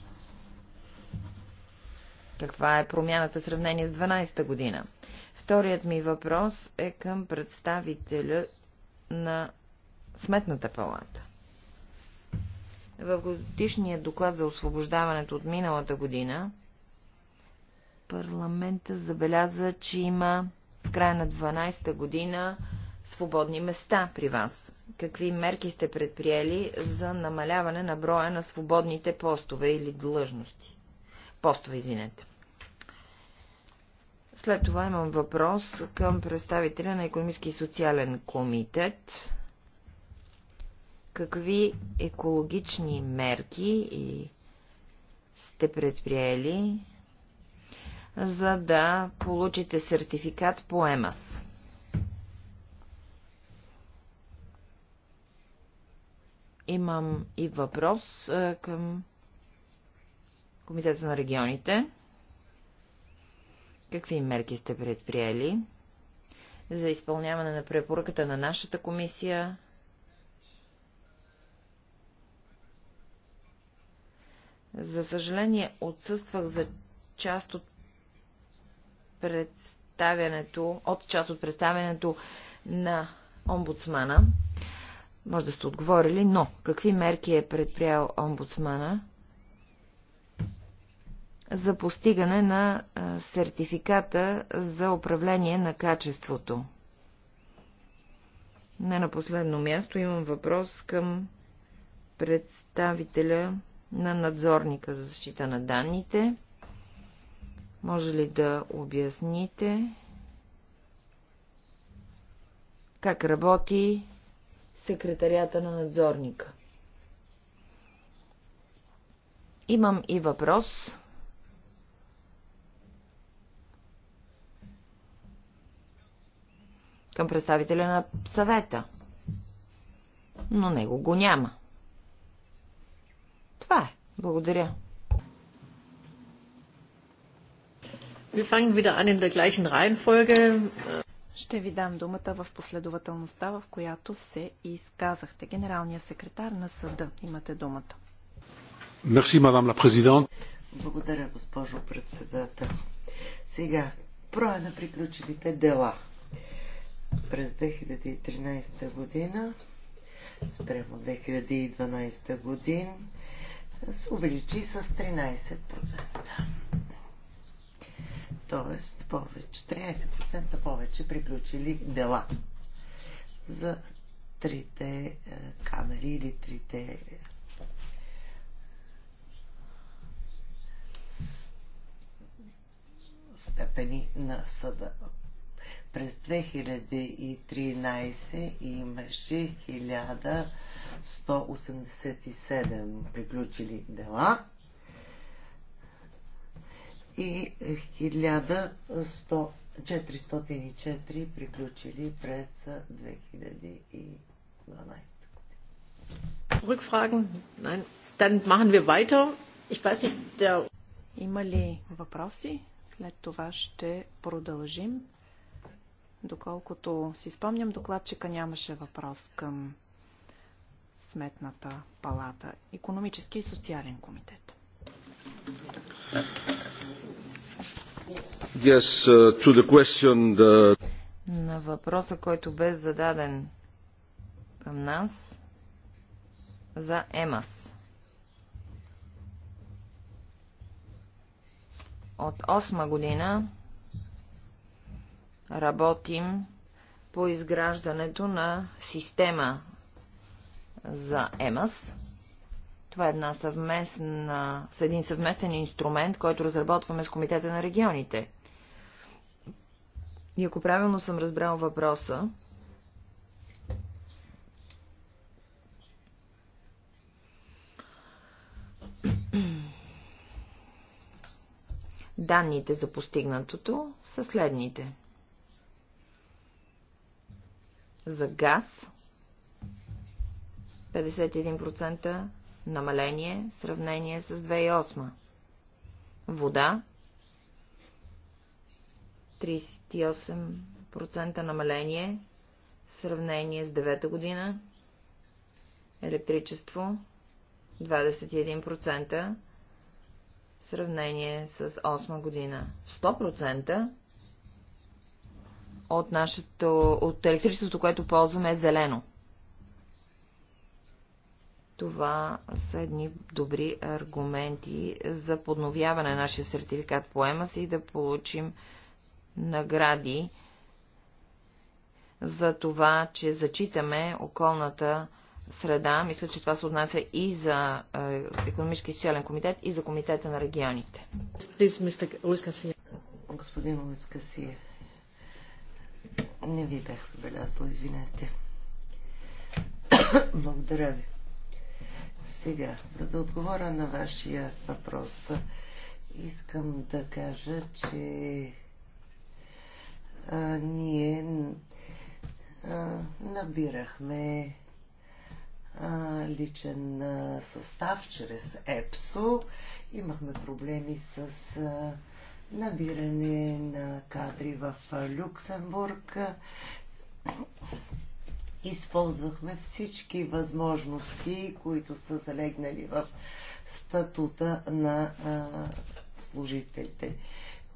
B: Каква е промяната в сравнение с 12-та година? Вторият ми въпрос е към представителя на Сметната палата. В годишния доклад за освобождаването от миналата година парламента забеляза, че има в края на 12-та година свободни места при вас. Какви мерки сте предприели за намаляване на броя на свободните постове или длъжности? Постове, извинете. След това имам въпрос към представителя на економически и социален комитет. Какви екологични мерки и сте предприели, за да получите сертификат по ЕМАС? Имам и въпрос е, към Комитета на регионите. Какви мерки сте предприели за изпълняване на препоръката на нашата комисия? За съжаление, отсъствах за част от представянето, от част от представянето на омбудсмана. Може да сте отговорили, но какви мерки е предприял омбудсмана за постигане на сертификата за управление на качеството. Не на последно място имам въпрос към представителя на надзорника за защита на данните. Може ли да обясните как работи секретарията на надзорника? Имам и въпрос към представителя на съвета. Но него го няма. Това е. Благодаря.
A: Ще ви дам думата в последователността, в която се изказахте. Генералния секретар на съда. Имате думата. Мерси, мадам ла президент.
C: Благодаря, госпожо председател. Сега, броя на приключилите дела – през 2013 година спрямо 2012 година се увеличи с 13%. Тоест повече, 13% повече приключили дела за трите е, камери или трите е, степени на съда. През 2013 имаше 1187 приключили дела и 1404 приключили през 2012
A: Rückfragen?
C: Nein. Dann machen wir weiter.
A: Ich weiß nicht, der... Има ли въпроси? След това ще продължим. Доколкото си спомням, докладчика нямаше въпрос към Сметната палата, економически и социален комитет. Yes, uh, to the question, the...
B: На въпроса, който бе зададен към нас за ЕМАС. От 8 година работим по изграждането на система за ЕМАС. Това е една съвместна, с един съвместен инструмент, който разработваме с Комитета на регионите. И ако правилно съм разбрал въпроса, данните за постигнатото са следните за газ. 51% намаление в сравнение с 2008. Вода 38% намаление в сравнение с 9 година. Електричество 21% в сравнение с 8 година. 100% от, нашето, от електричеството, което ползваме е зелено. Това са едни добри аргументи за подновяване на нашия сертификат по ЕМАС и да получим награди за това, че зачитаме околната среда. Мисля, че това се отнася и за е, Економически и социален комитет, и за комитета на регионите. Господин
C: Луис Касиев. Не ви бях забелязала, извинете. Благодаря ви. Сега, за да отговоря на вашия въпрос, искам да кажа, че а, ние а, набирахме а, личен а, състав чрез ЕПСО. Имахме проблеми с. А, набиране на кадри в Люксембург. Използвахме всички възможности, които са залегнали в статута на а, служителите.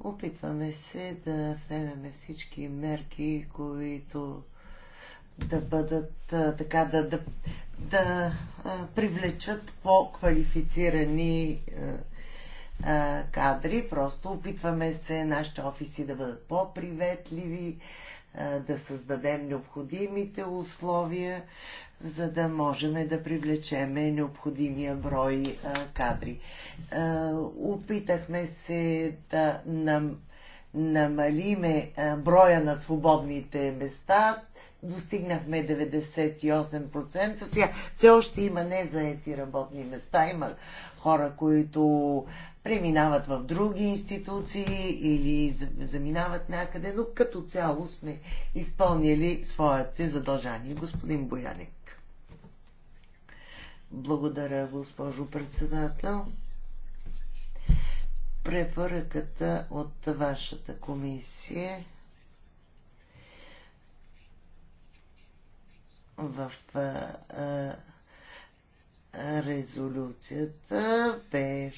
C: Опитваме се да вземем всички мерки, които да бъдат така да, да, да привлечат по-квалифицирани а, кадри. Просто опитваме се нашите офиси да бъдат по-приветливи, да създадем необходимите условия, за да можем да привлечем необходимия брой а, кадри. А, опитахме се да нам, намалиме а, броя на свободните места. Достигнахме 98%. Сега все още има незаети работни места. Има хора, които преминават в други институции или заминават някъде, но като цяло сме изпълнили своите задължания. Господин Бояник. Благодаря, госпожо председател. Препоръката от вашата комисия в резолюцията бе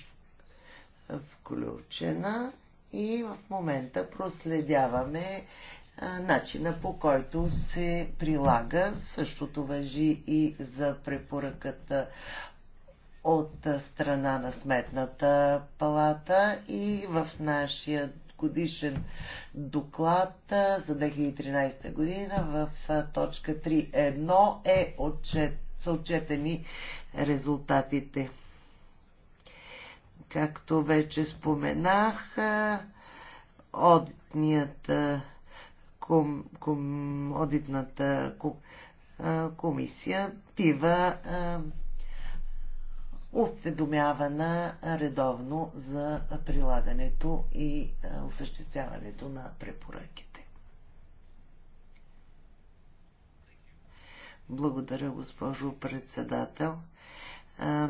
C: включена и в момента проследяваме начина по който се прилага. Същото въжи и за препоръката от страна на Сметната палата и в нашия годишен доклад за 2013 година в точка 3.1 е отчет, са отчетени резултатите. Както вече споменах, е, одитният е, ком, ком, одитната ком, е, комисия бива уведомявана редовно за прилагането и осъществяването на препоръките. Благодаря, госпожо председател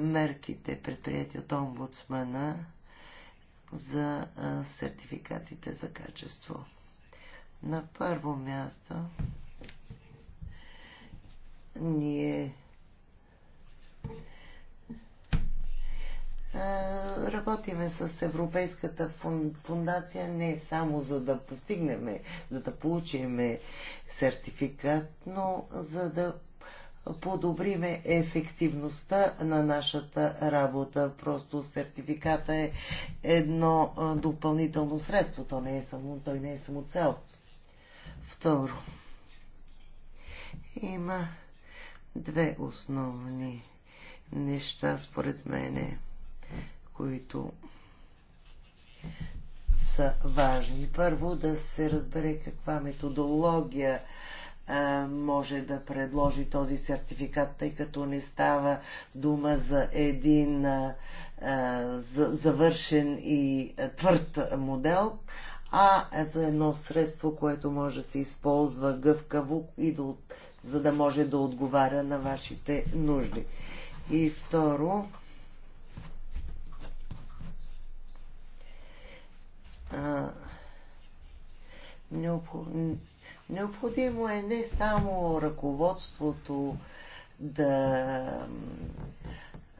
C: мерките, предприяти от омбудсмана за сертификатите за качество. На първо място ние работиме с Европейската фундация не само за да постигнем, за да получим сертификат, но за да подобриме ефективността на нашата работа. Просто сертификата е едно допълнително средство. То не е само, той не е само цел. Второ. Има две основни неща, според мене, които са важни. Първо да се разбере каква методология може да предложи този сертификат, тъй като не става дума за един завършен и твърд модел, а за едно средство, което може да се използва гъвкаво, и да, за да може да отговаря на вашите нужди. И второ, а, необходимо Необходимо е не само ръководството да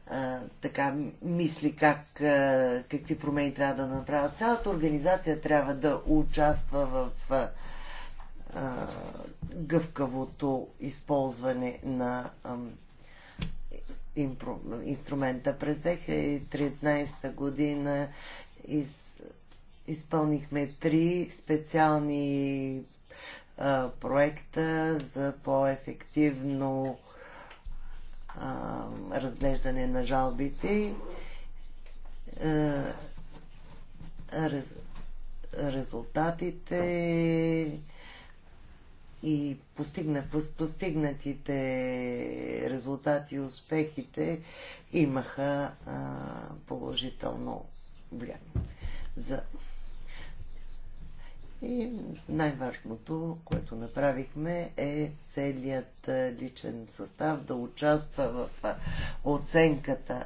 C: а, така мисли как, а, какви промени трябва да направят. Цялата организация трябва да участва в а, гъвкавото използване на а, инструмента. През 2013 година из, изпълнихме три специални проекта за по-ефективно разглеждане на жалбите. Резултатите и постигна, постигнатите резултати и успехите имаха а, положително влияние за и най-важното, което направихме е целият личен състав да участва в оценката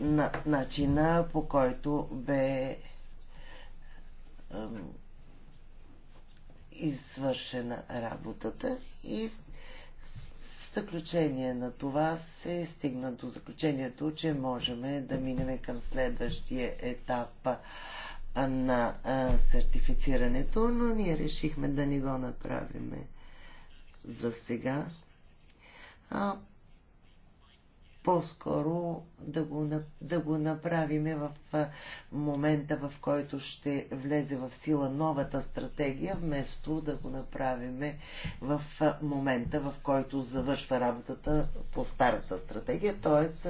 C: на начина по който бе извършена работата и в заключение на това се стигна до заключението, че можем да минем към следващия етап на сертифицирането, но ние решихме да ни го направиме за сега. А по-скоро да го, да го направиме в момента, в който ще влезе в сила новата стратегия, вместо да го направиме в момента, в който завършва работата по старата стратегия. Тоест,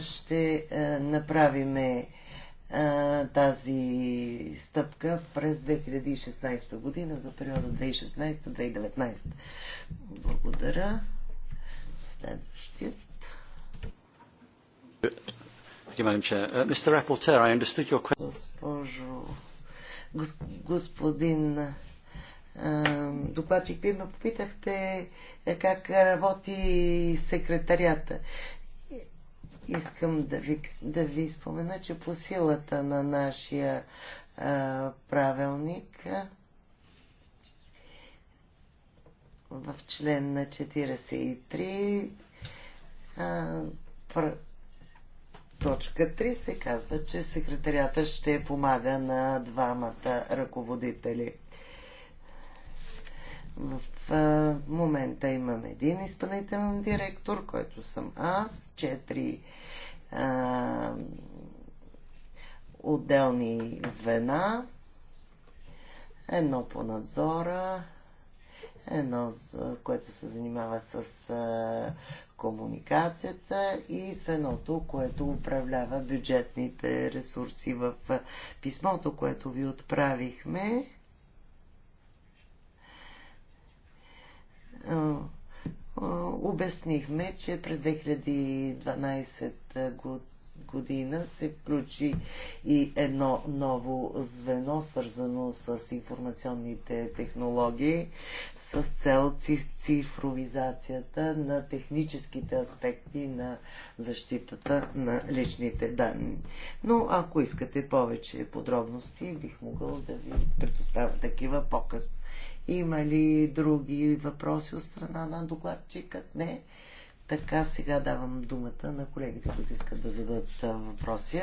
C: ще направиме е, тази стъпка през 2016 година за периода 2016-2019. Благодаря. Следващият. Uh, Госпожо, господин е, докладчик, вие ме попитахте е, как работи секретарията. Искам да ви, да ви спомена, че по силата на нашия а, правилник в член на 43 а, пр... точка 3 се казва, че секретарията ще помага на двамата ръководители. В а, момента имам един изпълнителен директор, който съм аз, четири а, отделни звена, едно по надзора, едно, което се занимава с а, комуникацията и звеното, което управлява бюджетните ресурси в писмото, което ви отправихме. обяснихме, че през 2012 година година се включи и едно ново звено, свързано с информационните технологии, с цел цифровизацията на техническите аспекти на защитата на личните данни. Но ако искате повече подробности, бих могъл да ви предоставя такива по-късно. Има ли други въпроси от страна на докладчикът? Не. Така сега давам думата на колегите, които искат да зададат въпроси.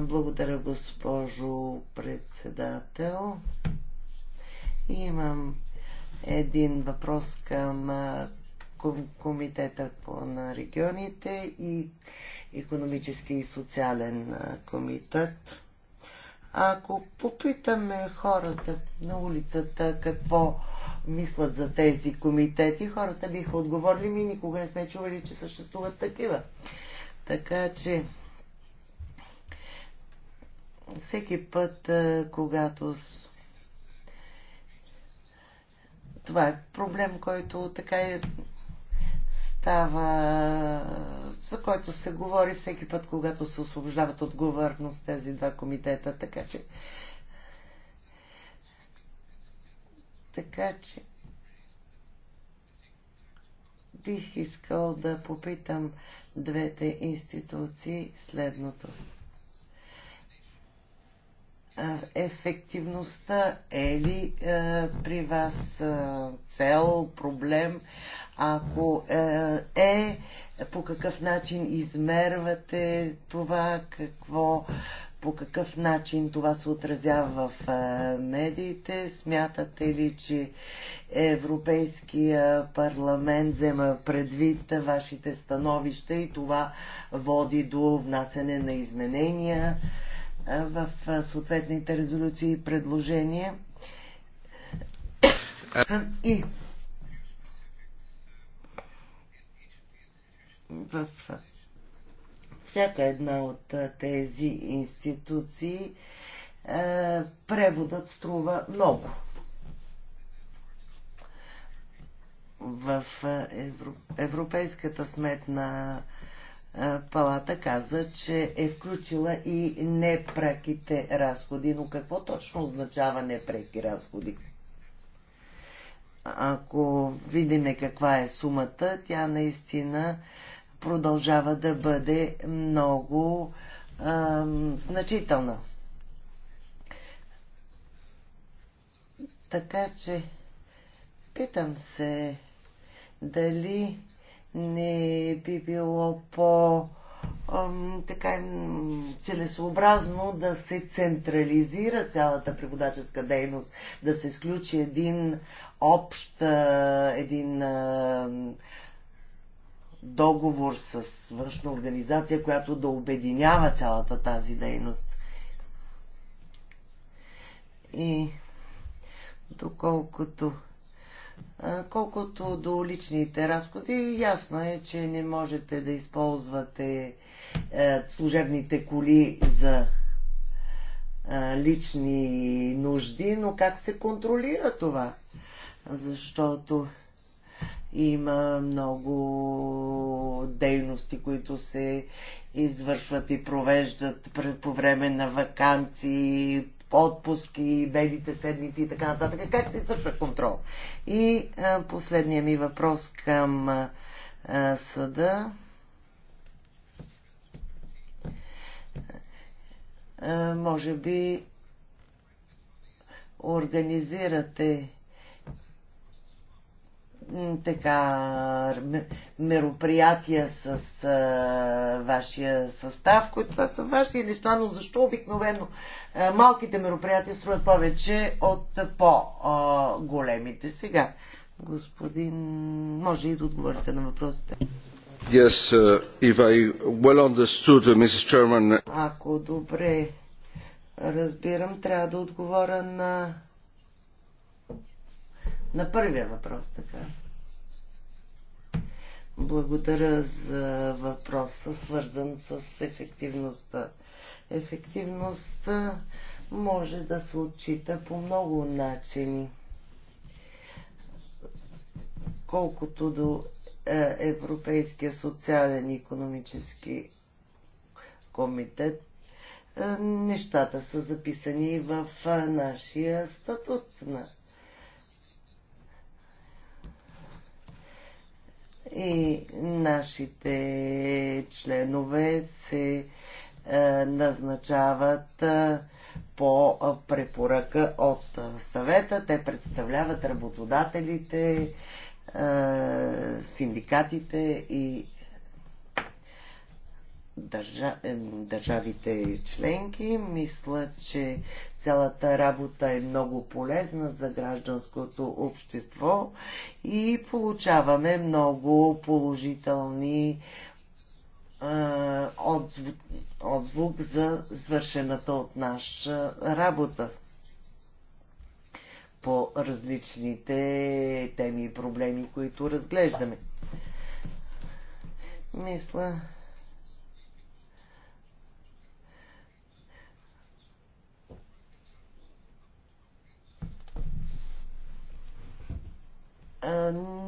C: Благодаря, госпожо председател. Имам един въпрос към Комитета на регионите и Економически и социален комитет. Ако попитаме хората на улицата какво мислят за тези комитети, хората биха отговорили ми, никога не сме чували, че съществуват такива. Така че всеки път, когато това е проблем, който така е състава, за който се говори всеки път, когато се освобождават отговорност тези два комитета. Така че. Така че. Бих искал да попитам двете институции следното ефективността е ли е, при вас е, цел, проблем? Ако е, е, по какъв начин измервате това, какво, по какъв начин това се отразява в е, медиите? Смятате ли, че Европейския парламент взема предвид вашите становища и това води до внасене на изменения е, в съответните резолюции и предложения? И в всяка една от тези институции е, преводът струва много. В Европейската сметна палата каза, че е включила и непраките разходи. Но какво точно означава непреки разходи? Ако видиме каква е сумата, тя наистина продължава да бъде много а, значителна. Така че питам се дали не би било по така целесообразно да се централизира цялата преводаческа дейност, да се изключи един общ, един договор с външна организация, която да обединява цялата тази дейност. И доколкото Колкото до личните разходи, ясно е, че не можете да използвате е, служебните коли за лични нужди, но как се контролира това? Защото има много дейности, които се извършват и провеждат по време на вакансии, отпуски, белите седмици и така нататък. Как се извършва контрол? И а, последния ми въпрос към а, съда. А, може би организирате така мероприятия с а, вашия състав, които това са ваши неща, но защо обикновено а, малките мероприятия струват повече от по-големите? Сега, господин, може и да отговорите на въпросите.
B: Yes, uh, if I well understood, uh, Mrs. Chairman... Uh,
C: Ако добре разбирам, трябва да отговоря на на първия въпрос, така. Благодаря за въпроса, свързан с ефективността. Ефективността може да се отчита по много начини. Колкото до е, Европейския социален и економически комитет, е, нещата са записани в е, нашия статут на и нашите членове се е, назначават е, по препоръка от съвета. Те представляват работодателите, е, синдикатите и държа, е, държавите членки. Мисля, че цялата работа е много полезна за гражданското общество и получаваме много положителни е, отзвук за свършената от наша работа по различните теми и проблеми, които разглеждаме. Мисля,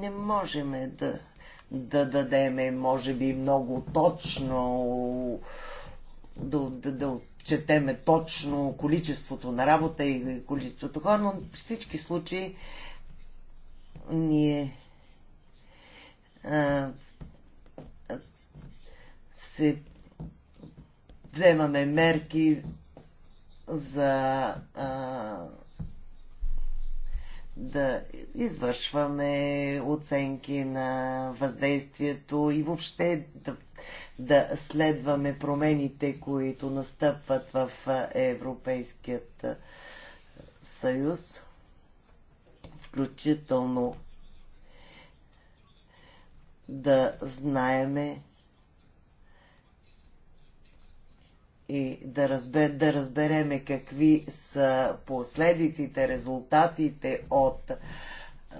C: не можем да, да дадеме, може би, много точно, да, да, да отчетеме точно количеството на работа и количеството хора, но при всички случаи ние а, се вземаме мерки за а, да извършваме оценки на въздействието и въобще да, да следваме промените, които настъпват в Европейският съюз, включително да знаеме и да, разбе, да разбереме какви са последиците, резултатите от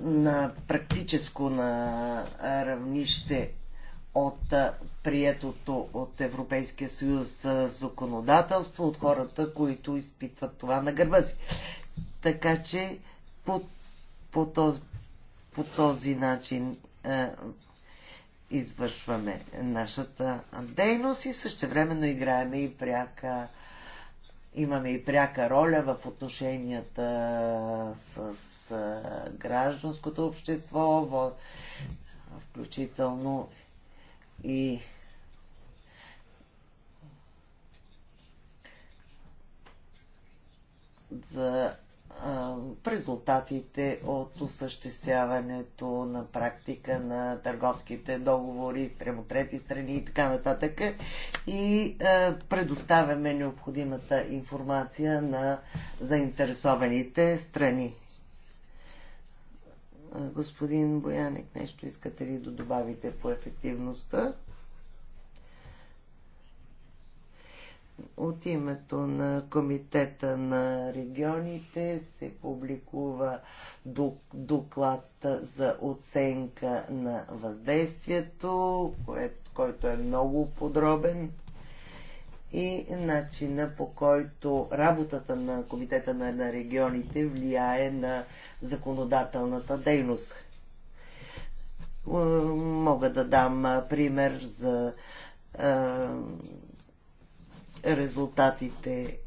C: на практическо на равнище от приетото от Европейския съюз законодателство от хората, които изпитват това на гърба си. Така че по, по, този, по този начин извършваме нашата дейност и същевременно играеме и пряка имаме и пряка роля в отношенията с гражданското общество, включително и за резултатите от осъществяването на практика на търговските договори спрямо трети страни и така нататък. И предоставяме необходимата информация на заинтересованите страни. Господин Бояник, нещо искате ли да добавите по ефективността? От името на Комитета на регионите се публикува доклад за оценка на въздействието, който е много подробен и начина по който работата на Комитета на регионите влияе на законодателната дейност. Е, мога да дам пример за е, резултатите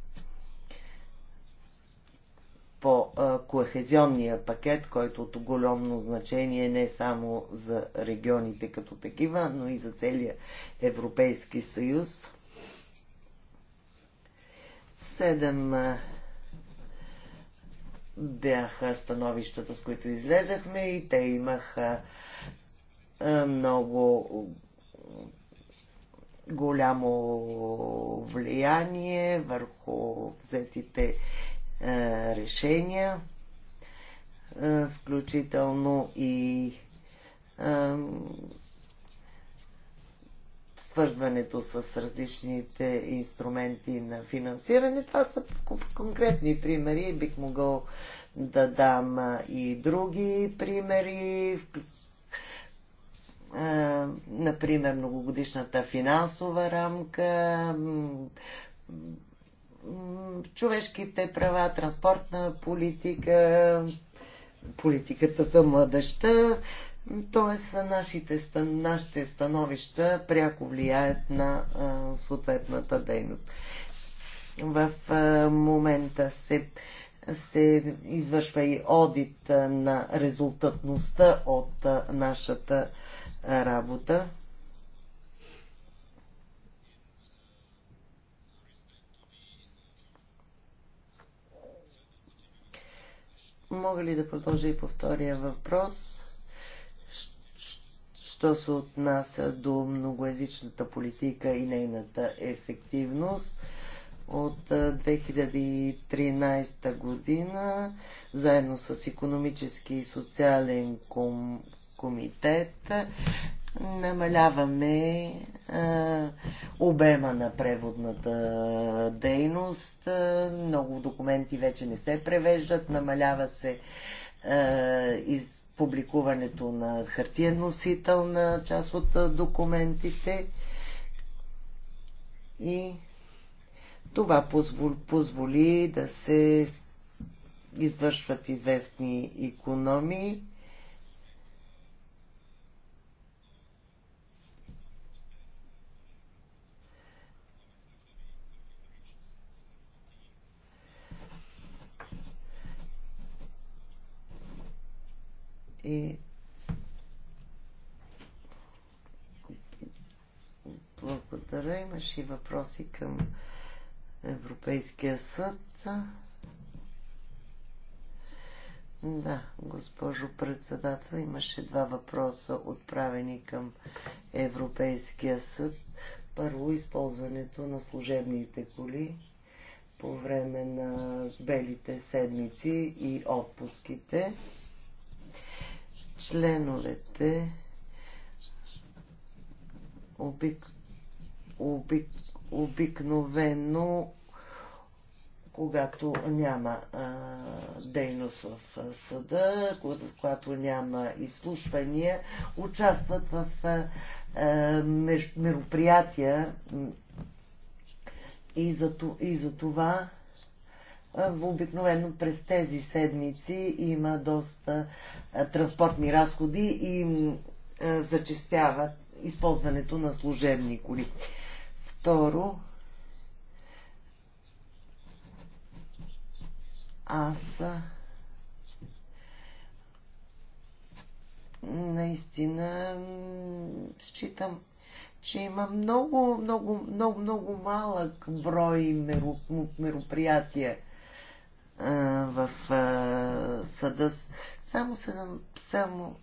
C: по кохезионния пакет, който е от огромно значение не само за регионите като такива, но и за целия Европейски съюз. Седем бяха становищата, с които излезахме и те имаха много голямо влияние върху взетите е, решения, е, включително и е, свързването с различните инструменти на финансиране. Това са конкретни примери. Бих могъл да дам и други примери, е, например, многогодишната финансова рамка, човешките права, транспортна политика, политиката за младеща. т.е. нашите, нашите становища пряко влияят на съответната дейност. В момента се, се извършва и одит на резултатността от нашата а, работа. Мога ли да продължа и по втория въпрос? Що се отнася до многоязичната политика и нейната ефективност? От 2013 година, заедно с економически и социален комитет намаляваме а, обема на преводната дейност. А, много документи вече не се превеждат, намалява се а, из публикуването на хартиен носител на част от документите и това позволи, позволи да се извършват известни економии е благодаря. имаш и въпроси към Европейския съд. Да, госпожо председател, имаше два въпроса отправени към Европейския съд. Първо, използването на служебните коли по време на белите седмици и отпуските членовете обик, обик, обикновено когато няма а, дейност в а, съда, когато няма изслушвания, участват в а, а, мероприятия и за, и за това обикновено през тези седмици има доста транспортни разходи и зачестяват използването на служебни коли. Второ, аз наистина считам, че има много, много, много, много малък брой мероприятия в съда. Само, 7, само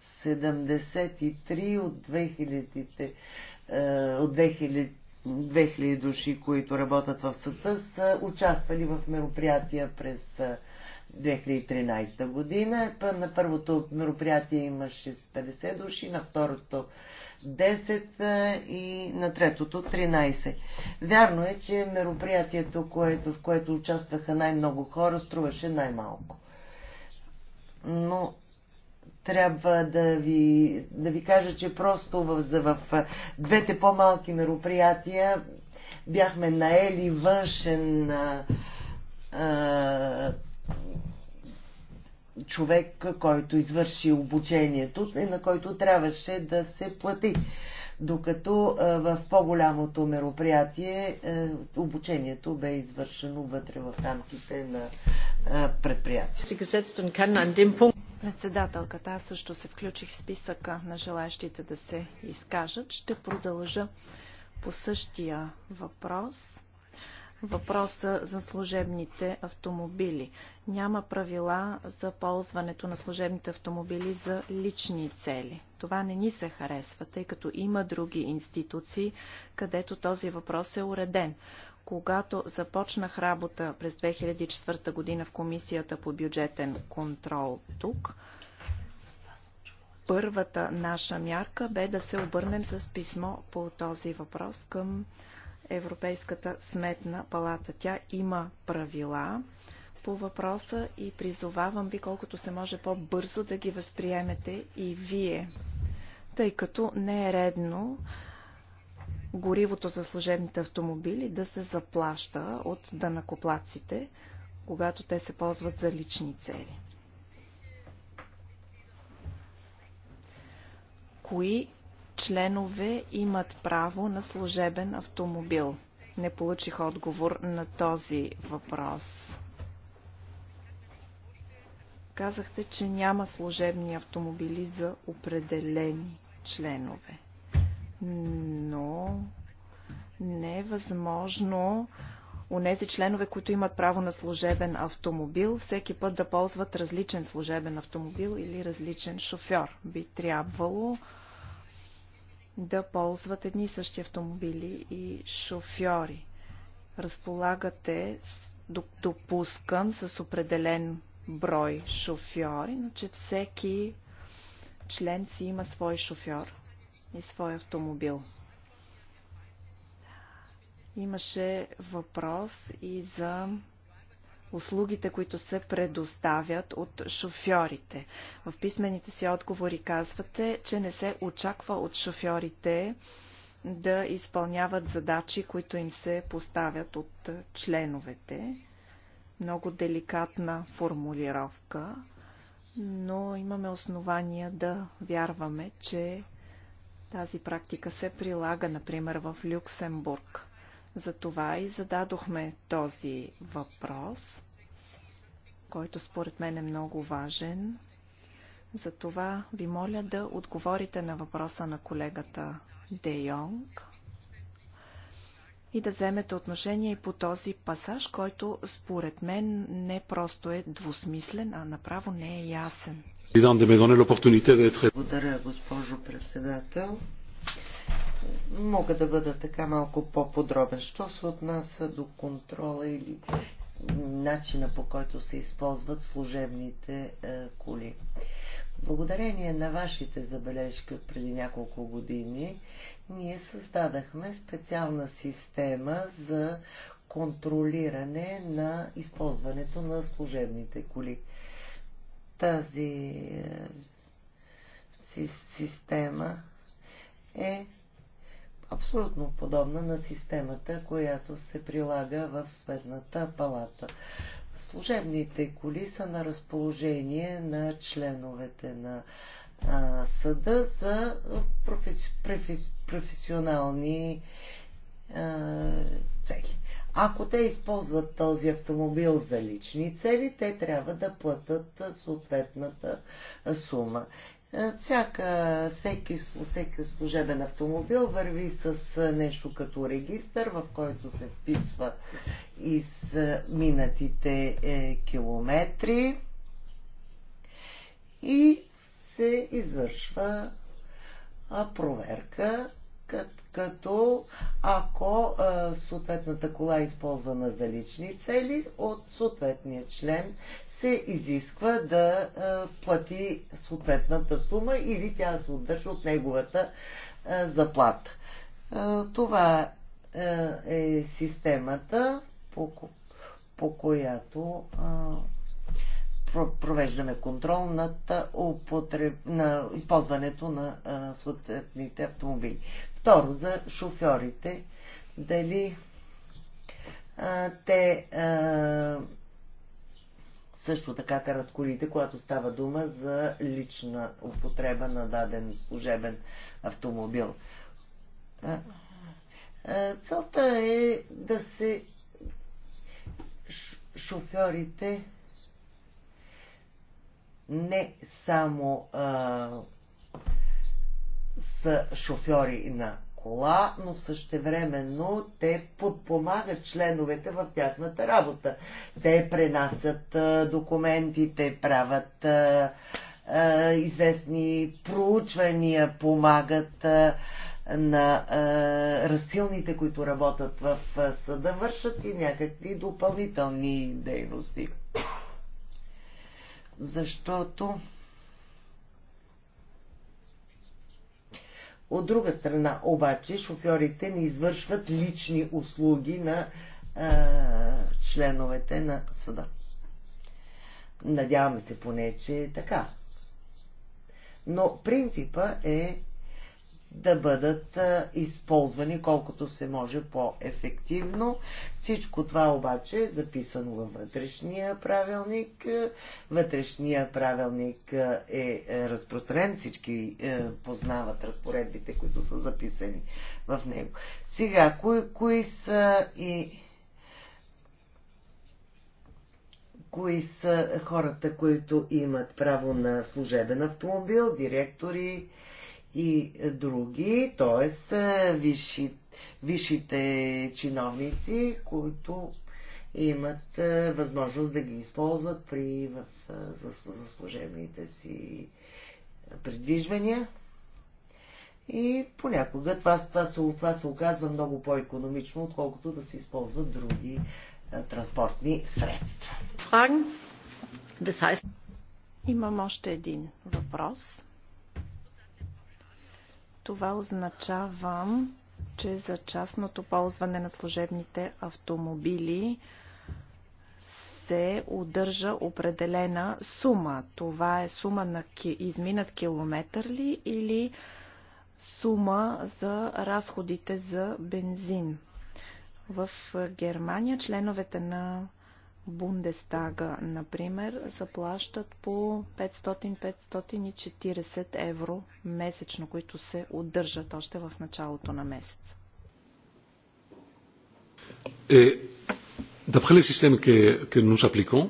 C: 73 от 2000-те от 2000, 2000 души, които работят в съда, са участвали в мероприятия през 2013 година. На първото мероприятие имаше 50 души, на второто 10 и на третото 13. Вярно е, че мероприятието, което, в което участваха най-много хора, струваше най-малко. Но трябва да ви, да ви кажа, че просто в, за, в двете по-малки мероприятия бяхме наели външен а, а, човек, който извърши обучението и е на който трябваше да се плати. Докато е, в по-голямото мероприятие е, обучението бе извършено вътре в рамките на предприятието.
A: Председателката, аз също се включих в списъка на желаящите да се изкажат. Ще продължа по същия въпрос въпроса за служебните автомобили. Няма правила за ползването на служебните автомобили за лични цели. Това не ни се харесва, тъй като има други институции, където този въпрос е уреден. Когато започнах работа през 2004 година в Комисията по бюджетен контрол тук, първата наша мярка бе да се обърнем с писмо по този въпрос към Европейската сметна палата. Тя има правила по въпроса и призовавам ви колкото се може по-бързо да ги възприемете и вие, тъй като не е редно горивото за служебните автомобили да се заплаща от данакоплаците, когато те се ползват за лични цели. Кои членове имат право на служебен автомобил? Не получих отговор на този въпрос. Казахте, че няма служебни автомобили за определени членове. Но не е възможно онези членове, които имат право на служебен автомобил, всеки път да ползват различен служебен автомобил или различен шофьор. Би трябвало да ползват едни и същи автомобили и шофьори. Разполагате, допускам, с определен брой шофьори, но че всеки член си има свой шофьор и свой автомобил. Имаше въпрос и за услугите, които се предоставят от шофьорите. В писмените си отговори казвате, че не се очаква от шофьорите да изпълняват задачи, които им се поставят от членовете. Много деликатна формулировка, но имаме основания да вярваме, че тази практика се прилага, например, в Люксембург. Затова и зададохме този въпрос, който според мен е много важен. Затова ви моля да отговорите на въпроса на колегата Де Йонг и да вземете отношение и по този пасаж, който според мен не просто е двусмислен,
C: а направо не е ясен. Благодаря, госпожо председател мога да бъда така малко по-подробен. Що се отнася до контрола или начина по който се използват служебните е, коли? Благодарение на вашите забележки от преди няколко години, ние създадахме специална система за контролиране на използването на служебните коли. Тази е, система е абсолютно подобна на системата, която се прилага в Сметната палата. Служебните коли са на разположение на членовете на а, съда за професи, професи, професионални а, цели. Ако те използват този автомобил за лични цели, те трябва да платят съответната сума. Всяка, всеки, всеки служебен автомобил върви с нещо като регистър, в който се вписва и с минатите е, километри и се извършва а, проверка, кът, като ако а, съответната кола е използвана за лични цели от съответния член се изисква да плати съответната сума или тя се отдържа от неговата заплата. Това е системата, по, по която провеждаме контрол над употреб... на използването на съответните автомобили. Второ, за шофьорите. Дали а, те а, също така карат колите, когато става дума за лична употреба на даден служебен автомобил. Целта е да се шофьорите не само а, са шофьори на кола, но същевременно те подпомагат членовете в тяхната работа. Те пренасят документи, те правят известни проучвания, помагат на разсилните, които работят в съда, вършат и някакви допълнителни дейности. Защото От друга страна, обаче, шофьорите не извършват лични услуги на а, членовете на съда. Надяваме се поне, че е така. Но принципа е да бъдат използвани колкото се може по-ефективно. Всичко това обаче е записано във вътрешния правилник. Вътрешния правилник е, е разпространен, всички е, познават разпоредбите, които са записани в него. Сега, кои, кои са и кои са хората, които имат право на служебен автомобил, директори, и други, т.е. Висши, висшите чиновници, които имат е, възможност да ги използват при, в, е, за, за служебните си предвижвания. И понякога това, това, се, това се оказва много по-економично, отколкото да се използват други а, е, транспортни средства.
A: Имам още един въпрос. Това означава, че за частното ползване на служебните автомобили се удържа определена сума. Това е сума на изминат километър ли или сума за разходите за бензин. В Германия членовете на Бундестага, например, заплащат по 500-540 евро месечно, които се отдържат още в началото на месец. Е, D'après les systèmes que, que nous appliquons,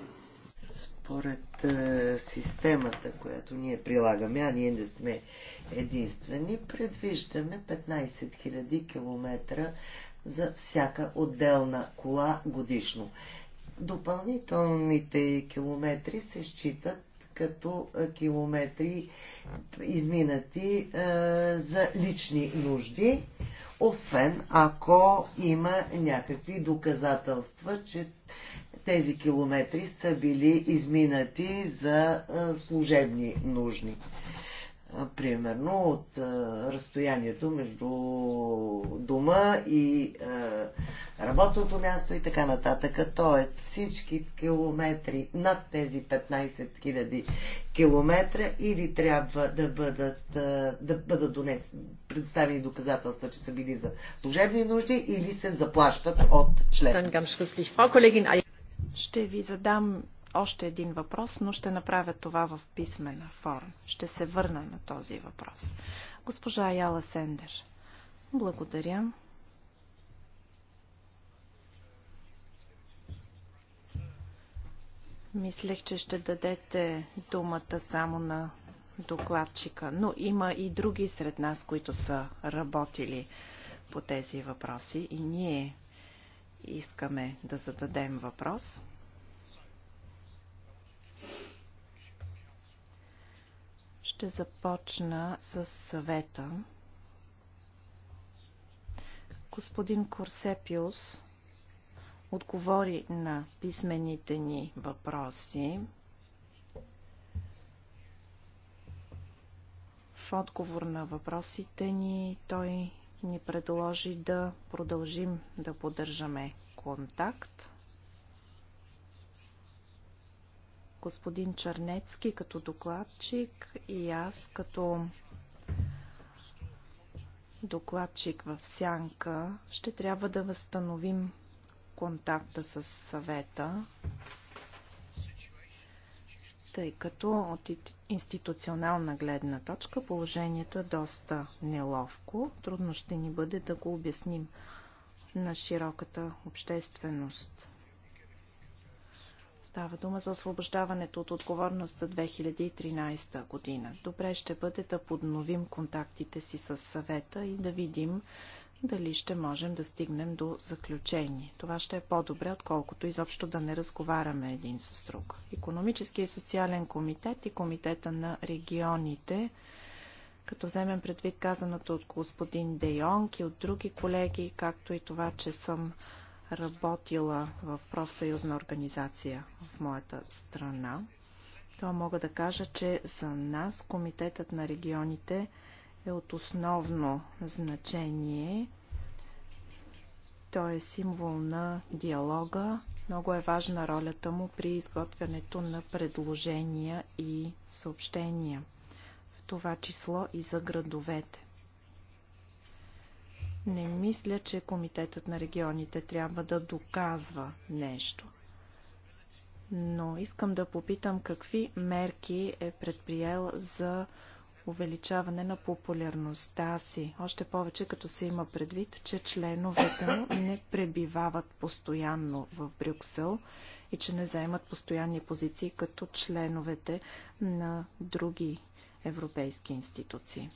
C: според е, системата, която ние прилагаме, а ние не сме единствени, предвиждаме 15 000 км за всяка отделна кола годишно. Допълнителните километри се считат като е, километри е, изминати е, за лични нужди, освен ако има някакви доказателства, че тези километри са били изминати за е, служебни нужни примерно от разстоянието между дома и работното място и така нататък. Тоест всички километри над тези 15 000 километра или трябва да бъдат, да бъдат донес, предоставени доказателства, че са били за служебни нужди или се заплащат от член.
A: Ще ви задам още един въпрос, но ще направя това в писмена форма. Ще се върна на този въпрос. Госпожа Яла Сендер. Благодаря. Мислех, че ще дадете думата само на докладчика, но има и други сред нас, които са работили по тези въпроси и ние искаме да зададем въпрос. Ще започна с съвета. Господин Корсепиус отговори на писмените ни въпроси. В отговор на въпросите ни той ни предложи да продължим да поддържаме контакт. господин Чернецки като докладчик и аз като докладчик в сянка ще трябва да възстановим контакта с съвета, тъй като от институционална гледна точка положението е доста неловко. Трудно ще ни бъде да го обясним на широката общественост. Става дума за освобождаването от отговорност за 2013 година. Добре ще бъде да подновим контактите си с съвета и да видим дали ще можем да стигнем до заключение. Това ще е по-добре, отколкото изобщо да не разговаряме един с друг. Економически и социален комитет и комитета на регионите, като вземем предвид казаното от господин Де Йонг и от други колеги, както и това, че съм работила в профсъюзна организация в моята страна. То мога да кажа, че за нас Комитетът на регионите е от основно значение. Той е символ на диалога. Много е важна ролята му при изготвянето на предложения и съобщения, в това число и за градовете. Не мисля, че Комитетът на регионите трябва да доказва нещо. Но искам да попитам какви мерки е предприел за увеличаване на популярността си. Още повече като се има предвид, че членовете му не пребивават постоянно в Брюксел и че не заемат постоянни позиции като членовете на други европейски институции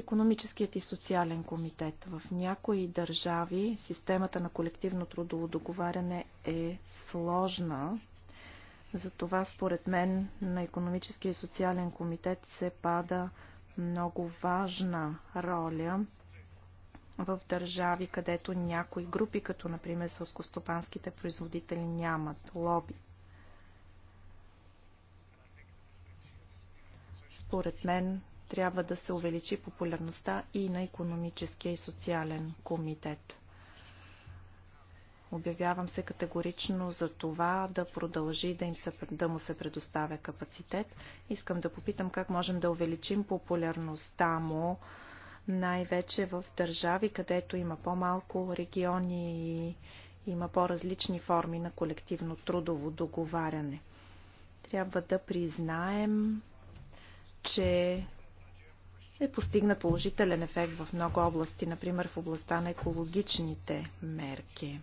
A: економическият и социален комитет. В някои държави системата на колективно трудово договаряне е сложна. Затова, според мен, на економическия и социален комитет се пада много важна роля в държави, където някои групи, като например сълскостопанските производители, нямат лоби. Според мен трябва да се увеличи популярността и на економическия и социален комитет. Обявявам се категорично за това да продължи да, им се, да му се предоставя капацитет. Искам да попитам как можем да увеличим популярността му най-вече в държави, където има по-малко региони и има по-различни форми на колективно трудово договаряне. Трябва да признаем, че е постигна положителен ефект в много области, например в областта на екологичните мерки.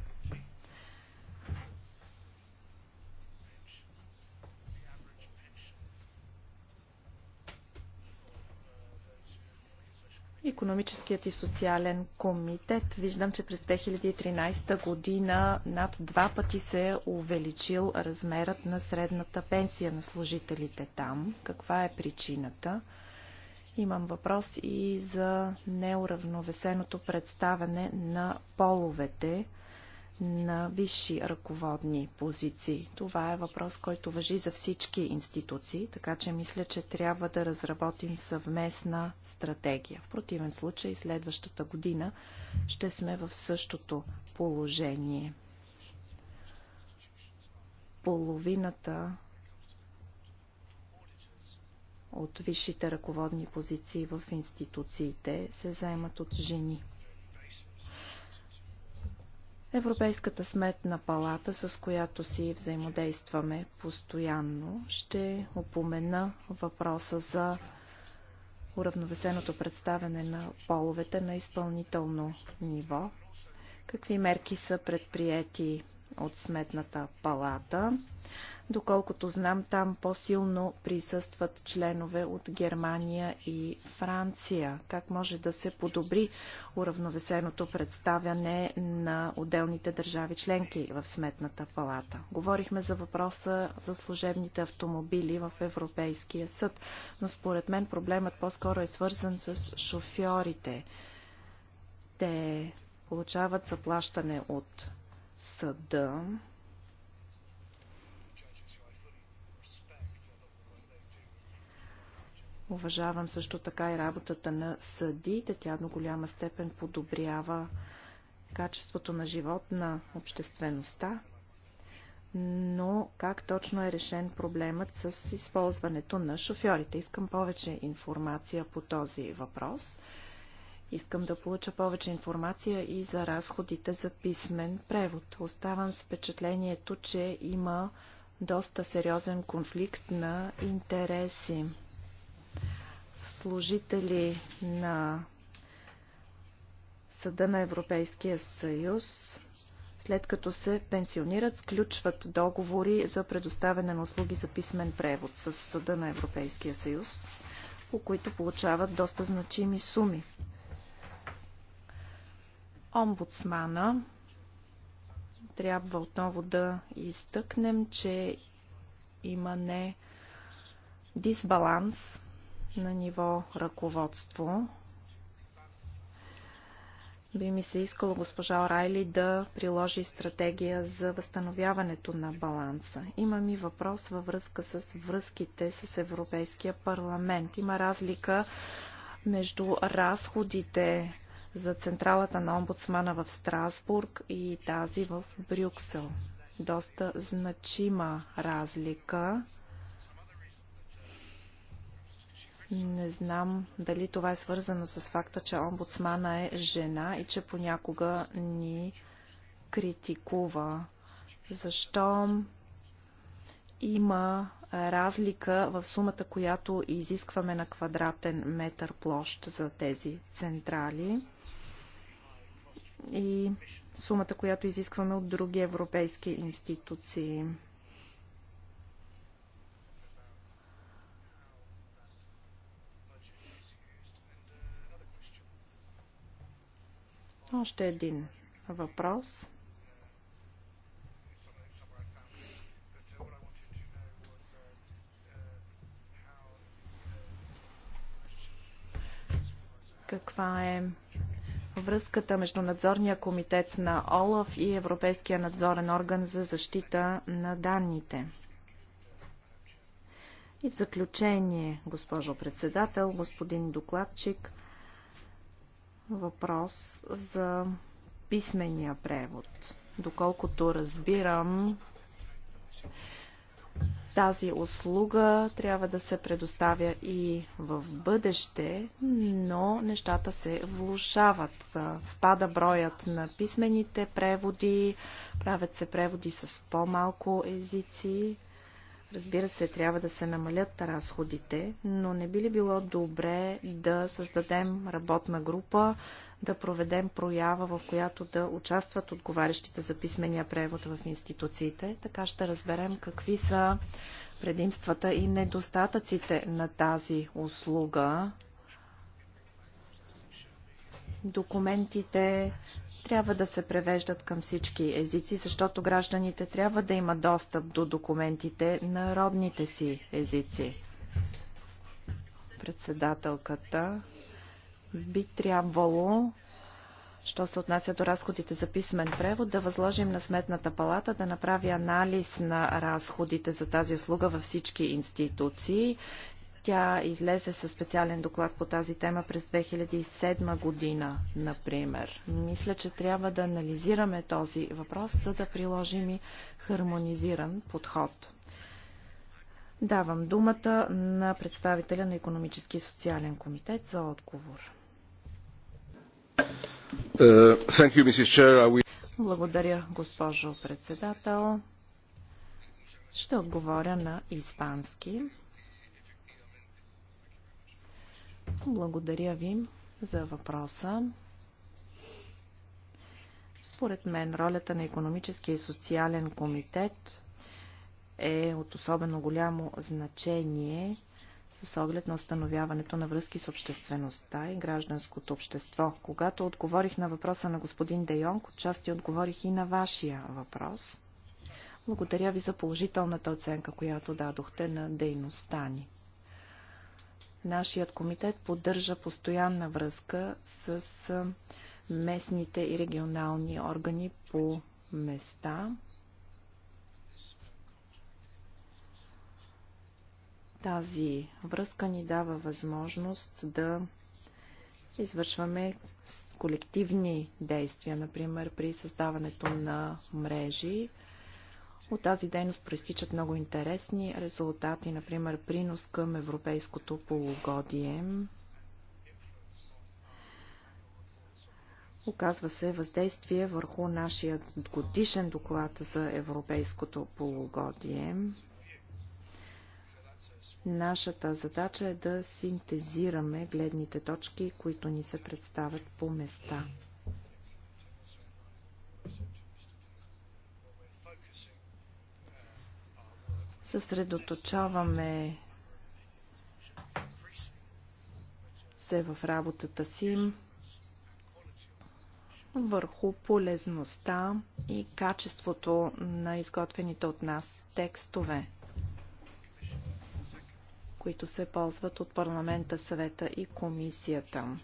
A: Економическият и социален комитет. Виждам, че през 2013 година над два пъти се е увеличил размерът на средната пенсия на служителите там. Каква е причината? Имам въпрос и за неуравновесеното представяне на половете на висши ръководни позиции. Това е въпрос, който въжи за всички институции, така че мисля, че трябва да разработим съвместна стратегия. В противен случай следващата година ще сме в същото положение. Половината от висшите ръководни позиции в институциите се заемат от жени. Европейската сметна палата, с която си взаимодействаме постоянно, ще упомена въпроса за уравновесеното представяне на половете на изпълнително ниво. Какви мерки са предприяти от сметната палата? Доколкото знам, там по-силно присъстват членове от Германия и Франция. Как може да се подобри уравновесеното представяне на отделните държави членки в Сметната палата? Говорихме за въпроса за служебните автомобили в Европейския съд, но според мен проблемът по-скоро е свързан с шофьорите. Те получават заплащане от съда, Уважавам също така и работата на съдиите. Тя до голяма степен подобрява качеството на живот на обществеността. Но как точно е решен проблемът с използването на шофьорите? Искам повече информация по този въпрос. Искам да получа повече информация и за разходите за писмен превод. Оставам с впечатлението, че има доста сериозен конфликт на интереси служители на Съда на Европейския съюз, след като се пенсионират, сключват договори за предоставяне на услуги за писмен превод с Съда на Европейския съюз, по които получават доста значими суми. Омбудсмана трябва отново да изтъкнем, че има не дисбаланс на ниво ръководство. Би ми се искало госпожа Орайли да приложи стратегия за възстановяването на баланса. Има ми въпрос във връзка с връзките с Европейския парламент. Има разлика между разходите за централата на омбудсмана в Страсбург и тази в Брюксел. Доста значима разлика. Не знам дали това е свързано с факта, че омбудсмана е жена и че понякога ни критикува. Защо има разлика в сумата, която изискваме на квадратен метър площ за тези централи и сумата, която изискваме от други европейски институции. Още един въпрос. Каква е връзката между надзорния комитет на ОЛАФ и Европейския надзорен орган за защита на данните? И в заключение, госпожо председател, господин докладчик, въпрос за писмения превод. Доколкото разбирам, тази услуга трябва да се предоставя и в бъдеще, но нещата се влушават. Спада броят на писмените преводи, правят се преводи с по-малко езици. Разбира се, трябва да се намалят разходите, но не би ли било добре да създадем работна група, да проведем проява, в която да участват отговарящите за писмения превод в институциите. Така ще разберем какви са предимствата и недостатъците на тази услуга. Документите трябва да се превеждат към всички езици, защото гражданите трябва да имат достъп до документите на родните си езици. Председателката би трябвало Що се отнася до разходите за писмен превод, да възложим на Сметната палата да направи анализ на разходите за тази услуга във всички институции тя излезе със специален доклад по тази тема през 2007 година, например. Мисля, че трябва да анализираме този въпрос, за да приложим и хармонизиран подход. Давам думата на представителя на Економически и социален комитет за отговор. Uh, Благодаря, госпожо председател. Ще отговоря на испански. Благодаря ви за въпроса. Според мен ролята на економическия и социален комитет е от особено голямо значение с оглед на установяването на връзки с обществеността и гражданското общество. Когато отговорих на въпроса на господин Дейонг, отчасти отговорих и на вашия въпрос. Благодаря ви за положителната оценка, която дадохте на дейността ни. Нашият комитет поддържа постоянна връзка с местните и регионални органи по места. Тази връзка ни дава възможност да извършваме колективни действия, например при създаването на мрежи, от тази дейност проистичат много интересни резултати, например принос към европейското полугодие. Оказва се въздействие върху нашия годишен доклад за европейското полугодие. Нашата задача е да синтезираме гледните точки, които ни се представят по места. Съсредоточаваме се в работата си върху полезността и качеството на изготвените от нас текстове, които се ползват от парламента, съвета и комисията.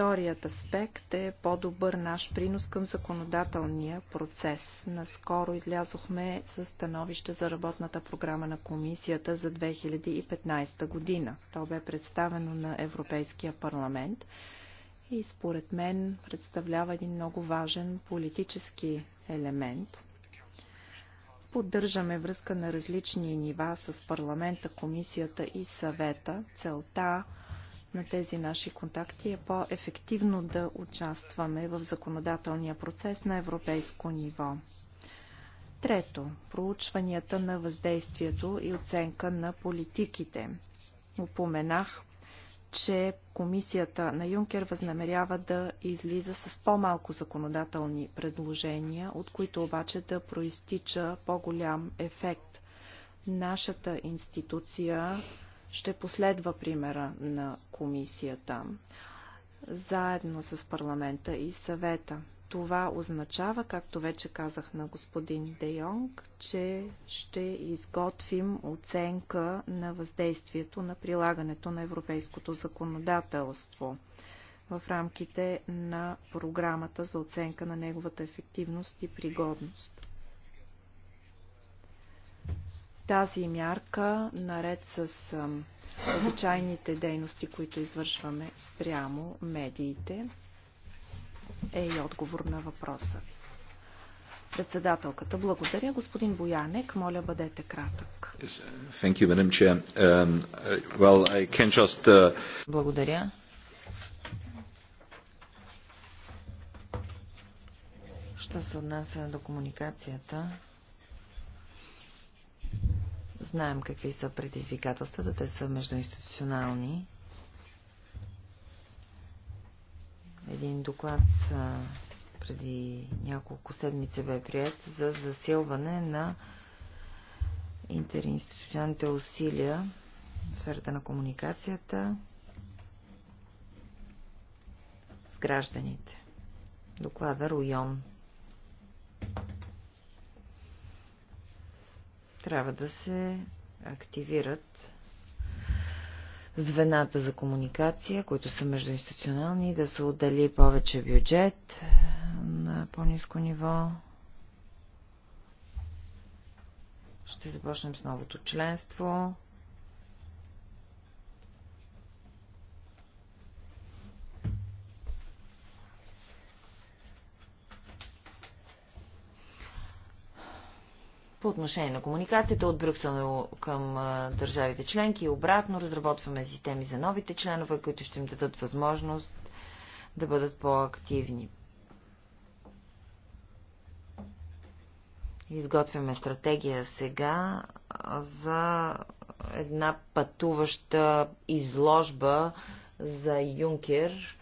A: Вторият аспект е по-добър наш принос към законодателния процес. Наскоро излязохме с становище за работната програма на комисията за 2015 година. То бе представено на Европейския парламент и според мен представлява един много важен политически елемент. Поддържаме връзка на различни нива с парламента, комисията и съвета. Целта на тези наши контакти е по-ефективно да участваме в законодателния процес на европейско ниво. Трето, проучванията на въздействието и оценка на политиките. Упоменах, че комисията на Юнкер възнамерява да излиза с по-малко законодателни предложения, от които обаче да проистича по-голям ефект. Нашата институция ще последва примера на комисията заедно с парламента и съвета. Това означава, както вече казах на господин Де Йонг, че ще изготвим оценка на въздействието на прилагането на европейското законодателство в рамките на програмата за оценка на неговата ефективност и пригодност. Тази мярка, наред с обичайните дейности, които извършваме спрямо медиите, е и отговор на въпроса ви. Председателката, благодаря. Господин Боянек, моля бъдете
B: кратък. Um,
A: uh, uh,
B: благодаря. Що се отнася до комуникацията, Знаем какви са предизвикателствата, те са междуинституционални. Един доклад преди няколко седмици бе прият за засилване на интеринституционалните усилия в сферата на комуникацията с гражданите. Доклада Руйон Трябва да се активират звената за комуникация, които са междуинституционални, да се отдели повече бюджет на по-низко ниво. Ще започнем с новото членство. По отношение на комуникацията от Брюксел към държавите членки и обратно разработваме системи за новите членове, които ще им дадат възможност да бъдат по-активни. Изготвяме стратегия сега за една пътуваща изложба за Юнкер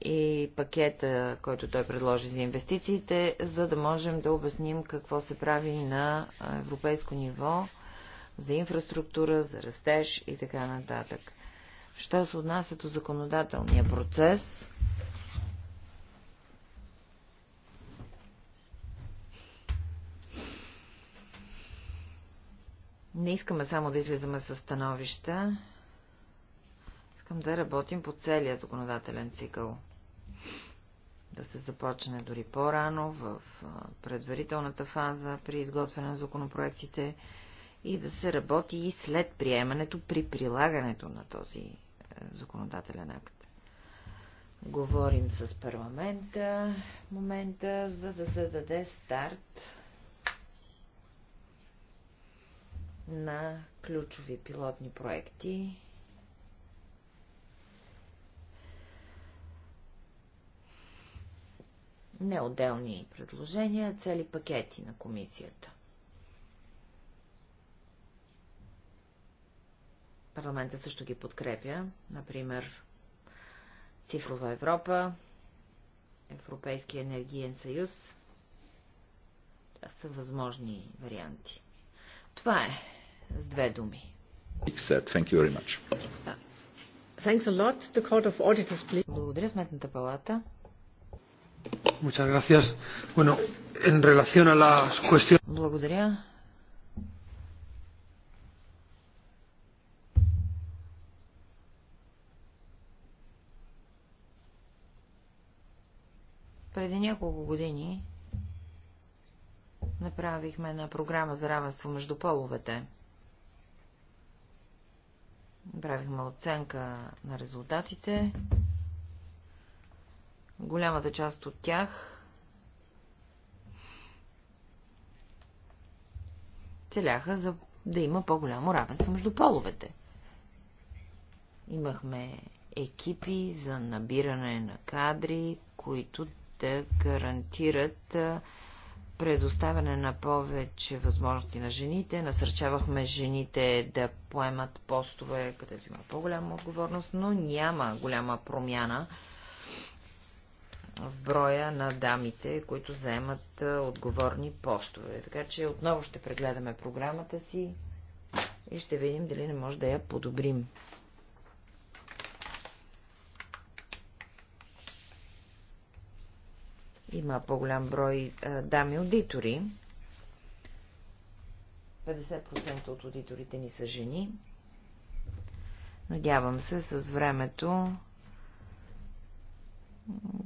B: и пакета, който той предложи за инвестициите, за да можем да обясним какво се прави на европейско ниво за инфраструктура, за растеж и така нататък. Що се отнася до законодателния процес? Не искаме само да излизаме със становища. Искам да работим по целия законодателен цикъл да се започне дори по-рано в предварителната фаза при изготвяне на законопроектите и да се работи и след приемането при прилагането на този е, законодателен акт. Говорим с парламента момента, за да се даде старт на ключови пилотни проекти не отделни предложения, а цели пакети на комисията. Парламента също ги подкрепя, например Цифрова Европа, Европейския енергиен съюз. Това са възможни варианти. Това е с две думи. Благодаря, Сметната палата. Благодаря. Преди няколко години направихме една програма за равенство между половете. Правихме оценка на резултатите Голямата част от тях целяха за да има по-голямо равенство между половете. Имахме екипи за набиране на кадри, които да гарантират предоставяне на повече възможности на жените. Насърчавахме жените да поемат постове, където има по-голяма отговорност, но няма голяма промяна в броя на дамите, които заемат отговорни постове. Така че отново ще прегледаме програмата си и ще видим дали не може да я подобрим. Има по-голям брой дами аудитори. 50% от аудиторите ни са жени. Надявам се с времето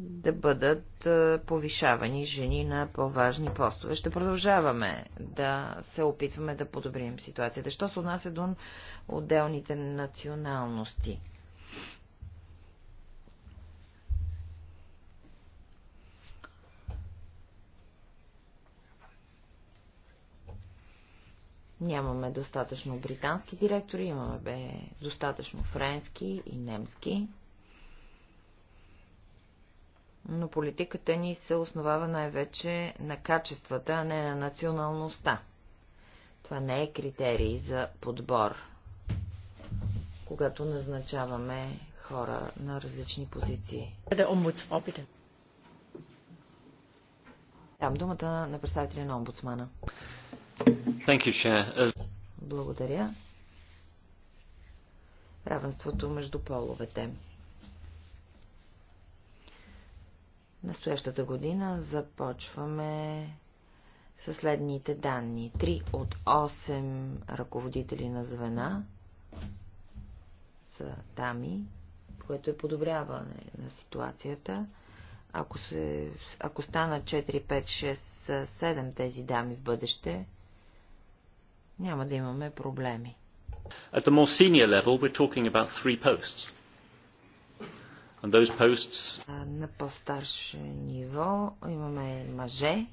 B: да бъдат повишавани жени на по-важни постове. Ще продължаваме да се опитваме да подобрим ситуацията. Що се отнася до отделните националности? Нямаме достатъчно британски директори, имаме бе достатъчно френски и немски но политиката ни се основава най-вече на качествата, а не на националността. Това не е критерий за подбор, когато назначаваме хора на различни позиции. Дам думата на представителя на омбудсмана. Благодаря. Равенството между половете. Настоящата година започваме със следните данни. Три от 8 ръководители на звена са дами, което е подобряване на ситуацията. Ако, се, ако стана 4, 5, 6, 7 тези дами в бъдеще, няма да имаме проблеми.
A: At the more senior level, we're talking about three posts. And those posts...
B: На по-старше ниво имаме мъже,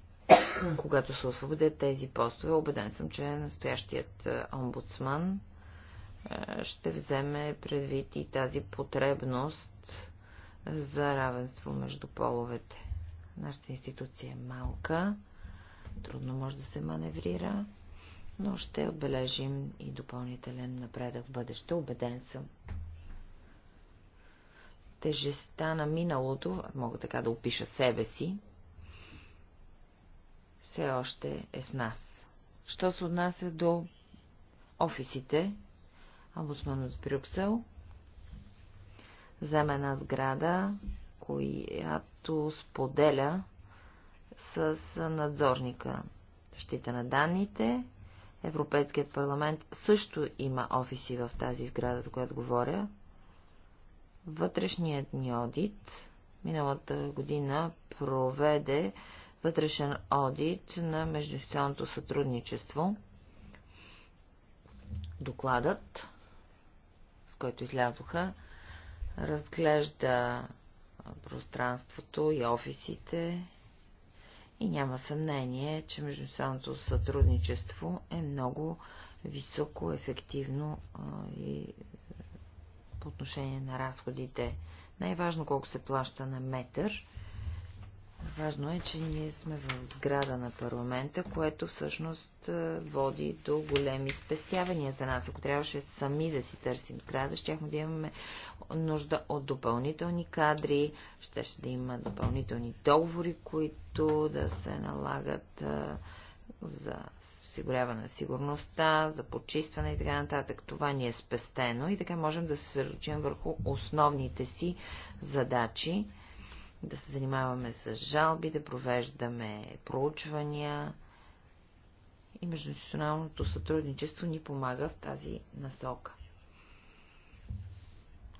B: когато се освободят тези постове. Обеден съм, че настоящият омбудсман ще вземе предвид и тази потребност за равенство между половете. Нашата институция е малка, трудно може да се маневрира, но ще отбележим и допълнителен напредък в бъдеще, убеден съм. Тежеста на миналото, мога така да опиша себе си, все още е с нас. Що се отнася до офисите, омбудсманът с Брюксел взема една сграда, която споделя с надзорника защита на данните. Европейският парламент също има офиси в тази сграда, за която говоря, Вътрешният ни одит миналата година проведе вътрешен одит на междуинституционното сътрудничество. Докладът, с който излязоха, разглежда пространството и офисите и няма съмнение, че междунационалното сътрудничество е много високо ефективно и по отношение на разходите. Най-важно колко се плаща на метър. Важно е, че ние сме в сграда на парламента, което всъщност е, води до големи спестявания за нас. Ако трябваше сами да си търсим сграда, щяхме да имаме нужда от допълнителни кадри, ще, ще да има допълнителни договори, които да се налагат е, за осигуряване на сигурността, за почистване и така нататък. Това ни е спестено и така можем да се съсредоточим върху основните си задачи, да се занимаваме с жалби, да провеждаме проучвания и междунационалното сътрудничество ни помага в тази насока.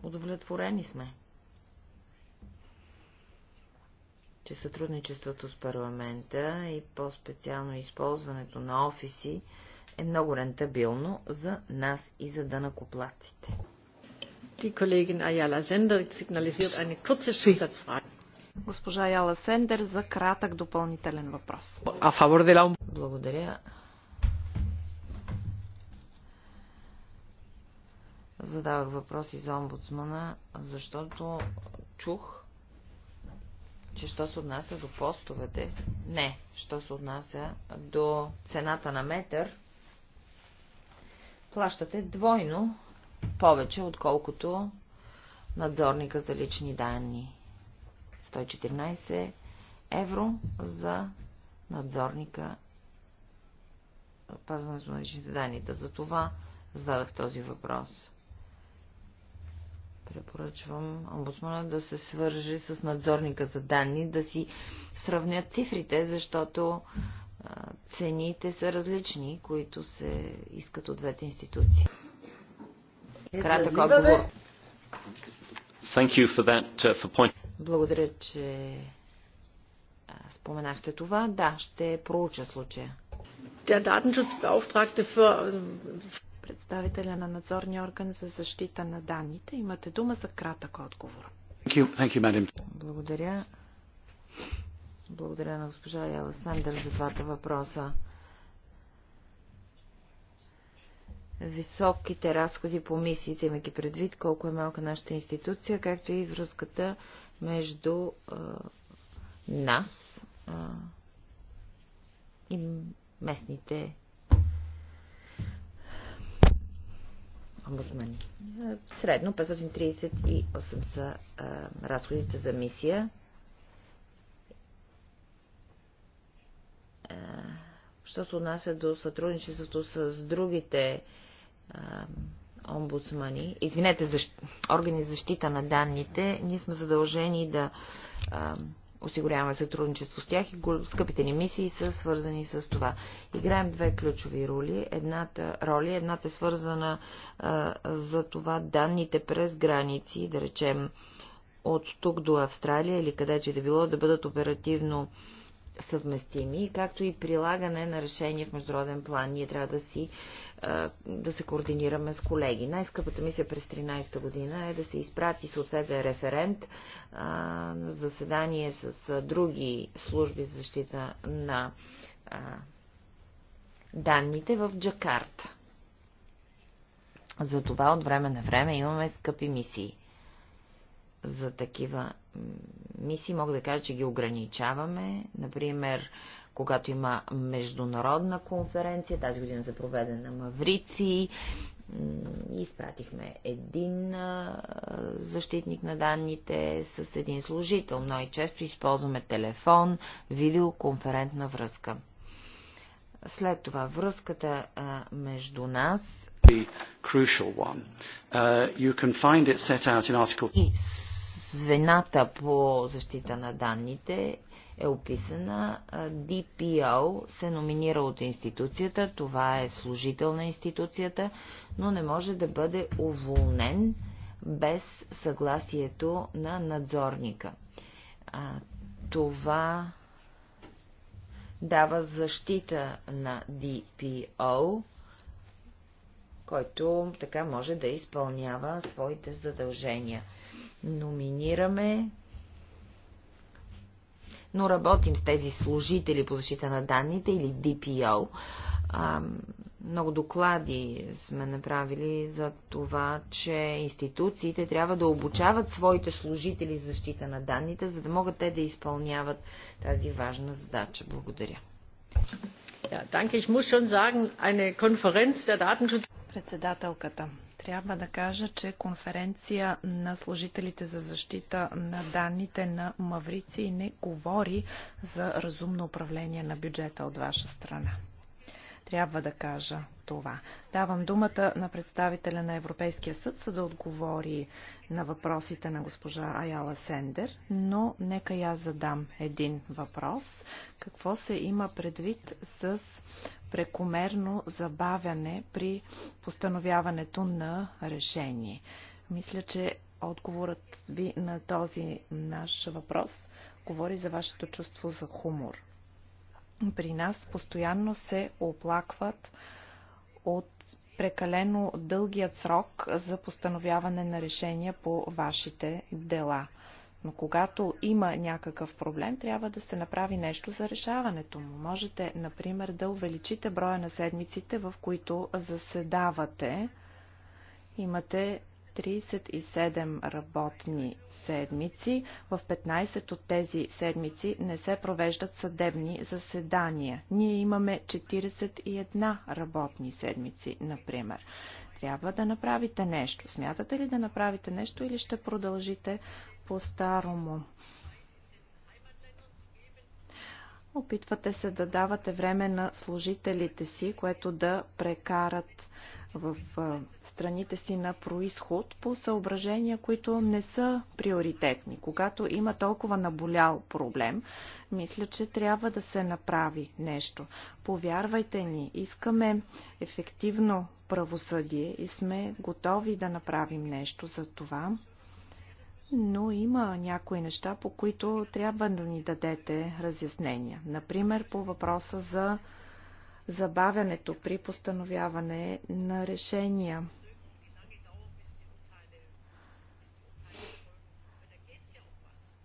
B: Удовлетворени сме. че сътрудничеството с парламента и по-специално използването на офиси е много рентабилно за нас и за данакоплаците.
A: Die Госпожа Яла Сендер за кратък
B: допълнителен въпрос. Благодаря. Задавах въпроси за омбудсмана, защото чух, че що се отнася до постовете, не, що се отнася до цената на метър, плащате двойно повече, отколкото надзорника за лични данни. 114 евро за надзорника пазването на личните данни. Да, за това зададах този въпрос препоръчвам омбудсмана да се свържи с надзорника за данни, да си сравнят цифрите, защото цените са различни, които се искат от двете институции. Е, Кратък отговор.
A: Uh,
B: Благодаря, че споменахте това. Да, ще проуча случая. Der Datenschutzbeauftragte für
A: представителя на надзорния орган за защита на данните. Имате дума за кратък
B: отговор. Благодаря. Благодаря на госпожа Яла Сандър за двата въпроса. Високите разходи по мисиите, имайки предвид колко е малка нашата институция, както и връзката между а,
C: нас
B: а, и местните омбудсмани. Средно 538 са а, разходите за мисия. А, що се отнася до сътрудничеството с другите а, омбудсмани, извинете, защ... органи защита на данните, ние сме задължени да а, осигуряваме сътрудничество с тях и скъпите ни мисии са свързани с това. Играем две ключови роли. Едната, роли, едната е свързана а, за това данните през граници, да речем от тук до Австралия или където и да било, да бъдат оперативно а, съвместими, както и прилагане на решение в международен план. Ние трябва да си да се координираме с колеги. Най-скъпата мисия през 13-та година е да се изпрати съответен референт на заседание с други служби за защита на данните в Джакарта. Затова от време на време имаме скъпи мисии – за такива мисии. Мога да кажа, че ги ограничаваме. Например, когато има международна конференция, тази година за проведена на Маврици, изпратихме един защитник на данните с един служител. Много често използваме телефон, видеоконферентна връзка. След това връзката между нас и звената по защита на данните е описана. DPO се номинира от институцията, това е служител на институцията, но не може да бъде уволнен без съгласието на надзорника. А, това дава защита на DPO, който така може да изпълнява своите задължения номинираме, но работим с тези служители по защита на данните или DPO. А, много доклади сме направили за това, че институциите трябва да обучават своите служители за защита на данните, за да могат те да изпълняват тази важна задача. Благодаря.
A: Председателката трябва да кажа, че конференция на служителите за защита на данните на Маврици не говори за разумно управление на бюджета от ваша страна. Трябва да кажа това. Давам думата на представителя на Европейския съд, за да отговори на въпросите на госпожа Аяла Сендер, но нека я задам един въпрос. Какво се има предвид с прекомерно забавяне при постановяването на решение? Мисля, че отговорът ви на този наш въпрос говори за вашето чувство за хумор при нас постоянно се оплакват от прекалено дългият срок за постановяване на решения по вашите дела. Но когато има някакъв проблем, трябва да се направи нещо за решаването му. Можете, например, да увеличите броя на седмиците, в които заседавате. Имате 37 работни седмици. В 15 от тези седмици не се провеждат съдебни заседания. Ние имаме 41 работни седмици, например. Трябва да направите нещо. Смятате ли да направите нещо или ще продължите по-старому? Опитвате се да давате време на служителите си, което да прекарат в страните си на происход по съображения, които не са приоритетни. Когато има толкова наболял проблем, мисля, че трябва да се направи нещо. Повярвайте ни, искаме ефективно правосъдие и сме готови да направим нещо за това. Но има някои неща, по които трябва да ни дадете разяснения. Например, по въпроса за забавянето при постановяване на решения.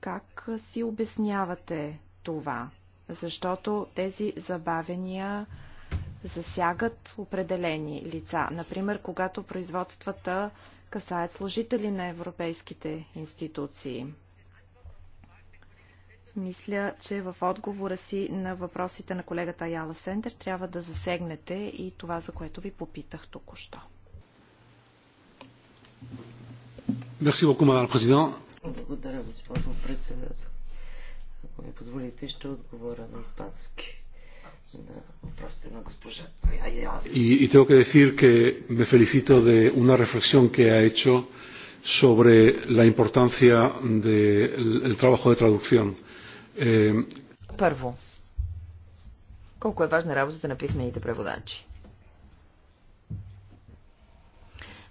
A: Как си обяснявате това? Защото тези забавения засягат определени лица. Например, когато производствата касаят служители на европейските институции. Мисля, че в отговора си на въпросите на колегата Яла Сендер трябва да засегнете и това, за което ви попитах току-що. Благодаря,
C: госпожо председател. Ако ми позволите, ще отговоря на испански на въпросите на госпожа И, и tengo que decir
A: que me felicito de una reflexión que ha hecho sobre la importancia del de trabajo de traducción е...
B: Първо, колко е важна работата на писмените преводачи?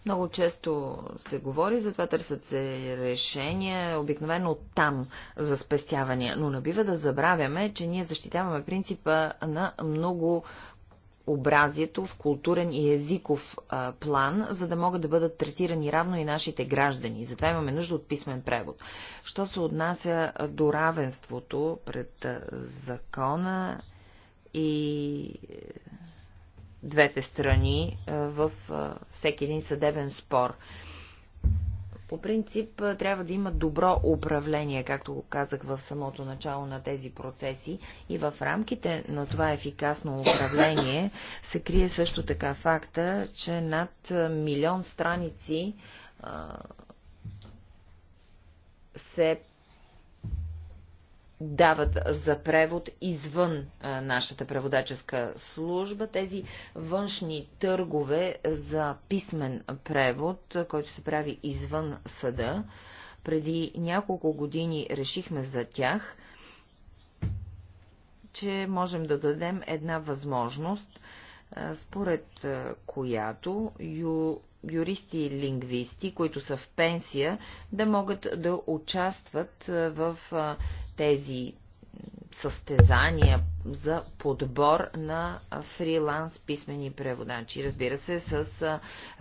B: Много често се говори, затова търсят се решения, обикновено там за спестявания. Но не бива да забравяме, че ние защитаваме принципа на много разнообразието в културен и езиков а, план, за да могат да бъдат третирани равно и нашите граждани. Затова имаме нужда от писмен превод. Що се отнася до равенството пред закона и е, двете страни в всеки един съдебен спор. По принцип трябва да има добро управление, както го казах в самото начало на тези процеси и в рамките на това ефикасно управление се крие също така факта, че над милион страници се дават за превод извън нашата преводаческа служба. Тези външни търгове за писмен превод, който се прави извън съда, преди няколко години решихме за тях, че можем да дадем една възможност, според която ю юристи и лингвисти, които са в пенсия, да могат да участват в тези състезания за подбор на фриланс писмени преводачи. Разбира се, с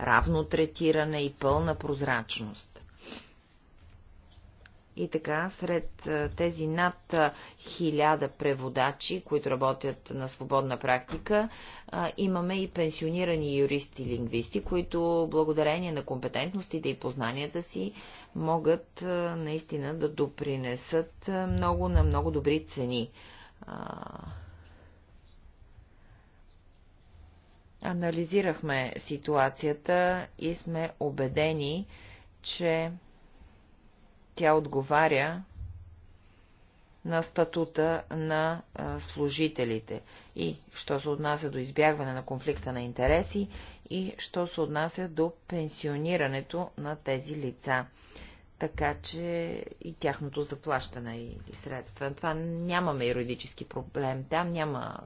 B: равно третиране и пълна прозрачност. И така, сред тези над хиляда преводачи, които работят на свободна практика, имаме и пенсионирани юристи и лингвисти, които благодарение на компетентностите и познанията си могат наистина да допринесат много на много добри цени. Анализирахме ситуацията и сме убедени, че тя отговаря на статута на служителите и, що се отнася до избягване на конфликта на интереси и, що се отнася до пенсионирането на тези лица. Така че и тяхното заплащане и средства. Това нямаме юридически проблем. Там няма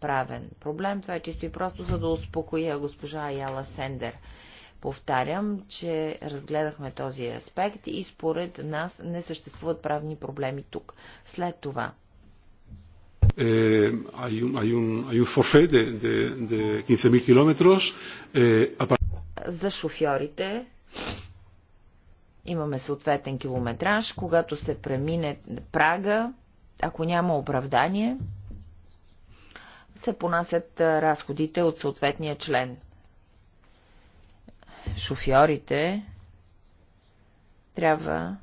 B: правен проблем. Това е чисто и просто за да успокоя госпожа Аяла Сендер. Повтарям, че разгледахме този аспект и според нас не съществуват правни проблеми тук. След това. Eh, За шофьорите имаме съответен километраж. Когато се премине прага, ако няма оправдание, се понасят разходите от съответния член шофьорите трябва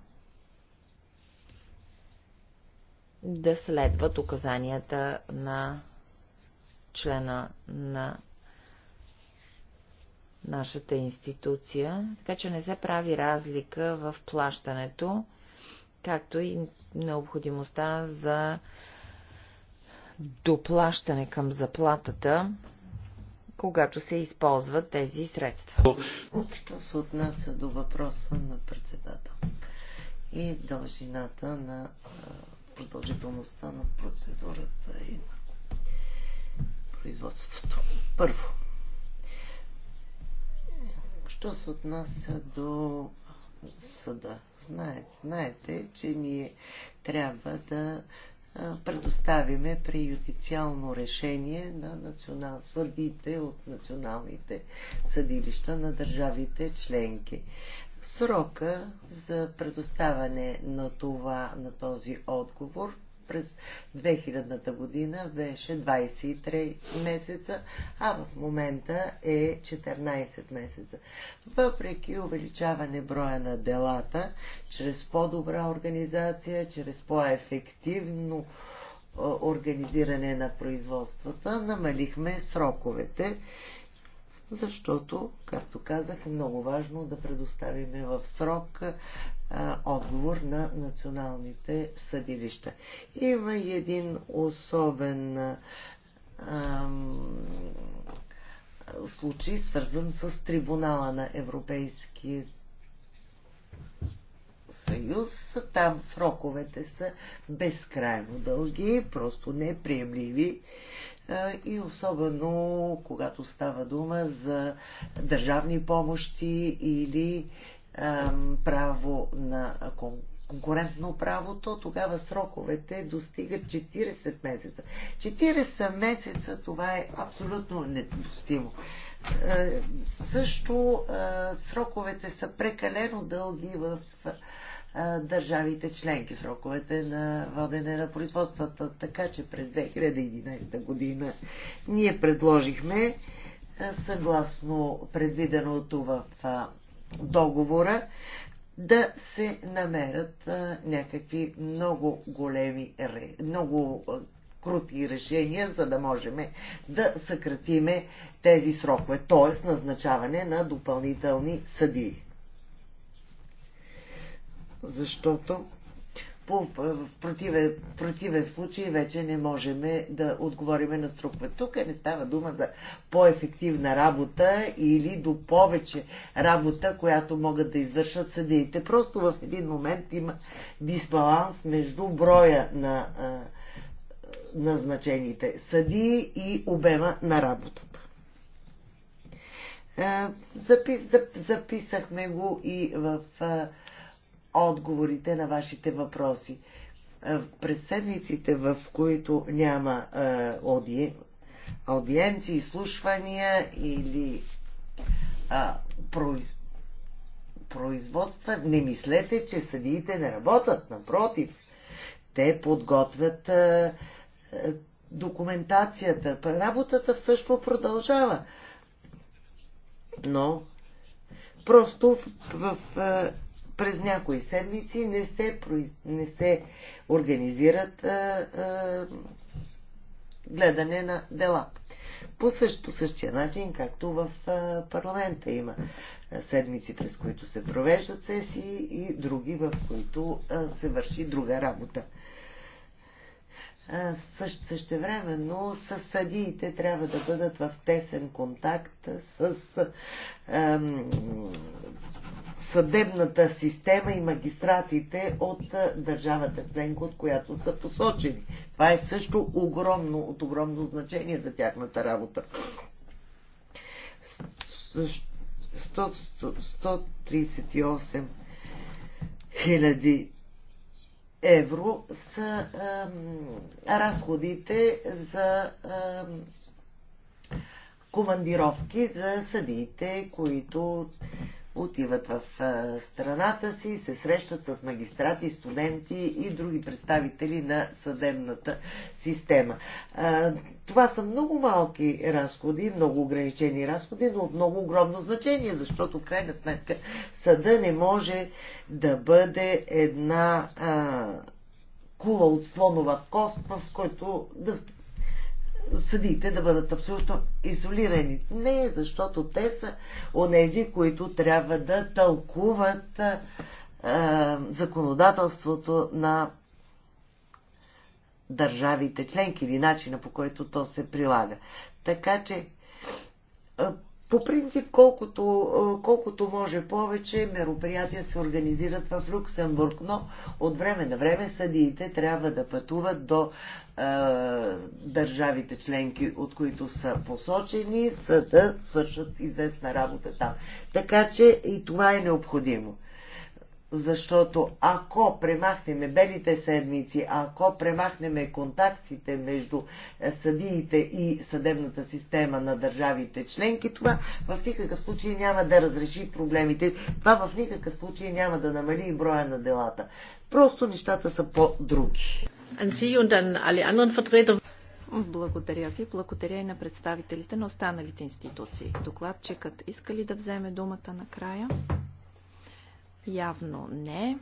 B: да следват указанията на члена на нашата институция, така че не се прави разлика в плащането, както и необходимостта за доплащане към заплатата когато се използват
C: тези средства. Що се отнася до въпроса на председател и дължината на продължителността на процедурата и на производството. Първо, що се отнася до съда? Знаете, знаете, че ние трябва да предоставиме при юдициално решение на национал... съдите от националните съдилища на държавите членки. Срока за предоставяне на, това, на този отговор през 2000-та година беше 23 месеца, а в момента е 14 месеца. Въпреки увеличаване броя на делата, чрез по-добра организация, чрез по-ефективно организиране на производствата, намалихме сроковете защото, както казах, е много важно да предоставим в срок а, отговор на националните съдилища. Има и един особен а, случай, свързан с трибунала на Европейския съюз. Там сроковете са безкрайно дълги, просто неприемливи и особено когато става дума за държавни помощи или право на конкурентно право, то тогава сроковете достигат 40 месеца. 40 месеца това е абсолютно недостимо. Също сроковете са прекалено дълги в държавите членки, сроковете на водене на производствата. Така че през 2011 година ние предложихме съгласно предвиденото в договора да се намерят някакви много големи, много крути решения, за да можем да съкратиме тези срокове, т.е. назначаване на допълнителни съдии защото по, в противен, противен случай вече не можем да отговориме на струква. Тук не става дума за по-ефективна работа или до повече работа, която могат да извършат съдиите. Просто в един момент има дисбаланс между броя на а, назначените съдии и обема на работата. А, зап, записахме го и в а, отговорите на вашите въпроси. Е, през седмиците, в които няма е, ауди... аудиенции, изслушвания или а, е, произ... производства, не мислете, че съдиите не работят. Напротив, те подготвят а, а, документацията. Работата всъщност продължава. Но просто в, в, в през някои седмици не се, произ... не се организират а, а, гледане на дела. По, същ, по същия начин, както в а, парламента има седмици, през които се провеждат сесии и други, в които а, се върши друга работа. Също, с съдиите трябва да бъдат в тесен контакт с ам, съдебната система и магистратите от държавата членка, от която са посочени. Това е също огромно, от огромно значение за тяхната работа. 138 хиляди евро са а, разходите за а, командировки за съдиите, които отиват в страната си, се срещат с магистрати, студенти и други представители на съдебната система. Това са много малки разходи, много ограничени разходи, но от много огромно значение, защото в крайна сметка съда не може да бъде една кула от слонова кост, в който да съдиите да бъдат абсолютно изолирани. Не, защото те са онези, които трябва да тълкуват е, законодателството на държавите членки или начина по който то се прилага. Така че по принцип, колкото, е, колкото може повече мероприятия се организират в Люксембург, но от време на време съдиите трябва да пътуват до е, държавите членки, от които са посочени, за да свършат известна работа там. Така че и това е необходимо защото ако премахнеме белите седмици, ако премахнеме контактите между е, съдиите и съдебната система на държавите членки, това в никакъв случай няма да разреши проблемите. Това в никакъв случай няма да намали и броя на делата. Просто нещата са по-други.
A: Благодаря ви. Благодаря и на представителите на останалите институции. Докладчикът иска ли да вземе думата накрая? края? Явно не.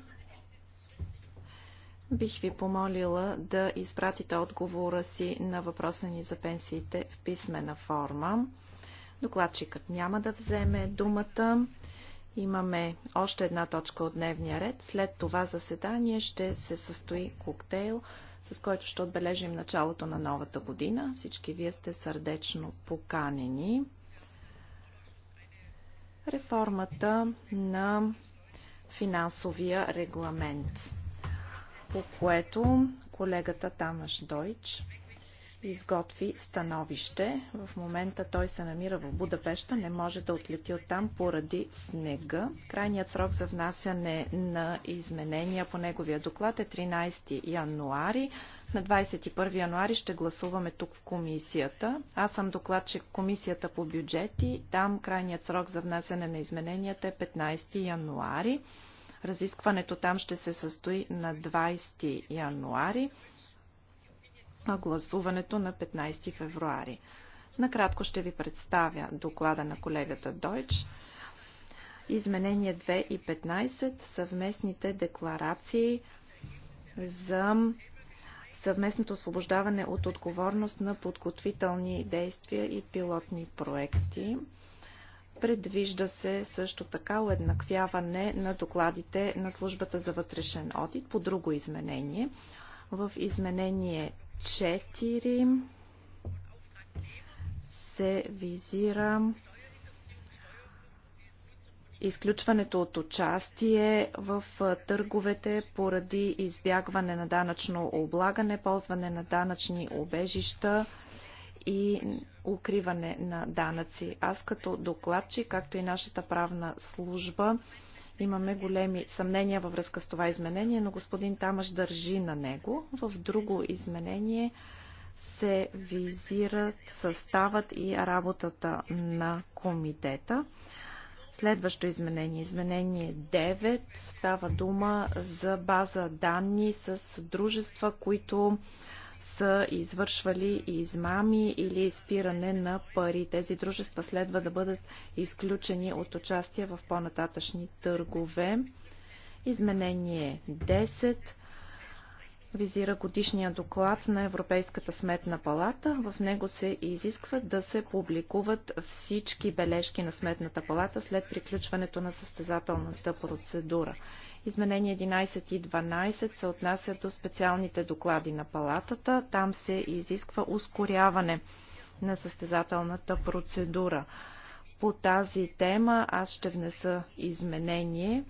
A: Бих ви помолила да изпратите отговора си на въпроса ни за пенсиите в писмена форма. Докладчикът няма да вземе думата. Имаме още една точка от дневния ред. След това заседание ще се състои коктейл, с който ще отбележим началото на новата година. Всички вие сте сърдечно поканени. Реформата на финансовия регламент, по което колегата Тамаш Дойч изготви становище. В момента той се намира в Будапешта, не може да отлети оттам поради снега. Крайният срок за внасяне на изменения по неговия доклад е 13 януари. На 21 януари ще гласуваме тук в комисията. Аз съм докладчик комисията по бюджети. Там крайният срок за внасяне на измененията е 15 януари. Разискването там ще се състои на 20 януари. На гласуването на 15 февруари. Накратко ще ви представя доклада на колегата Дойч. Изменение 2 и 15 съвместните декларации за съвместното освобождаване от отговорност на подготвителни действия и пилотни проекти. Предвижда се също така уеднаквяване на докладите на службата за вътрешен одит по друго изменение. В изменение 4 се визира изключването от участие в търговете поради избягване на данъчно облагане, ползване на данъчни обежища и укриване на данъци. Аз като докладчик, както и нашата правна служба, имаме големи съмнения във връзка с това изменение, но господин Тамаш държи на него. В друго изменение се визират съставът и работата на комитета. Следващо изменение, изменение 9, става дума за база данни с дружества, които са извършвали измами или изпиране на пари. Тези дружества следва да бъдат изключени от участие в по-нататъчни търгове. Изменение 10 визира годишния доклад на Европейската сметна палата. В него се изисква да се публикуват всички бележки на сметната палата след приключването на състезателната процедура. Изменения 11 и 12 се отнасят до специалните доклади на палатата. Там се изисква ускоряване на състезателната процедура. По тази тема аз ще внеса изменение.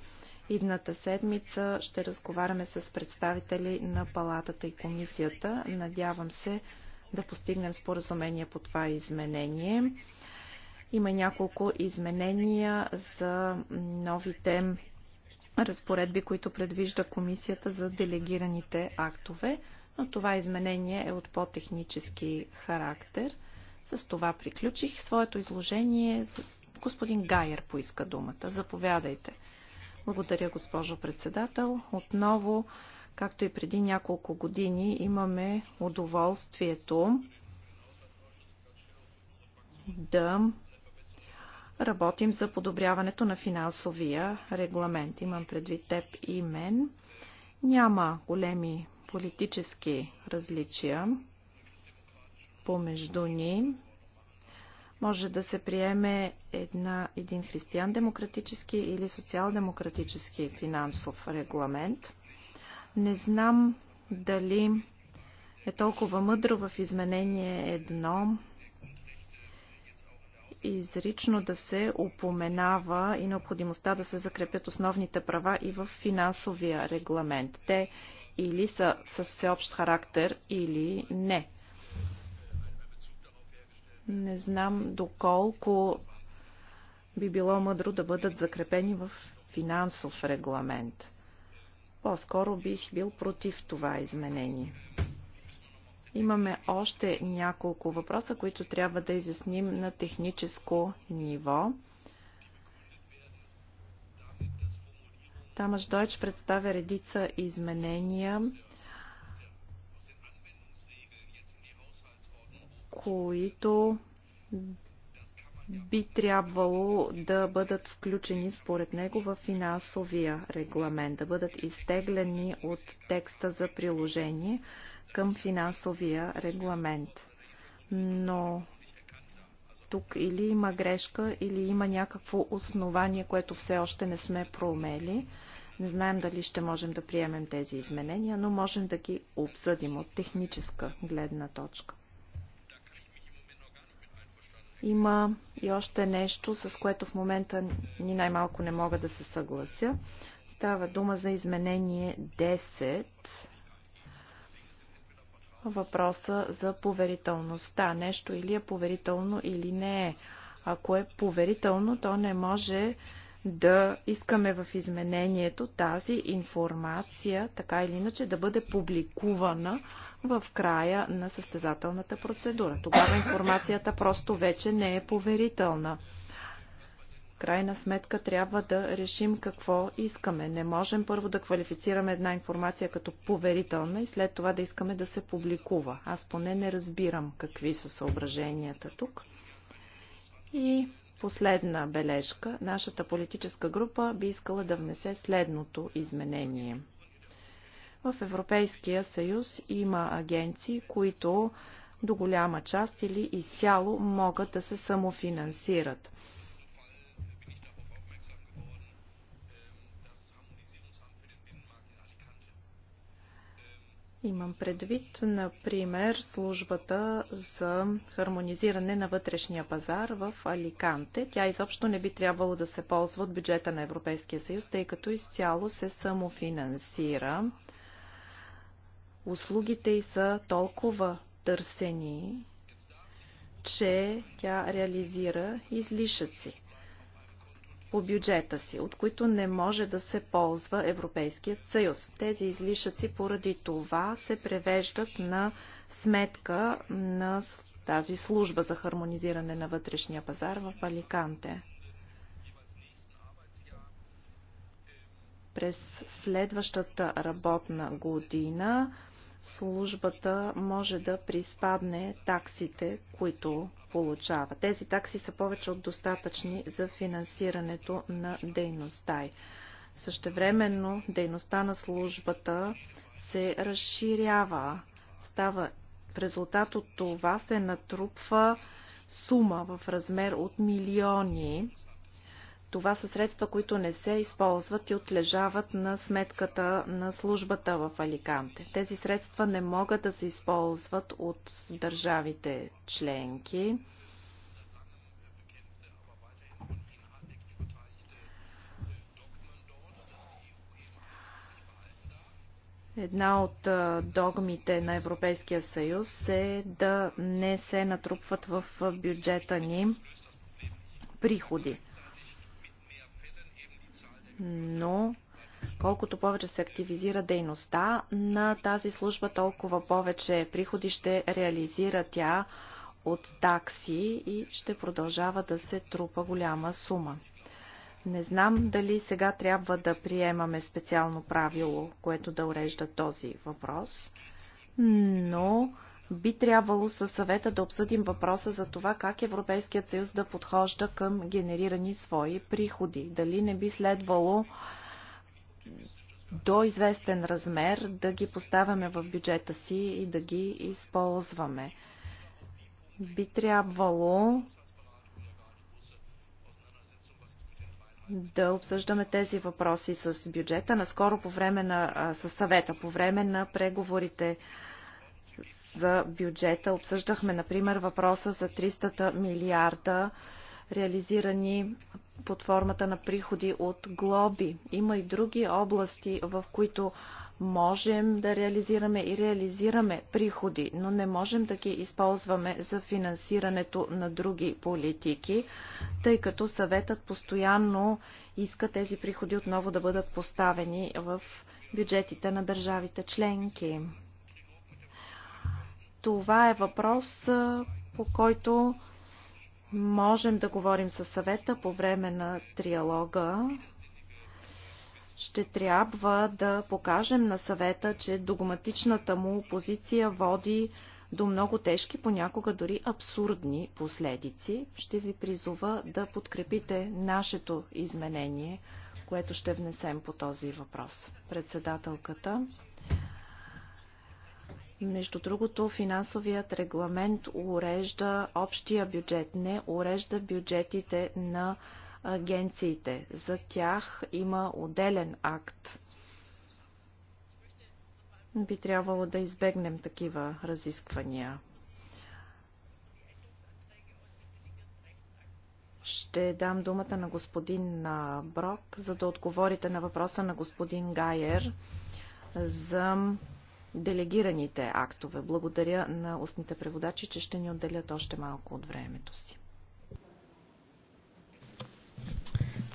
A: Идната седмица ще разговаряме с представители на палатата и комисията. Надявам се да постигнем споразумение по това изменение. Има няколко изменения за новите разпоредби, които предвижда комисията за делегираните актове, но това изменение е от по-технически характер. С това приключих своето изложение. Господин Гайер поиска думата. Заповядайте. Благодаря, госпожо председател. Отново, както и преди няколко години, имаме удоволствието да Работим за подобряването на финансовия регламент. Имам предвид теб и мен. Няма големи политически различия помежду ни. Може да се приеме една, един християн-демократически или социал-демократически финансов регламент. Не знам дали е толкова мъдро в изменение едно изрично да се упоменава и необходимостта да се закрепят основните права и в финансовия регламент. Те или са с всеобщ характер, или не. Не знам доколко би било мъдро да бъдат закрепени в финансов регламент. По-скоро бих бил против това изменение. Имаме още няколко въпроса, които трябва да изясним на техническо ниво. Тамаш Дойч представя редица изменения, които би трябвало да бъдат включени според него в финансовия регламент, да бъдат изтеглени от текста за приложение, към финансовия регламент. Но тук или има грешка, или има някакво основание, което все още не сме проумели. Не знаем дали ще можем да приемем тези изменения, но можем да ги обсъдим от техническа гледна точка. Има и още нещо, с което в момента ни най-малко не мога да се съглася. Става дума за изменение 10 въпроса за поверителността. Нещо или е поверително, или не е. Ако е поверително, то не може да искаме в изменението тази информация, така или иначе, да бъде публикувана в края на състезателната процедура. Тогава информацията просто вече не е поверителна крайна сметка трябва да решим какво искаме. Не можем първо да квалифицираме една информация като поверителна и след това да искаме да се публикува. Аз поне не разбирам какви са съображенията тук. И последна бележка. Нашата политическа група би искала да внесе следното изменение. В Европейския съюз има агенции, които до голяма част или изцяло могат да се самофинансират. Имам предвид, например, службата за хармонизиране на вътрешния пазар в Аликанте. Тя изобщо не би трябвало да се ползва от бюджета на Европейския съюз, тъй като изцяло се самофинансира. Услугите й са толкова търсени, че тя реализира излишъци по бюджета си, от които не може да се ползва Европейският съюз. Тези излишъци поради това се превеждат на сметка на тази служба за хармонизиране на вътрешния пазар в Аликанте. През следващата работна година службата може да приспадне таксите, които получава. Тези такси са повече от достатъчни за финансирането на дейността Същевременно дейността на службата се разширява. Става в резултат от това се натрупва сума в размер от милиони това са средства, които не се използват и отлежават на сметката на службата в Аликанте. Тези средства не могат да се използват от държавите членки. Една от догмите на Европейския съюз е да не се натрупват в бюджета ни приходи но колкото повече се активизира дейността на тази служба, толкова повече приходи ще реализира тя от такси и ще продължава да се трупа голяма сума. Не знам дали сега трябва да приемаме специално правило, което да урежда този въпрос,
B: но
A: би трябвало със съвета да обсъдим въпроса за това как Европейският съюз да подхожда към генерирани свои приходи. Дали не би следвало до известен размер да ги поставяме в бюджета си и да ги използваме. Би трябвало да обсъждаме тези въпроси с бюджета. Наскоро по време на, със съвета, по време на преговорите за бюджета. Обсъждахме, например, въпроса за 300 милиарда реализирани под формата на приходи от глоби. Има и други области, в които можем да реализираме и реализираме приходи, но не можем да ги използваме за финансирането на други политики, тъй като съветът постоянно иска тези приходи отново да бъдат поставени в бюджетите на държавите членки. Това е въпрос, по който можем да говорим със съвета по време на триалога. Ще трябва да покажем на съвета, че догматичната му позиция води до много тежки, понякога дори абсурдни последици. Ще ви призова да подкрепите нашето изменение, което ще внесем по този въпрос. Председателката. Между другото, финансовият регламент урежда общия бюджет, не урежда бюджетите на агенциите. За тях има отделен акт. Би трябвало да избегнем такива разисквания. Ще дам думата на господин Брок, за да отговорите на въпроса на господин Гайер за делегираните актове. Благодаря на устните преводачи, че ще ни отделят още малко от времето си.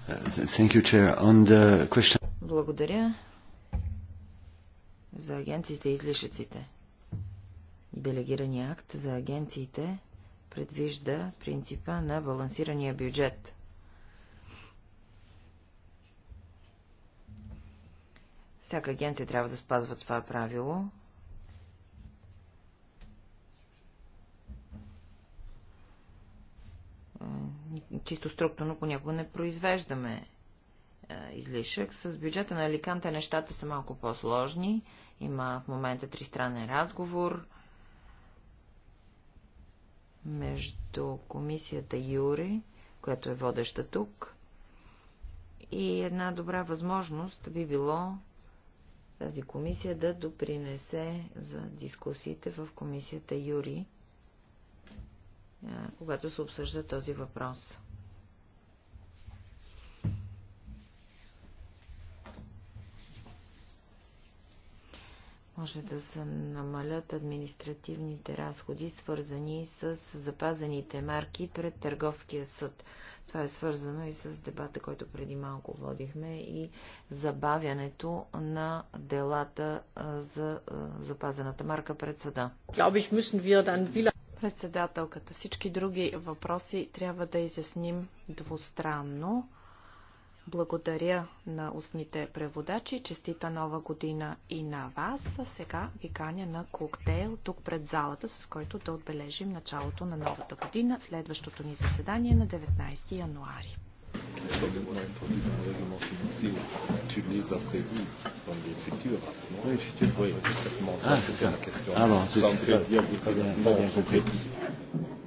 C: You, question...
B: Благодаря за агенциите и излишъците. Делегирания акт за агенциите предвижда принципа на балансирания бюджет – Всяка агенция трябва да спазва това правило. Чисто структурно понякога не произвеждаме излишък. С бюджета на Аликанта нещата са малко по-сложни. Има в момента тристранен разговор между комисията Юри, която е водеща тук, и една добра възможност би било тази комисия да допринесе за дискусиите в комисията Юри, когато се обсъжда този въпрос. може да се намалят административните разходи, свързани с запазените марки пред Търговския съд. Това е свързано и с дебата, който преди малко водихме и забавянето на делата за запазената марка пред съда.
A: Председателката, всички други въпроси трябва да изясним двустранно. Благодаря на устните преводачи. Честита нова година и на вас. Сега ви каня на коктейл тук пред залата, с който да отбележим началото на новата година. Следващото ни заседание на 19 януари. Ah, Alors, c'est ça. bien
B: compris.